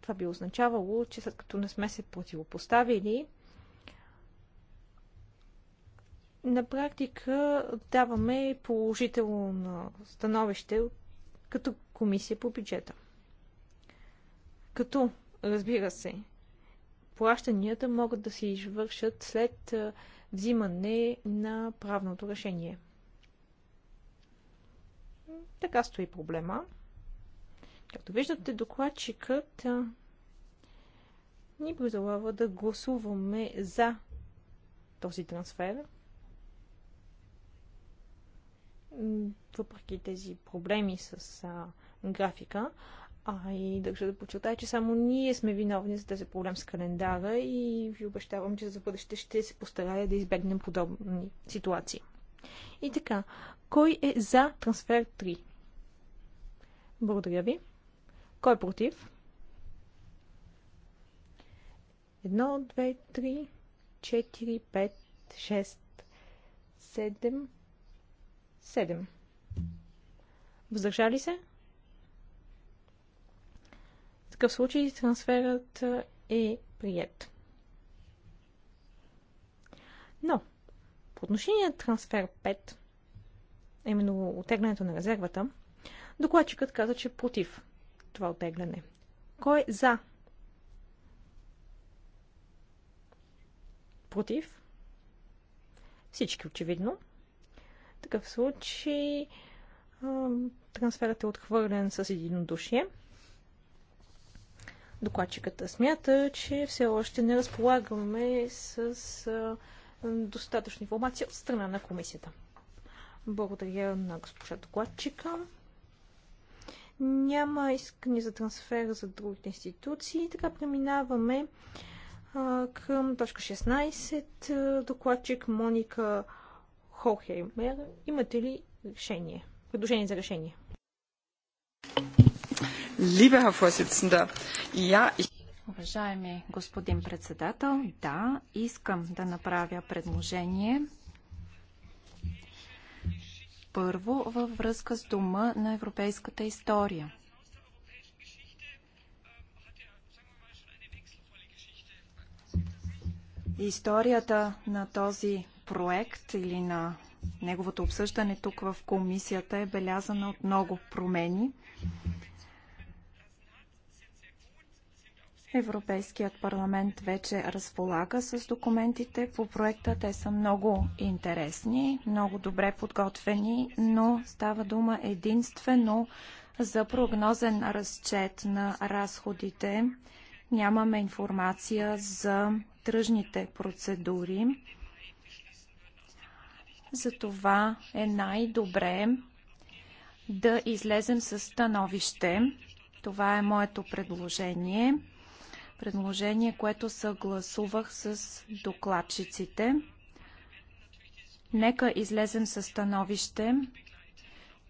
Това би означавало, че след като не сме се противопоставили, на практика даваме положително становище като комисия по бюджета. Като, разбира се, плащанията могат да се извършат след взимане на правното решение. Така стои проблема. Както виждате, докладчикът ни призовава да гласуваме за този трансфер – въпреки тези проблеми с а, графика. А и държа да подчертая, че само ние сме виновни за тези проблем с календара и ви обещавам, че за бъдеще ще се постарая да избегнем подобни ситуации. И така, кой е за трансфер 3? Благодаря ви. Кой е против? Едно, две, три, четири, пет, шест, седем, 7. Въздържали се? В такъв случай трансферът е прият. Но, по отношение на трансфер 5, именно отеглянето на резервата, докладчикът каза, че е против това отегляне. Кой е за? Против? Всички, очевидно. В такъв случай трансферът е отхвърлен с единодушие. Докладчиката смята, че все още не разполагаме с достатъчно информация от страна на комисията. Благодаря на госпожа докладчика. Няма искане за трансфер за другите институции. Така преминаваме а, към точка 16. Докладчик Моника Хохеймер, Имате ли решение? Предложение за решение? Либе, да. Я Уважаеми господин председател, да, искам да направя предложение. Първо, във връзка с Дома на европейската история. Историята на този проект или на неговото обсъждане тук в комисията е белязана от много промени. Европейският парламент вече разполага с документите по проекта. Те са много интересни, много добре подготвени, но става дума единствено за прогнозен разчет на разходите. Нямаме информация за тръжните процедури. Затова е най-добре да излезем с становище. Това е моето предложение. Предложение, което съгласувах с докладчиците. Нека излезем с становище,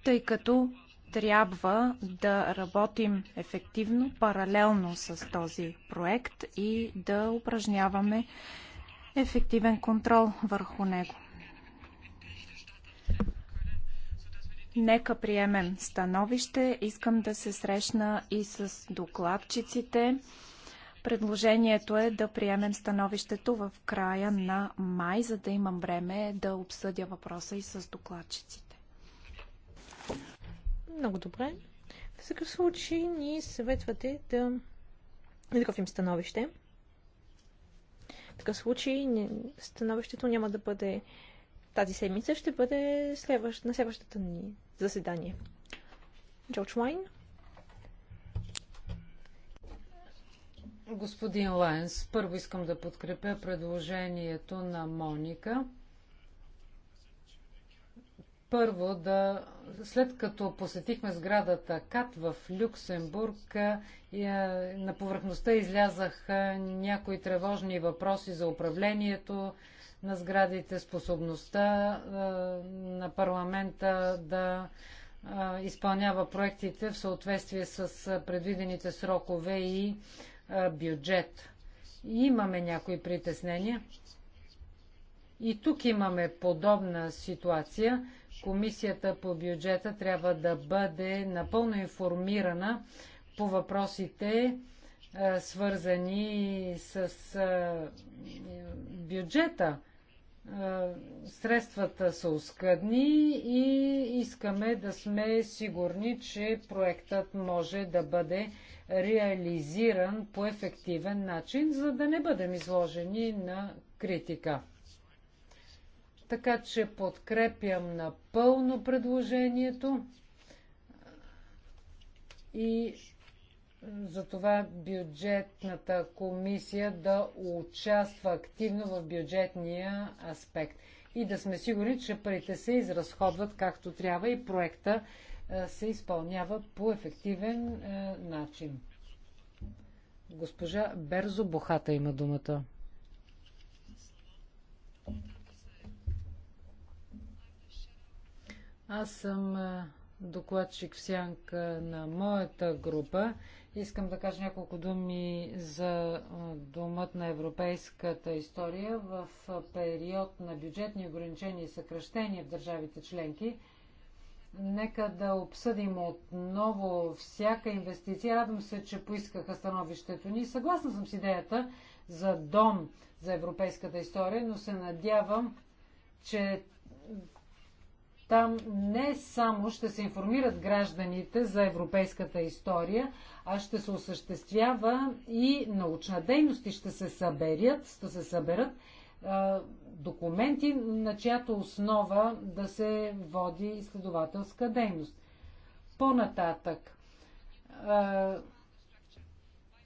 тъй като трябва да работим ефективно, паралелно с този проект и да упражняваме ефективен контрол върху него. Нека приемем становище. Искам да се срещна и с докладчиците. Предложението е да приемем становището в края на май, за да имам време да обсъдя въпроса и с докладчиците. Много добре. В такъв случай ни съветвате да изготвим становище. В такъв случай становището няма да бъде тази седмица ще бъде следващ, на следващата ни заседание. Джордж Лайн. Господин Лайнс, първо искам да подкрепя предложението на Моника. Първо да, след като посетихме сградата КАТ в Люксембург, е, е, на повърхността излязаха някои тревожни въпроси за управлението, на сградите, способността на парламента да изпълнява проектите в съответствие с предвидените срокове и бюджет. Имаме някои притеснения. И тук имаме подобна ситуация. Комисията по бюджета трябва да бъде напълно информирана по въпросите, свързани с бюджета. Средствата са оскъдни и искаме да сме сигурни, че проектът може да бъде реализиран по ефективен начин, за да не бъдем изложени на критика. Така че подкрепям напълно предложението и за това бюджетната комисия да участва активно в бюджетния аспект и да сме сигурни, че парите се изразходват както трябва и проекта е, се изпълнява по ефективен е, начин. Госпожа Берзо Бохата има думата. Аз съм е, докладчик в сянка на моята група. Искам да кажа няколко думи за Домът на европейската история в период на бюджетни ограничения и съкръщения в държавите членки. Нека да обсъдим отново всяка инвестиция. Радвам се, че поискаха становището ни. Съгласна съм с идеята за дом за европейската история, но се надявам, че там не само ще се информират гражданите за европейската история, а ще се осъществява и научна дейност и ще се съберят, ще се съберат документи, на чиято основа да се води изследователска дейност. По-нататък,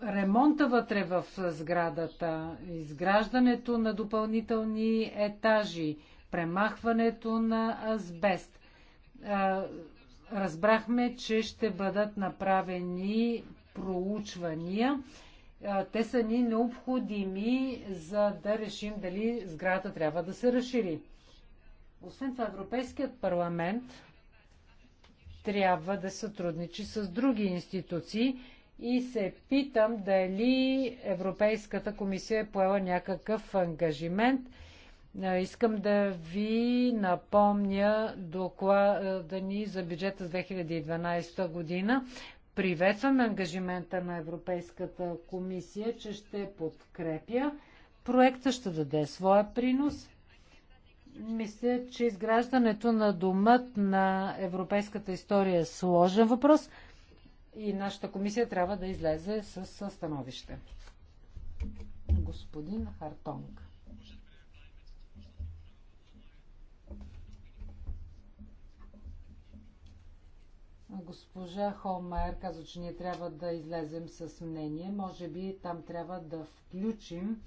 ремонта вътре в сградата, изграждането на допълнителни етажи – премахването на азбест. Разбрахме, че ще бъдат направени проучвания. Те са ни необходими, за да решим дали сградата трябва да се разшири. Освен това, Европейският парламент трябва да сътрудничи с други институции и се питам дали Европейската комисия е поела някакъв ангажимент – Искам да ви напомня доклада ни за бюджета за 2012 година. Приветствам ангажимента на Европейската комисия, че ще подкрепя. Проекта ще даде своя принос. Мисля, че изграждането на домът на европейската история е сложен въпрос и нашата комисия трябва да излезе с становище. Господин Хартонг. Госпожа Холмайер каза, че ние трябва да излезем с мнение. Може би там трябва да включим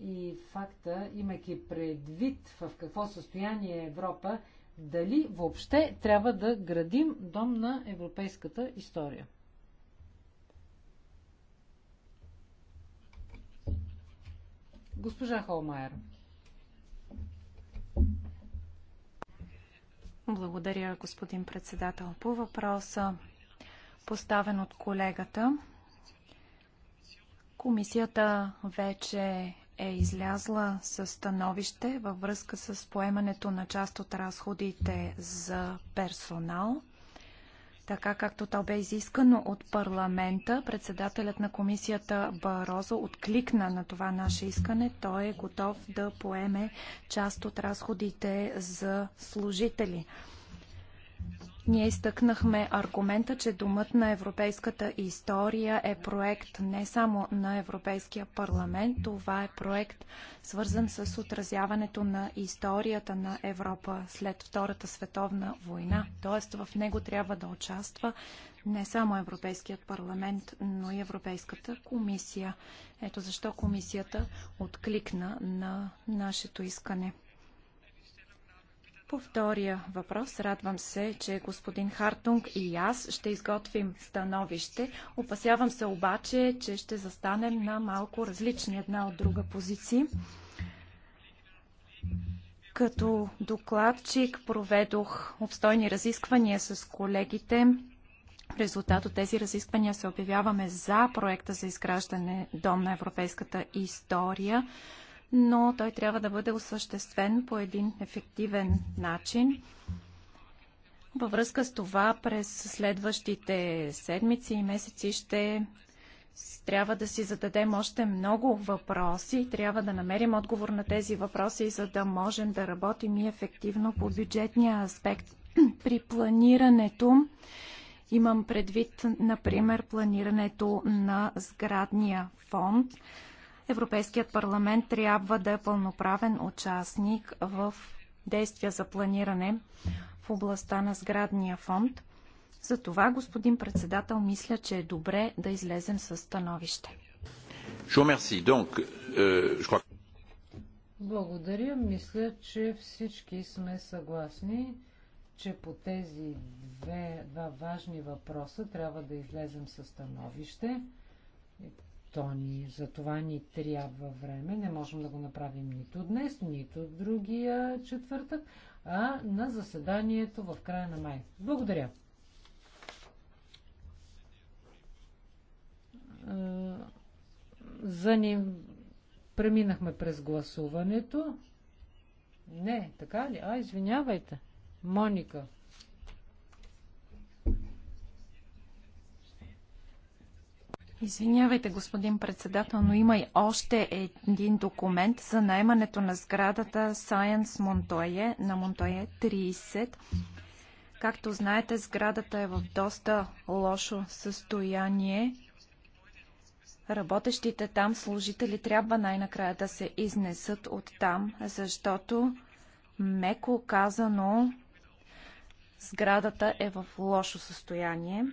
и факта, имайки предвид в какво състояние е Европа, дали въобще трябва да градим дом на европейската история. Госпожа Холмайер. Благодаря, господин председател. По въпроса, поставен от колегата, комисията вече е излязла с становище във връзка с поемането на част от разходите за персонал. Така както то бе изискано от парламента, председателят на комисията Барозо откликна на това наше искане. Той е готов да поеме част от разходите за служители. Ние изтъкнахме аргумента, че Думът на европейската история е проект не само на Европейския парламент, това е проект свързан с отразяването на историята на Европа след Втората световна война. Тоест в него трябва да участва не само Европейският парламент, но и Европейската комисия. Ето защо комисията откликна на нашето искане. По втория въпрос радвам се, че господин Хартунг и аз ще изготвим становище. Опасявам се обаче, че ще застанем на малко различни една от друга позиции. Като докладчик проведох обстойни разисквания с колегите. В резултат от тези разисквания се обявяваме за проекта за изграждане Дом на европейската история но той трябва да бъде осъществен по един ефективен начин. Във връзка с това, през следващите седмици и месеци ще трябва да си зададем още много въпроси. Трябва да намерим отговор на тези въпроси, за да можем да работим и ефективно по бюджетния аспект. *clears throat* При планирането имам предвид, например, планирането на сградния фонд. Европейският парламент трябва да е пълноправен участник в действия за планиране в областта на сградния фонд. За това, господин председател, мисля, че е добре да излезем с становище. Euh, Благодаря. Мисля, че всички сме съгласни, че по тези две, два важни въпроса трябва да излезем със становище тони. За това ни трябва време. Не можем да го направим нито днес, нито другия четвъртък, а на заседанието в края на май. Благодаря. Е, за ни преминахме през гласуването. Не, така ли? А, извинявайте. Моника. Извинявайте, господин председател, но има и още един документ за найемането на сградата Science Montoye на Монтое 30. Както знаете, сградата е в доста лошо състояние. Работещите там служители трябва най-накрая да се изнесат от там, защото, меко казано, сградата е в лошо състояние.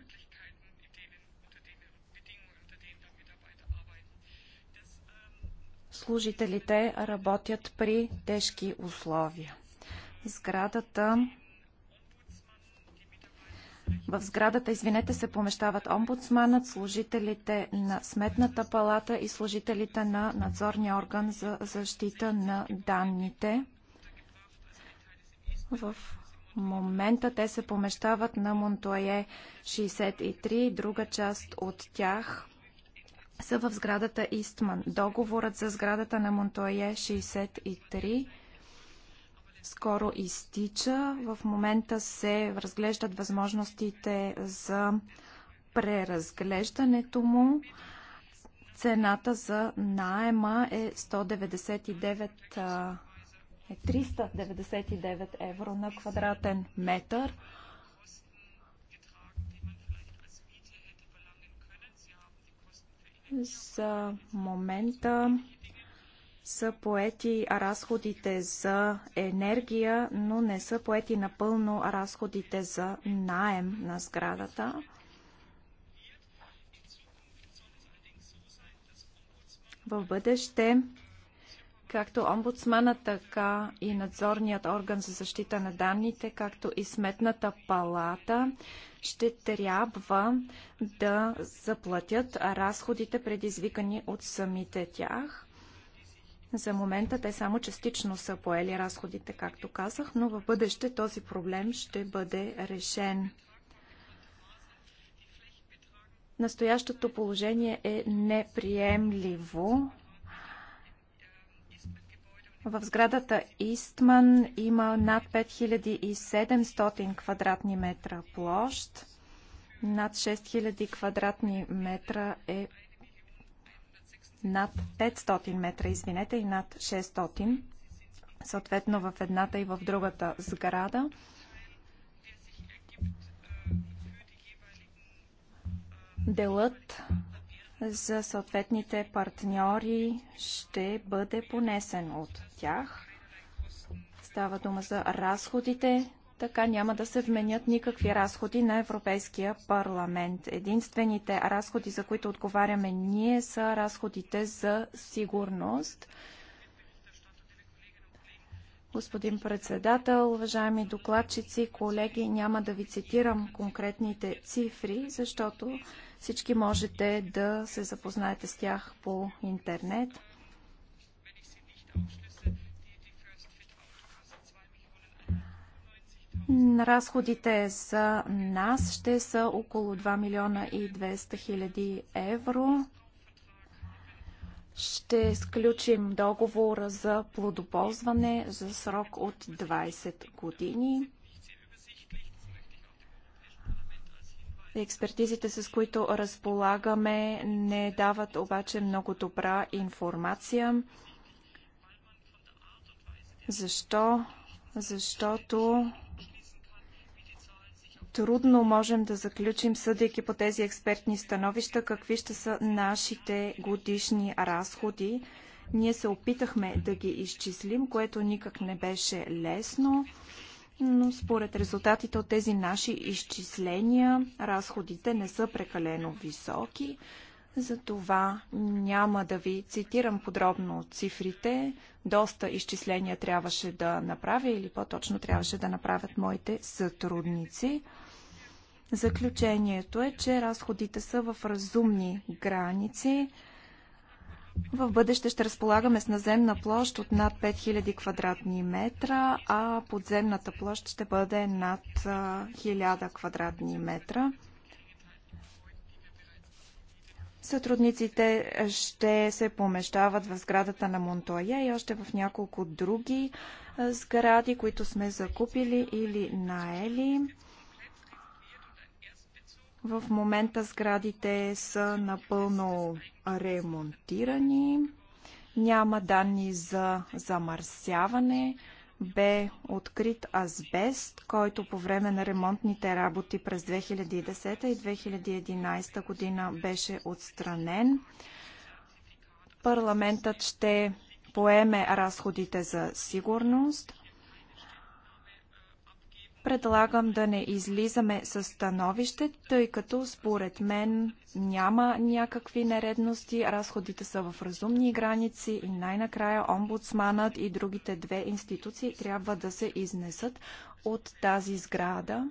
Служителите работят при тежки условия. Сградата в сградата, извинете, се помещават омбудсманът, служителите на Сметната палата и служителите на надзорния орган за защита на данните. В момента те се помещават на Монтуае 63, друга част от тях са в сградата Истман. Договорът за сградата на Монтое 63 скоро изтича. В момента се разглеждат възможностите за преразглеждането му. Цената за найема е 199 е 399 евро на квадратен метър. За момента са поети разходите за енергия, но не са поети напълно разходите за найем на сградата. В бъдеще както омбудсмана, така и надзорният орган за защита на данните, както и сметната палата ще трябва да заплатят разходите, предизвикани от самите тях. За момента те само частично са поели разходите, както казах, но в бъдеще този проблем ще бъде решен. Настоящото положение е неприемливо. В сградата Истман има над 5700 квадратни метра площ. Над 6000 квадратни метра е над 500 метра, извинете, и над 600, съответно в едната и в другата сграда. Делът за съответните партньори ще бъде понесен от тях. Става дума за разходите, така няма да се вменят никакви разходи на Европейския парламент. Единствените разходи, за които отговаряме ние, са разходите за сигурност. Господин председател, уважаеми докладчици, колеги, няма да ви цитирам конкретните цифри, защото всички можете да се запознаете с тях по интернет. Разходите за нас ще са около 2 милиона и 200 хиляди евро. Ще сключим договора за плодоползване за срок от 20 години. Експертизите, с които разполагаме, не дават обаче много добра информация. Защо? Защото трудно можем да заключим, съдейки по тези експертни становища, какви ще са нашите годишни разходи. Ние се опитахме да ги изчислим, което никак не беше лесно но според резултатите от тези наши изчисления разходите не са прекалено високи. Затова няма да ви цитирам подробно цифрите. Доста изчисления трябваше да направя или по-точно трябваше да направят моите сътрудници. Заключението е, че разходите са в разумни граници. В бъдеще ще разполагаме с наземна площ от над 5000 квадратни метра, а подземната площ ще бъде над 1000 квадратни метра. Сътрудниците ще се помещават в сградата на Монтоя и още в няколко други сгради, които сме закупили или наели. В момента сградите са напълно ремонтирани. Няма данни за замърсяване. Бе открит азбест, който по време на ремонтните работи през 2010 и 2011 година беше отстранен. Парламентът ще поеме разходите за сигурност – Предлагам да не излизаме с становище, тъй като според мен няма някакви нередности, разходите са в разумни граници и най-накрая омбудсманът и другите две институции трябва да се изнесат от тази сграда.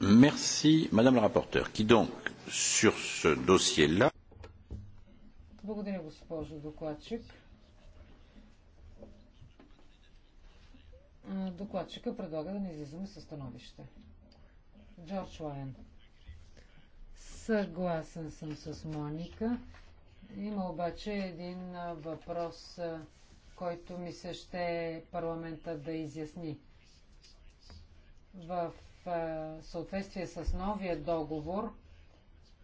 Merci, Madame la rapporteure, qui donc, sur ce dossier-là... Благодаря, госпожо докладчик. Докладчика предлага да не излизаме със становище. Джордж Лайен. Съгласен съм с Моника. Има обаче един въпрос, който ми се ще парламента да изясни. В съответствие с новия договор,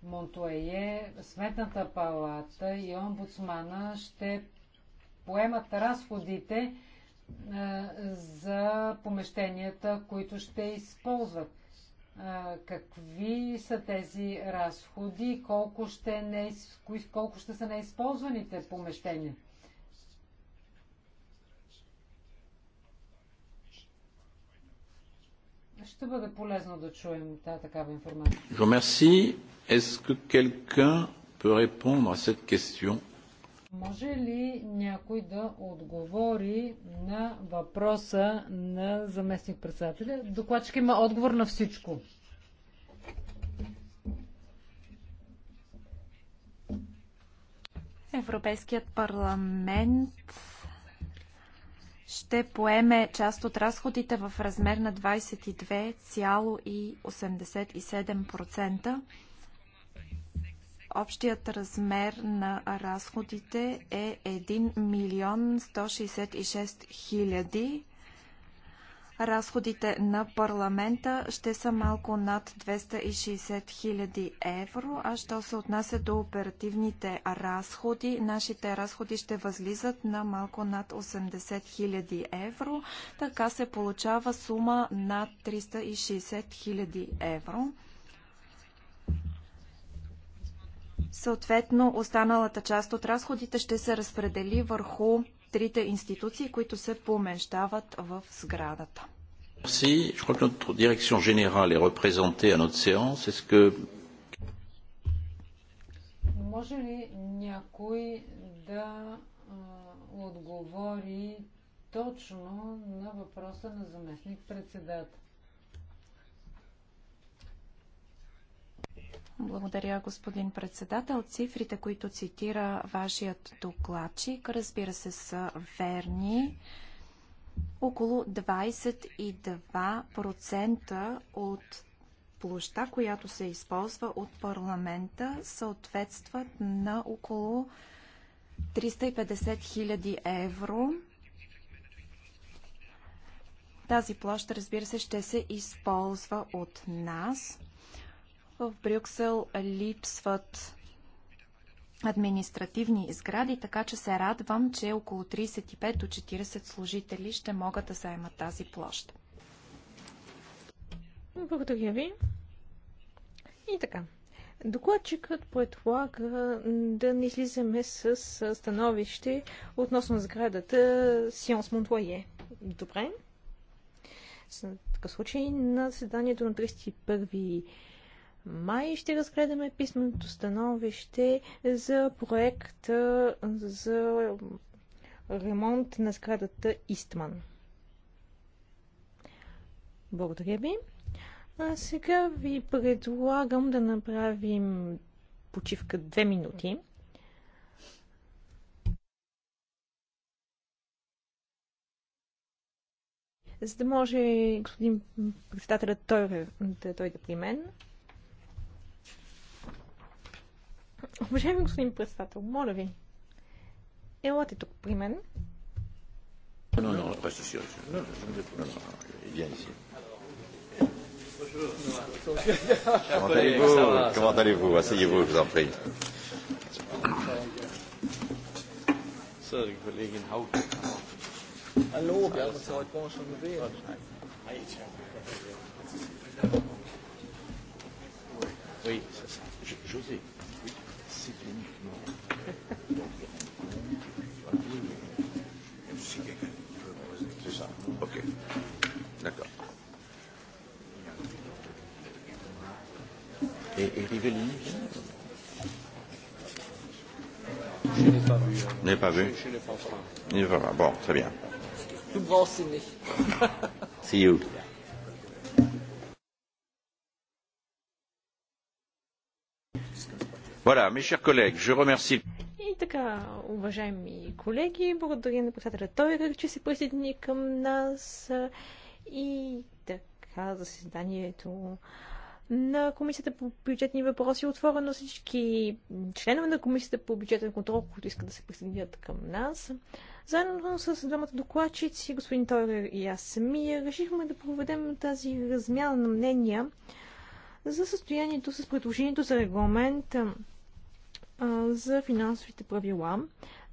Монтуее, Сметната палата и омбудсмана ще поемат разходите за помещенията, които ще използват. Какви са тези разходи? Колко ще, не, колко ще са неизползваните помещения? Ще бъде полезно да чуем тази такава информация. Благодаря. vous remercie. Est-ce que quelqu'un peut répondre à cette question може ли някой да отговори на въпроса на заместник председателя? Докладчик има отговор на всичко. Европейският парламент ще поеме част от разходите в размер на 22,87%. Общият размер на разходите е 1 милион 166 хиляди. Разходите на парламента ще са малко над 260 хиляди евро, а що се отнася до оперативните разходи, нашите разходи ще възлизат на малко над 80 хиляди евро. Така се получава сума над 360 хиляди евро. Съответно, останалата част от разходите ще се разпредели върху трите институции, които се помещават в сградата. Merci. Je crois que notre direction générale est représentée à notre séance. Est-ce que... Може ли някой да а, отговори точно на въпроса на заместник председател? Благодаря, господин председател. Цифрите, които цитира вашият докладчик, разбира се, са верни. Около 22% от площа, която се използва от парламента, съответстват на около 350 000 евро. Тази площ, разбира се, ще се използва от нас. В Брюксел липсват административни сгради, така че се радвам, че около 35 до 40 служители ще могат да заемат тази площ. Благодаря ви. И така. Докладчикът предлага да не излизаме с становище относно сградата Сионс Монтлое. Добре. В такъв случай на заседанието на 31 май ще разгледаме писменото становище за проект за ремонт на сградата Истман. Благодаря ви. А сега ви предлагам да направим почивка 2 минути. За да може господин председателят той да дойде при мен. Уважаеми господин председател, моля ви, елате тук при мен. je Oui, c'est ça. José. C'est ça. Ok. D'accord. Et, et Rivelli Je ne pas vu. Je ne pas vu. Je ne pas vu. Bon, très bien. Du brauchst sie nicht. See you. Voilà, mes chers collègues, je remercie. И така, уважаеми колеги, благодаря на председателя Тойрер, че се присъедини към нас. И така, заседанието на Комисията по бюджетни въпроси е отворено всички членове на Комисията по бюджетен контрол, които искат да се присъединят към нас. Заедно с двамата докладчици, господин Тойрер и аз самия, решихме да проведем тази размяна на мнения за състоянието с предложението за регламент за финансовите правила.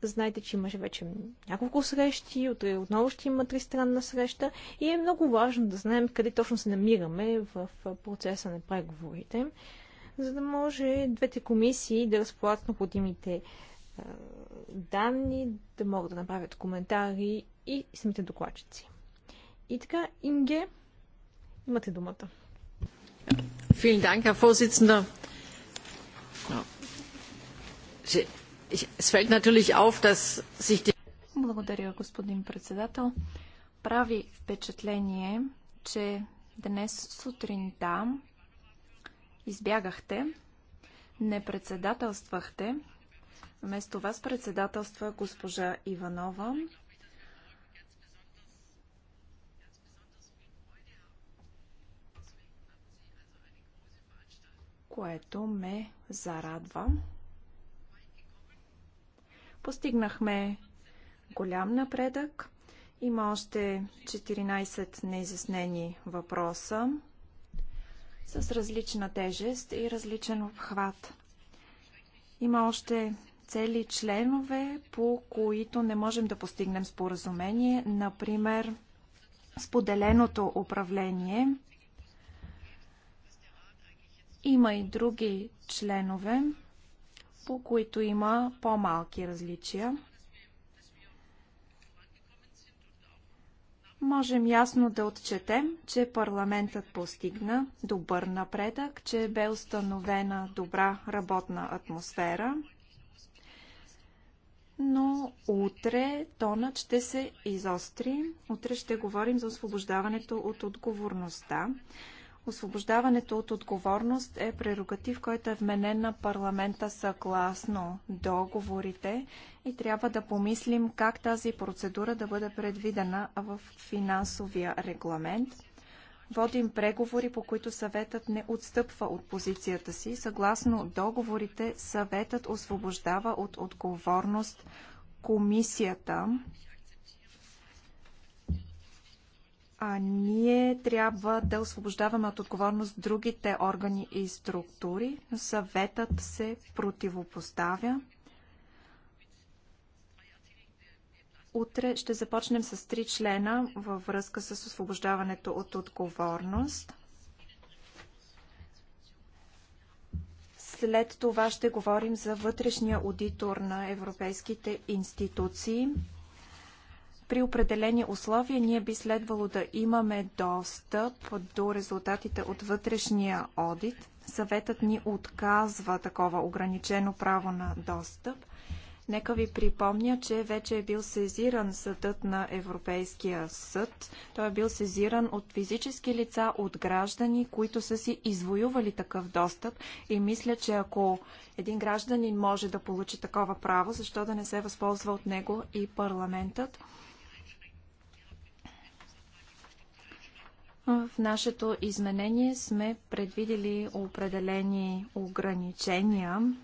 Знаете, че имаше вече няколко срещи, утре отново ще има тристранна среща и е много важно да знаем къде точно се намираме в процеса на преговорите, за да може двете комисии да разполагат необходимите данни, да могат да направят коментари и самите докладчици. И така, Инге, имате думата. Vielen Dank, Herr Vorsitzender. Благодаря, господин председател. Прави впечатление, че днес сутринта избягахте, не председателствахте. Вместо вас председателства госпожа Иванова. което ме зарадва. Постигнахме голям напредък. Има още 14 неизяснени въпроса с различна тежест и различен обхват. Има още цели членове, по които не можем да постигнем споразумение, например споделеното управление. Има и други членове, по които има по-малки различия. Можем ясно да отчетем, че парламентът постигна добър напредък, че бе установена добра работна атмосфера, но утре тонът ще се изостри. Утре ще говорим за освобождаването от отговорността. Освобождаването от отговорност е прерогатив, който е вменен на парламента съгласно договорите и трябва да помислим как тази процедура да бъде предвидена в финансовия регламент. Водим преговори, по които съветът не отстъпва от позицията си. Съгласно договорите, съветът освобождава от отговорност комисията а ние трябва да освобождаваме от отговорност другите органи и структури. Съветът се противопоставя. Утре ще започнем с три члена във връзка с освобождаването от отговорност. След това ще говорим за вътрешния аудитор на европейските институции. При определени условия ние би следвало да имаме достъп до резултатите от вътрешния одит. Съветът ни отказва такова ограничено право на достъп. Нека ви припомня, че вече е бил сезиран съдът на Европейския съд. Той е бил сезиран от физически лица, от граждани, които са си извоювали такъв достъп. И мисля, че ако един гражданин може да получи такова право, защо да не се възползва от него и парламентът? В нашето изменение сме предвидели определени ограничения.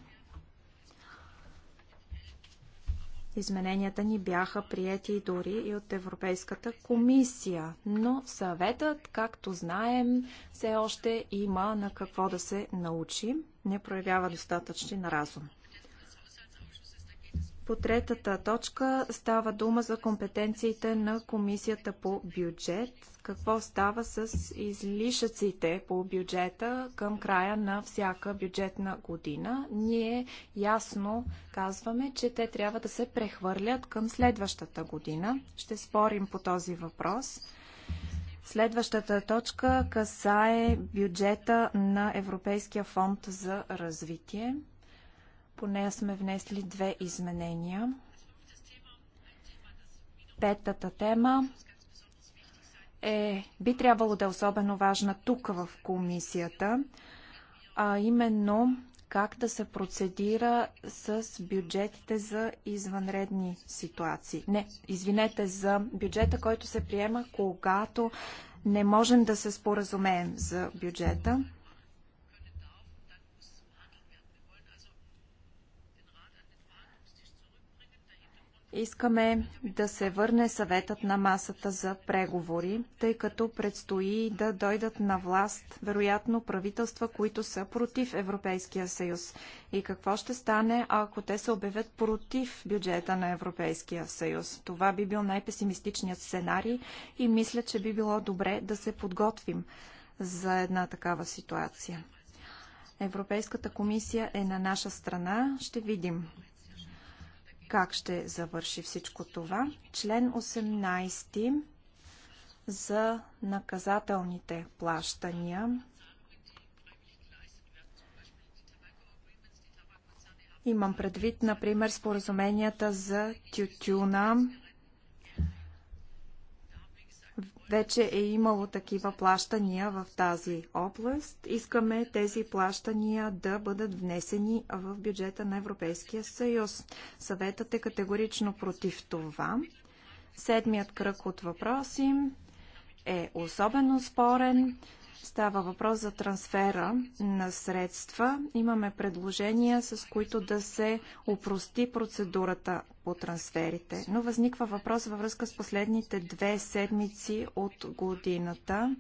Измененията ни бяха приети дори и от Европейската комисия, но съветът, както знаем, все още има на какво да се научи, не проявява на разум. По третата точка става дума за компетенциите на Комисията по бюджет. Какво става с излишъците по бюджета към края на всяка бюджетна година? Ние ясно казваме, че те трябва да се прехвърлят към следващата година. Ще спорим по този въпрос. Следващата точка касае бюджета на Европейския фонд за развитие. По нея сме внесли две изменения. Петата тема е, би трябвало да е особено важна тук в комисията, а именно как да се процедира с бюджетите за извънредни ситуации. Не, извинете, за бюджета, който се приема, когато не можем да се споразумеем за бюджета. Искаме да се върне съветът на масата за преговори, тъй като предстои да дойдат на власт, вероятно, правителства, които са против Европейския съюз. И какво ще стане, ако те се обявят против бюджета на Европейския съюз? Това би бил най-песимистичният сценарий и мисля, че би било добре да се подготвим за една такава ситуация. Европейската комисия е на наша страна. Ще видим как ще завърши всичко това? Член 18 за наказателните плащания. Имам предвид, например, споразуменията за тютюна, вече е имало такива плащания в тази област. Искаме тези плащания да бъдат внесени в бюджета на Европейския съюз. Съветът е категорично против това. Седмият кръг от въпроси е особено спорен. Става въпрос за трансфера на средства. Имаме предложения, с които да се упрости процедурата по трансферите. Но възниква въпрос във връзка с последните две седмици от годината.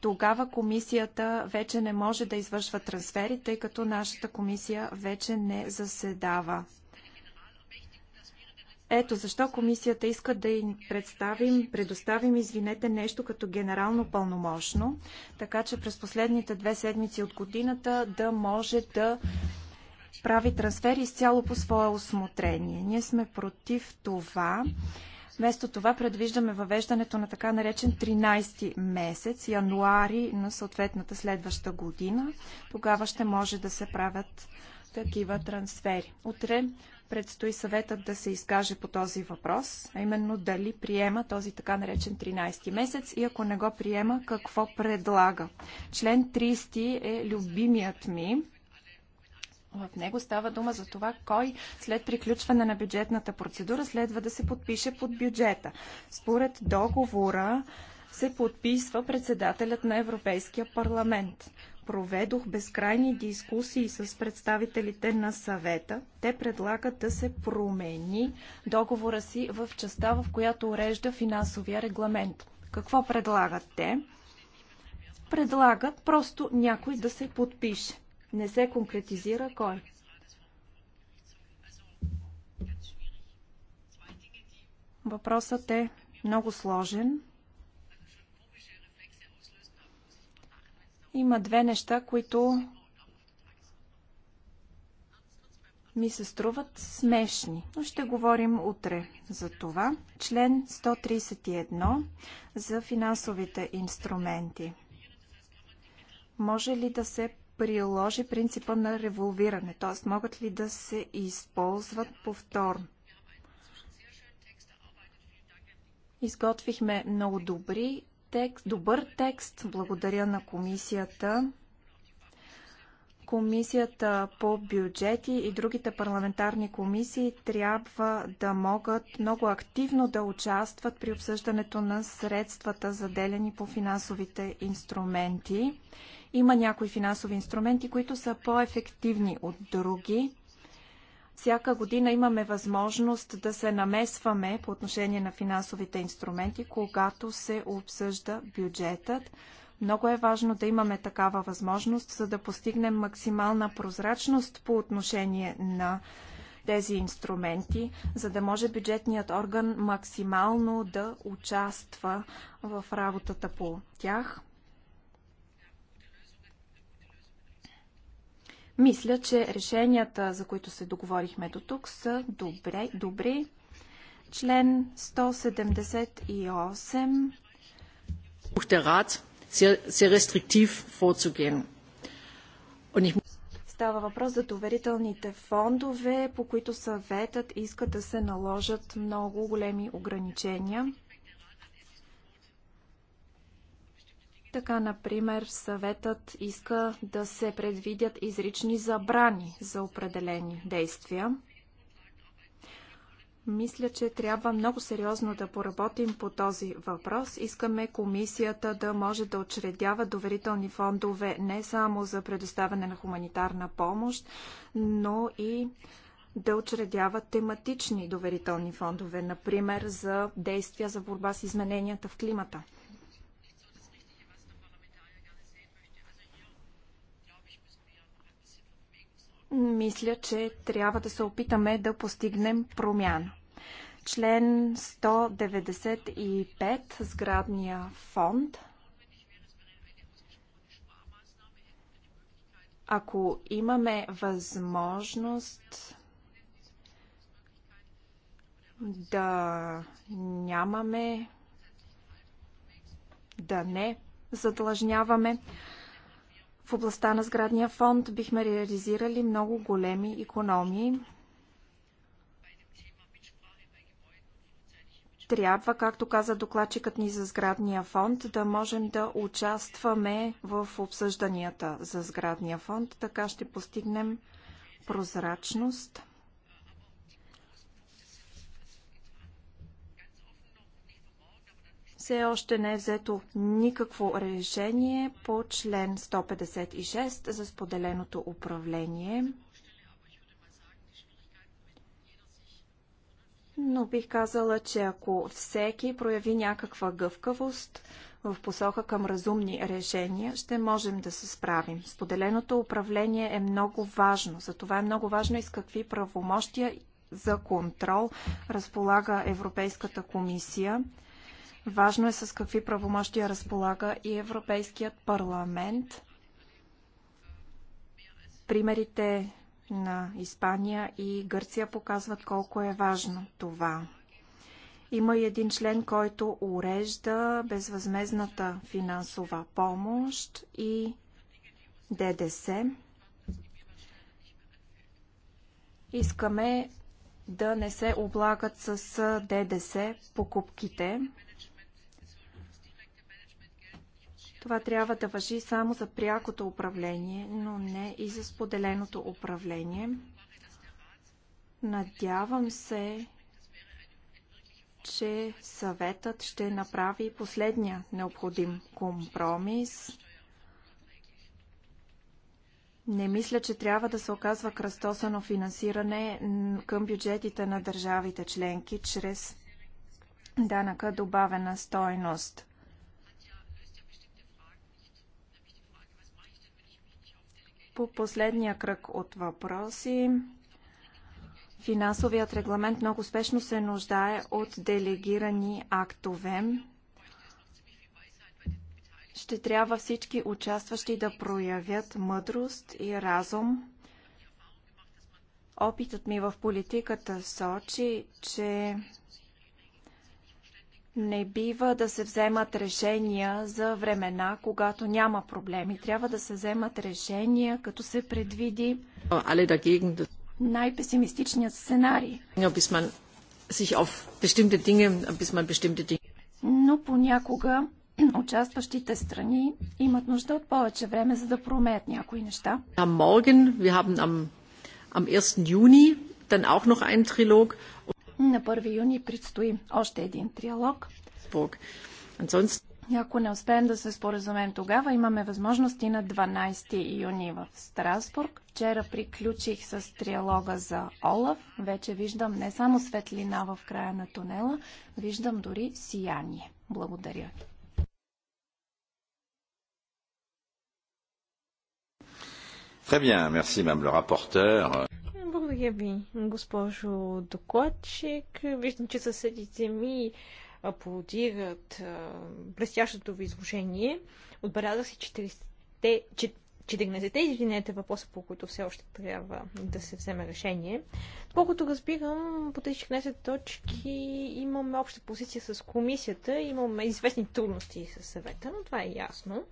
Тогава комисията вече не може да извършва трансфери, тъй като нашата комисия вече не заседава. Ето защо комисията иска да им представим, предоставим, извинете, нещо като генерално пълномощно, така че през последните две седмици от годината да може да прави трансфери изцяло по свое осмотрение. Ние сме против това. Вместо това предвиждаме въвеждането на така наречен 13-ти месец, януари на съответната следваща година. Тогава ще може да се правят такива трансфери. Утре Предстои съветът да се изкаже по този въпрос, а именно дали приема този така наречен 13 месец и ако не го приема, какво предлага. Член 30 е любимият ми. В него става дума за това, кой след приключване на бюджетната процедура следва да се подпише под бюджета. Според договора се подписва председателят на Европейския парламент проведох безкрайни дискусии с представителите на съвета. Те предлагат да се промени договора си в частта, в която урежда финансовия регламент. Какво предлагат те? Предлагат просто някой да се подпише. Не се конкретизира кой. Въпросът е много сложен. Има две неща, които ми се струват смешни, но ще говорим утре за това. Член 131 за финансовите инструменти. Може ли да се приложи принципа на револвиране, т.е. могат ли да се използват повторно? Изготвихме много добри текст, добър текст. Благодаря на комисията. Комисията по бюджети и другите парламентарни комисии трябва да могат много активно да участват при обсъждането на средствата, заделени по финансовите инструменти. Има някои финансови инструменти, които са по-ефективни от други. Всяка година имаме възможност да се намесваме по отношение на финансовите инструменти, когато се обсъжда бюджетът. Много е важно да имаме такава възможност, за да постигнем максимална прозрачност по отношение на тези инструменти, за да може бюджетният орган максимално да участва в работата по тях. Мисля, че решенията, за които се договорихме до тук, са добре, добри. Член 178. Става въпрос за доверителните фондове, по които съветът иска да се наложат много големи ограничения. Така, например, съветът иска да се предвидят изрични забрани за определени действия. Мисля, че трябва много сериозно да поработим по този въпрос. Искаме комисията да може да очредява доверителни фондове не само за предоставяне на хуманитарна помощ, но и да очредява тематични доверителни фондове, например за действия за борба с измененията в климата. мисля, че трябва да се опитаме да постигнем промяна. Член 195, сградния фонд. Ако имаме възможност да нямаме, да не задлъжняваме, в областта на сградния фонд бихме реализирали много големи економии. Трябва, както каза докладчикът ни за сградния фонд, да можем да участваме в обсъжданията за сградния фонд. Така ще постигнем прозрачност – все още не е взето никакво решение по член 156 за споделеното управление. Но бих казала, че ако всеки прояви някаква гъвкавост в посока към разумни решения, ще можем да се справим. Споделеното управление е много важно. Затова е много важно и с какви правомощия за контрол разполага Европейската комисия. Важно е с какви правомощия разполага и Европейският парламент. Примерите на Испания и Гърция показват колко е важно това. Има и един член, който урежда безвъзмезната финансова помощ и ДДС. Искаме да не се облагат с ДДС покупките Това трябва да въжи само за прякото управление, но не и за споделеното управление. Надявам се, че съветът ще направи последния необходим компромис. Не мисля, че трябва да се оказва кръстосано финансиране към бюджетите на държавите членки чрез данъка добавена стойност. По последния кръг от въпроси, финансовият регламент много успешно се нуждае от делегирани актове. Ще трябва всички участващи да проявят мъдрост и разум. Опитът ми в политиката сочи, че не бива да се вземат решения за времена, когато няма проблеми. Трябва да се вземат решения, като се предвиди най-песимистичният сценарий. Но понякога участващите страни имат нужда от повече време, за да промеят някои неща. Am Morgen, wir haben am, 1. Juni dann auch noch einen Trilog. На 1 юни предстои още един триалог. Ако не успеем да се споразумеем тогава, имаме възможности на 12 юни в Страсбург. Вчера приключих с триалога за Олаф. Вече виждам не само светлина в края на тунела, виждам дори сияние. Благодаря Très bien, merci, le rapporteur. Благодаря ви, госпожо докладчик. Виждам, че съседите ми аплодират блестящото ви изложение. Отбелязах си 40-те, 14-те, извинете, въпроса, по които все още трябва да се вземе решение. Колкото разбирам, по тези 14 точки имаме обща позиция с комисията, имаме известни трудности с съвета, но това е ясно.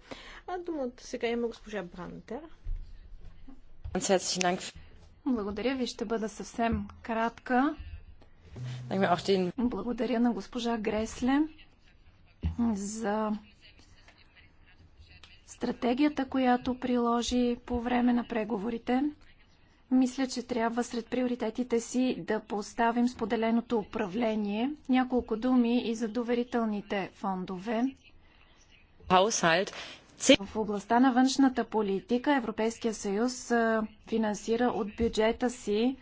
А думата сега има госпожа Брандер. Благодаря ви, ще бъда съвсем кратка. Благодаря на госпожа Гресле за стратегията, която приложи по време на преговорите. Мисля, че трябва сред приоритетите си да поставим споделеното управление. Няколко думи и за доверителните фондове. В областта на външната политика Европейския съюз финансира от бюджета си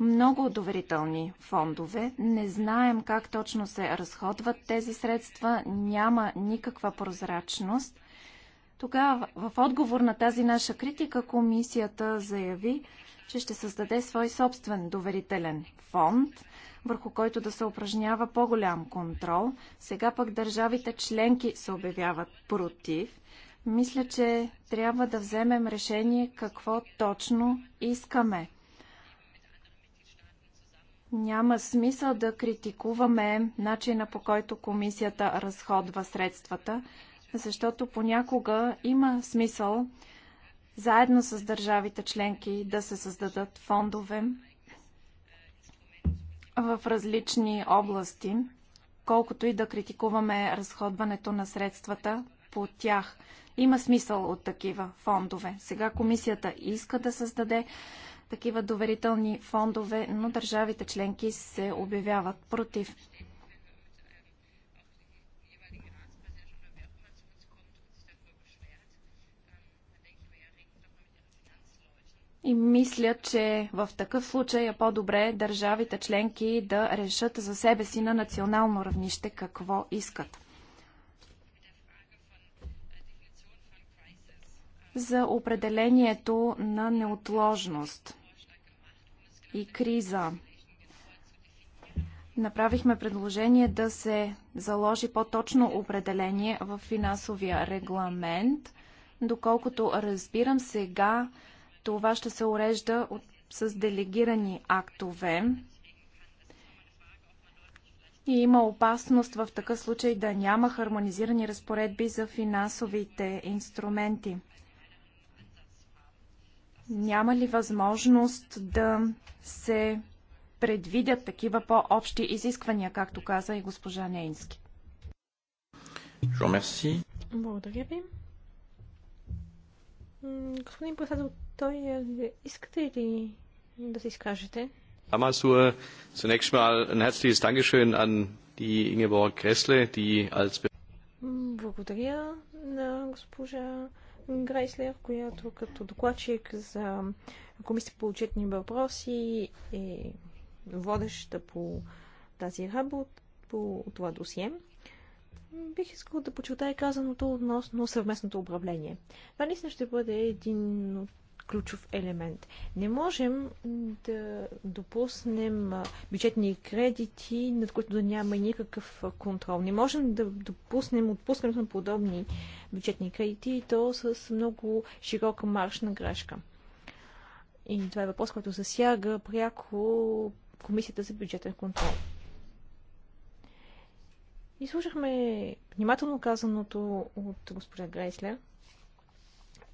много доверителни фондове. Не знаем как точно се разходват тези средства, няма никаква прозрачност. Тогава, в отговор на тази наша критика, комисията заяви, че ще създаде свой собствен доверителен фонд, върху който да се упражнява по-голям контрол. Сега пък държавите членки се обявяват против мисля, че трябва да вземем решение какво точно искаме. Няма смисъл да критикуваме начина по който комисията разходва средствата, защото понякога има смисъл заедно с държавите членки да се създадат фондове в различни области, колкото и да критикуваме разходването на средствата по тях. Има смисъл от такива фондове. Сега комисията иска да създаде такива доверителни фондове, но държавите членки се обявяват против. И мисля, че в такъв случай е по-добре държавите членки да решат за себе си на национално равнище какво искат. за определението на неотложност и криза. Направихме предложение да се заложи по-точно определение в финансовия регламент. Доколкото разбирам сега, това ще се урежда от, с делегирани актове. И има опасност в такъв случай да няма хармонизирани разпоредби за финансовите инструменти. Няма ли възможност да се предвидят такива по-общи изисквания, както каза и госпожа Нейнски? Благодаря ви. Господин председател, той е, искате ли да се изкажете? Amasur, zunächst mal ein herzliches Dankeschön an die Ingeborg Kressle, die als Благодаря на госпожа Грейслер, която като докладчик за Комисия по учетни въпроси е водеща по тази работа, по това досие. Бих искала да почитая казаното относно съвместното управление. Това наистина ще бъде един от ключов елемент. Не можем да допуснем бюджетни кредити, над които да няма никакъв контрол. Не можем да допуснем отпускането на подобни бюджетни кредити и то с много широка маршна грешка. И това е въпрос, който засяга пряко Комисията за бюджетен контрол. И слушахме внимателно казаното от госпожа Грейслер.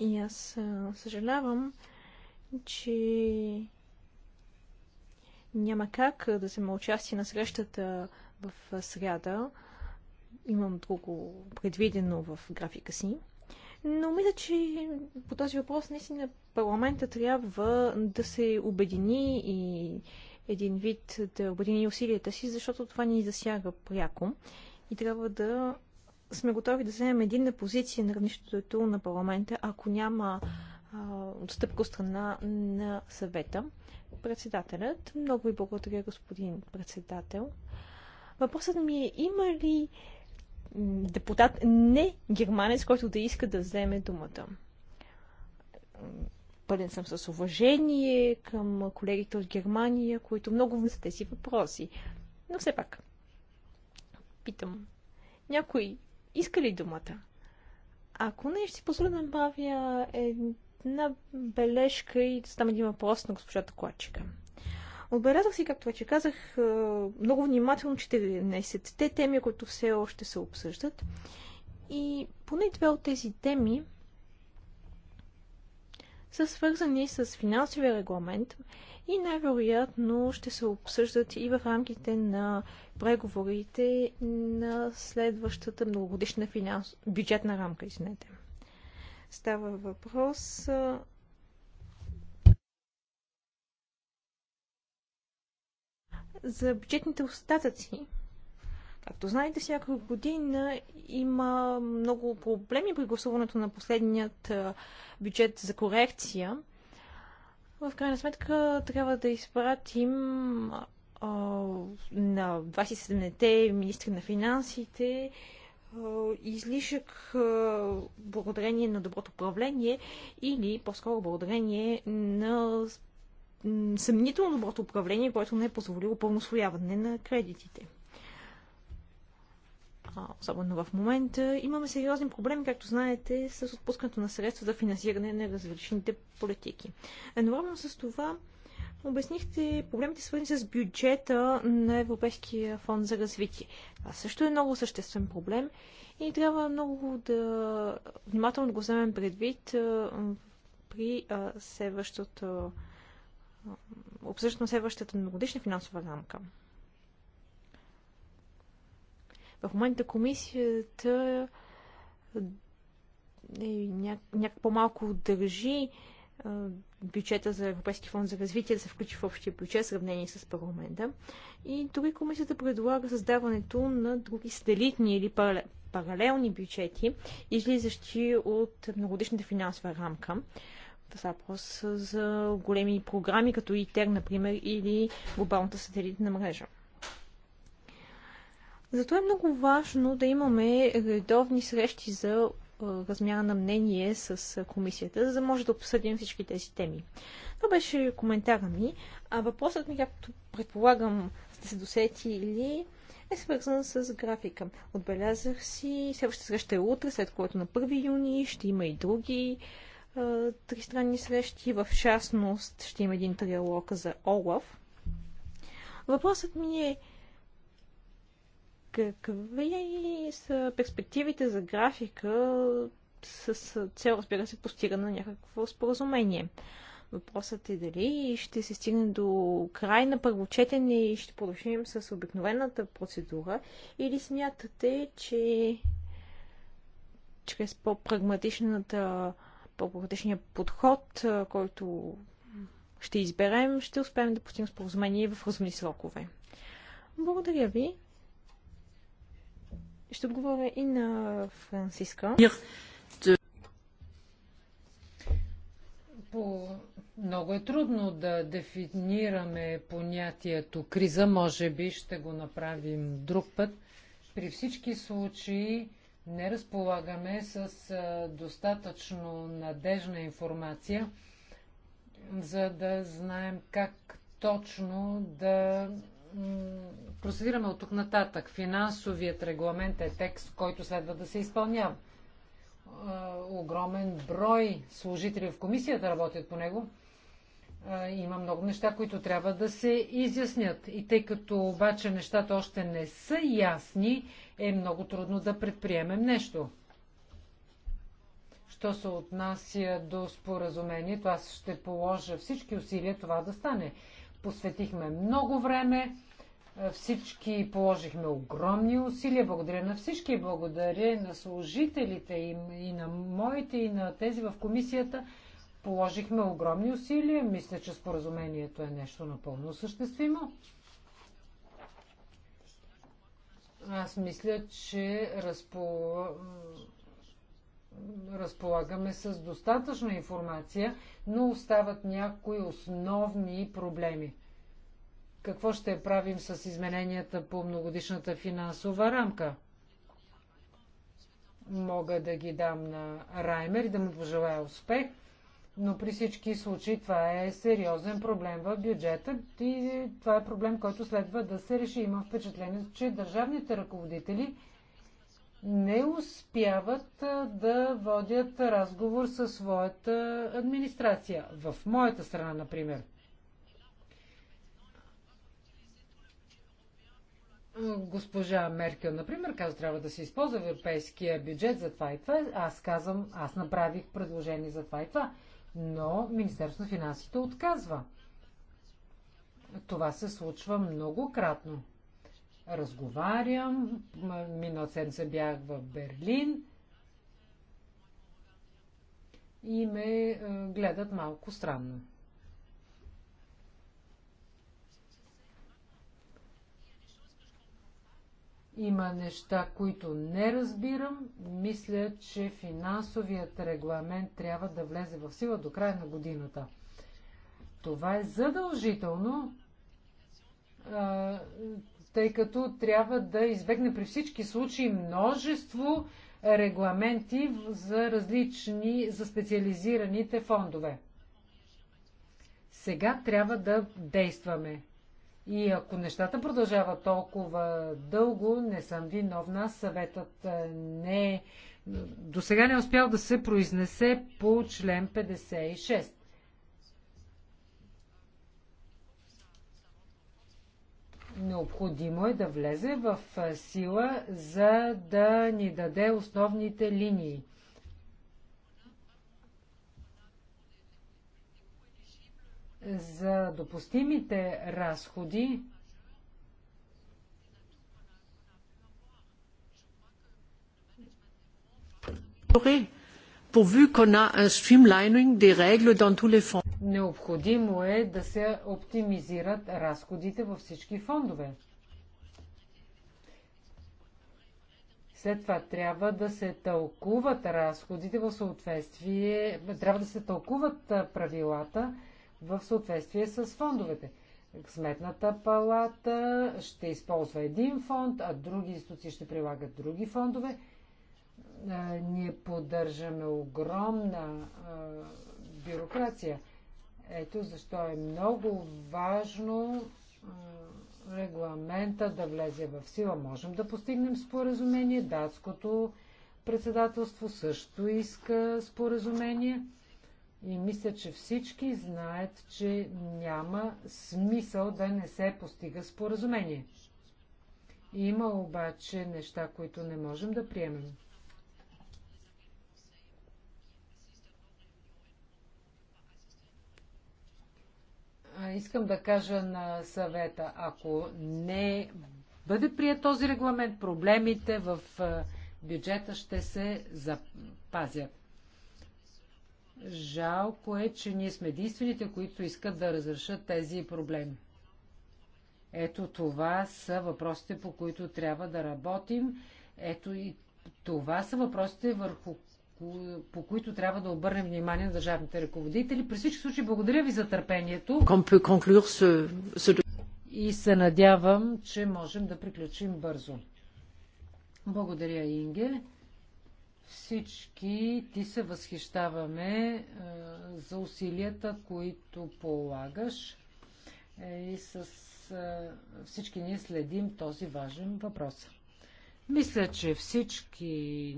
И аз съжалявам, че няма как да се участие на срещата в сряда. Имам друго предвидено в графика си. Но мисля, че по този въпрос наистина парламента трябва да се обедини и един вид да обедини усилията си, защото това ни засяга пряко и трябва да сме готови да вземем единна позиция на равнището на парламента, ако няма отстъпка от страна на съвета. Председателят, много ви благодаря, господин председател. Въпросът ми е, има ли депутат не германец, който да иска да вземе думата? Пълен съм с уважение към колегите от Германия, които много ми са тези въпроси. Но все пак, питам, някой иска ли думата? Ако не, ще си позволя да направя една бележка и да един въпрос на госпожата Клачика. Отбелязах си, както вече казах, е, много внимателно 14-те теми, които все още се обсъждат. И поне две от тези теми са свързани с финансовия регламент и най-вероятно ще се обсъждат и в рамките на преговорите на следващата многогодишна финанс... бюджетна рамка. Извинете. Става въпрос за бюджетните остатъци. Както знаете, всяка година има много проблеми при гласуването на последният бюджет за корекция. В крайна сметка трябва да изпратим на 27-те министри на финансите излишък благодарение на доброто управление или по-скоро благодарение на съмнително доброто управление, което не е позволило пълно освояване на кредитите особено в момента, имаме сериозни проблеми, както знаете, с отпускането на средства за финансиране на различните политики. Едновременно с това обяснихте проблемите свързани с бюджета на Европейския фонд за развитие. Това също е много съществен проблем и трябва много да внимателно да го вземем предвид при следващото обсъждане на следващата многодишна финансова рамка. В момента комисията е някак по-малко държи бюджета за Европейски фонд за развитие да се включи в общия бюджет, сравнение с парламента. И дори комисията предлага създаването на други сателитни или паралелни бюджети, излизащи от многодишната финансова рамка. Това въпрос за големи програми, като ИТЕР, например, или глобалната сателитна мрежа. Затова е много важно да имаме редовни срещи за размяна на мнение с комисията, за да може да обсъдим всички тези теми. Това беше коментара ми, а въпросът ми, както предполагам, сте се досетили, е свързан с графика. Отбелязах си, следващата среща е утре, след което на 1 юни ще има и други тристранни срещи. В частност ще има един триалог за Олаф. Въпросът ми е, Какви са перспективите за графика с цел, разбира се, постигане на някакво споразумение? Въпросът е дали ще се стигне до край на първо четене и ще продължим с обикновената процедура или смятате, че чрез по-прагматичната, по-прагматичния подход, който ще изберем, ще успеем да постигнем споразумение в разумни срокове. Благодаря ви. Ще отговоря и на Франциска. По... Много е трудно да дефинираме понятието криза. Може би ще го направим друг път. При всички случаи не разполагаме с достатъчно надежна информация, за да знаем как точно да процедираме от тук нататък. Финансовият регламент е текст, който следва да се изпълнява. Огромен брой служители в комисията работят по него. Има много неща, които трябва да се изяснят. И тъй като обаче нещата още не са ясни, е много трудно да предприемем нещо. Що се отнася до споразумението, аз ще положа всички усилия това да стане посветихме много време, всички положихме огромни усилия. Благодаря на всички, благодаря на служителите и, и на моите, и на тези в комисията. Положихме огромни усилия. Мисля, че споразумението е нещо напълно съществимо. Аз мисля, че разпо разполагаме с достатъчна информация, но остават някои основни проблеми. Какво ще правим с измененията по многодишната финансова рамка? Мога да ги дам на Раймер и да му пожелая успех, но при всички случаи това е сериозен проблем в бюджета и това е проблем, който следва да се реши. Има впечатление, че държавните ръководители – не успяват да водят разговор със своята администрация. В моята страна, например. Госпожа Меркел, например, каза, трябва да се използва европейския бюджет за това и това. Аз казвам, аз направих предложение за това и това. Но Министерството на финансите отказва. Това се случва многократно разговарям. Минал седмица бях в Берлин и ме е, гледат малко странно. Има неща, които не разбирам. Мисля, че финансовият регламент трябва да влезе в сила до края на годината. Това е задължително тъй като трябва да избегне при всички случаи множество регламенти за различни, за специализираните фондове. Сега трябва да действаме. И ако нещата продължават толкова дълго, не съм виновна, съветът е, не е. До сега не е успял да се произнесе по член 56. Необходимо е да влезе в сила, за да ни даде основните линии. За допустимите разходи pourvu qu'on a un streamlining des règles dans tous les fonds. Необходимо е да се оптимизират разходите във всички фондове. След това трябва да се тълкуват разходите в съответствие, трябва да се тълкуват правилата в съответствие с фондовете. Сметната палата ще използва един фонд, а други институции ще прилагат други фондове. Ние поддържаме огромна бюрокрация. Ето защо е много важно регламента да влезе в сила. Можем да постигнем споразумение. Датското председателство също иска споразумение. И мисля, че всички знаят, че няма смисъл да не се постига споразумение. Има обаче неща, които не можем да приемем. искам да кажа на съвета, ако не бъде прият този регламент, проблемите в бюджета ще се запазят. Жалко е, че ние сме единствените, които искат да разрешат тези проблеми. Ето това са въпросите, по които трябва да работим. Ето и това са въпросите, върху по които трябва да обърнем внимание на държавните ръководители. При всички случаи благодаря ви за търпението. И се надявам, че можем да приключим бързо. Благодаря, Инге. Всички ти се възхищаваме е, за усилията, които полагаш е, и с е, всички ние следим този важен въпрос. Мисля, че всички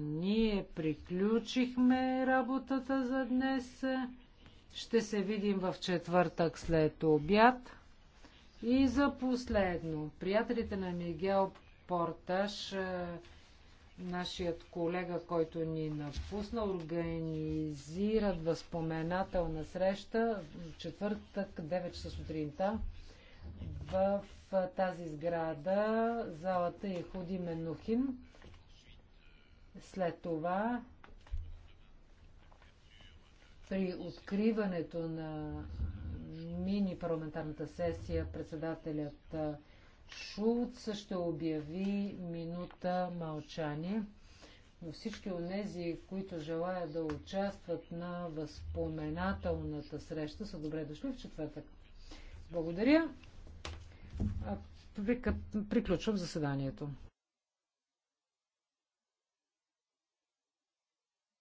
ние приключихме работата за днес. Ще се видим в четвъртък след обяд. И за последно, приятелите на Мигел Порташ, е, нашият колега, който ни напусна, организират възпоменателна среща в четвъртък, 9 часа сутринта, в тази сграда залата е Худи Менухин. След това при откриването на мини парламентарната сесия председателят Шулц ще обяви минута мълчание. Но всички от тези, които желаят да участват на възпоменателната среща, са добре дошли в четвъртък. Благодаря. Приключвам заседанието.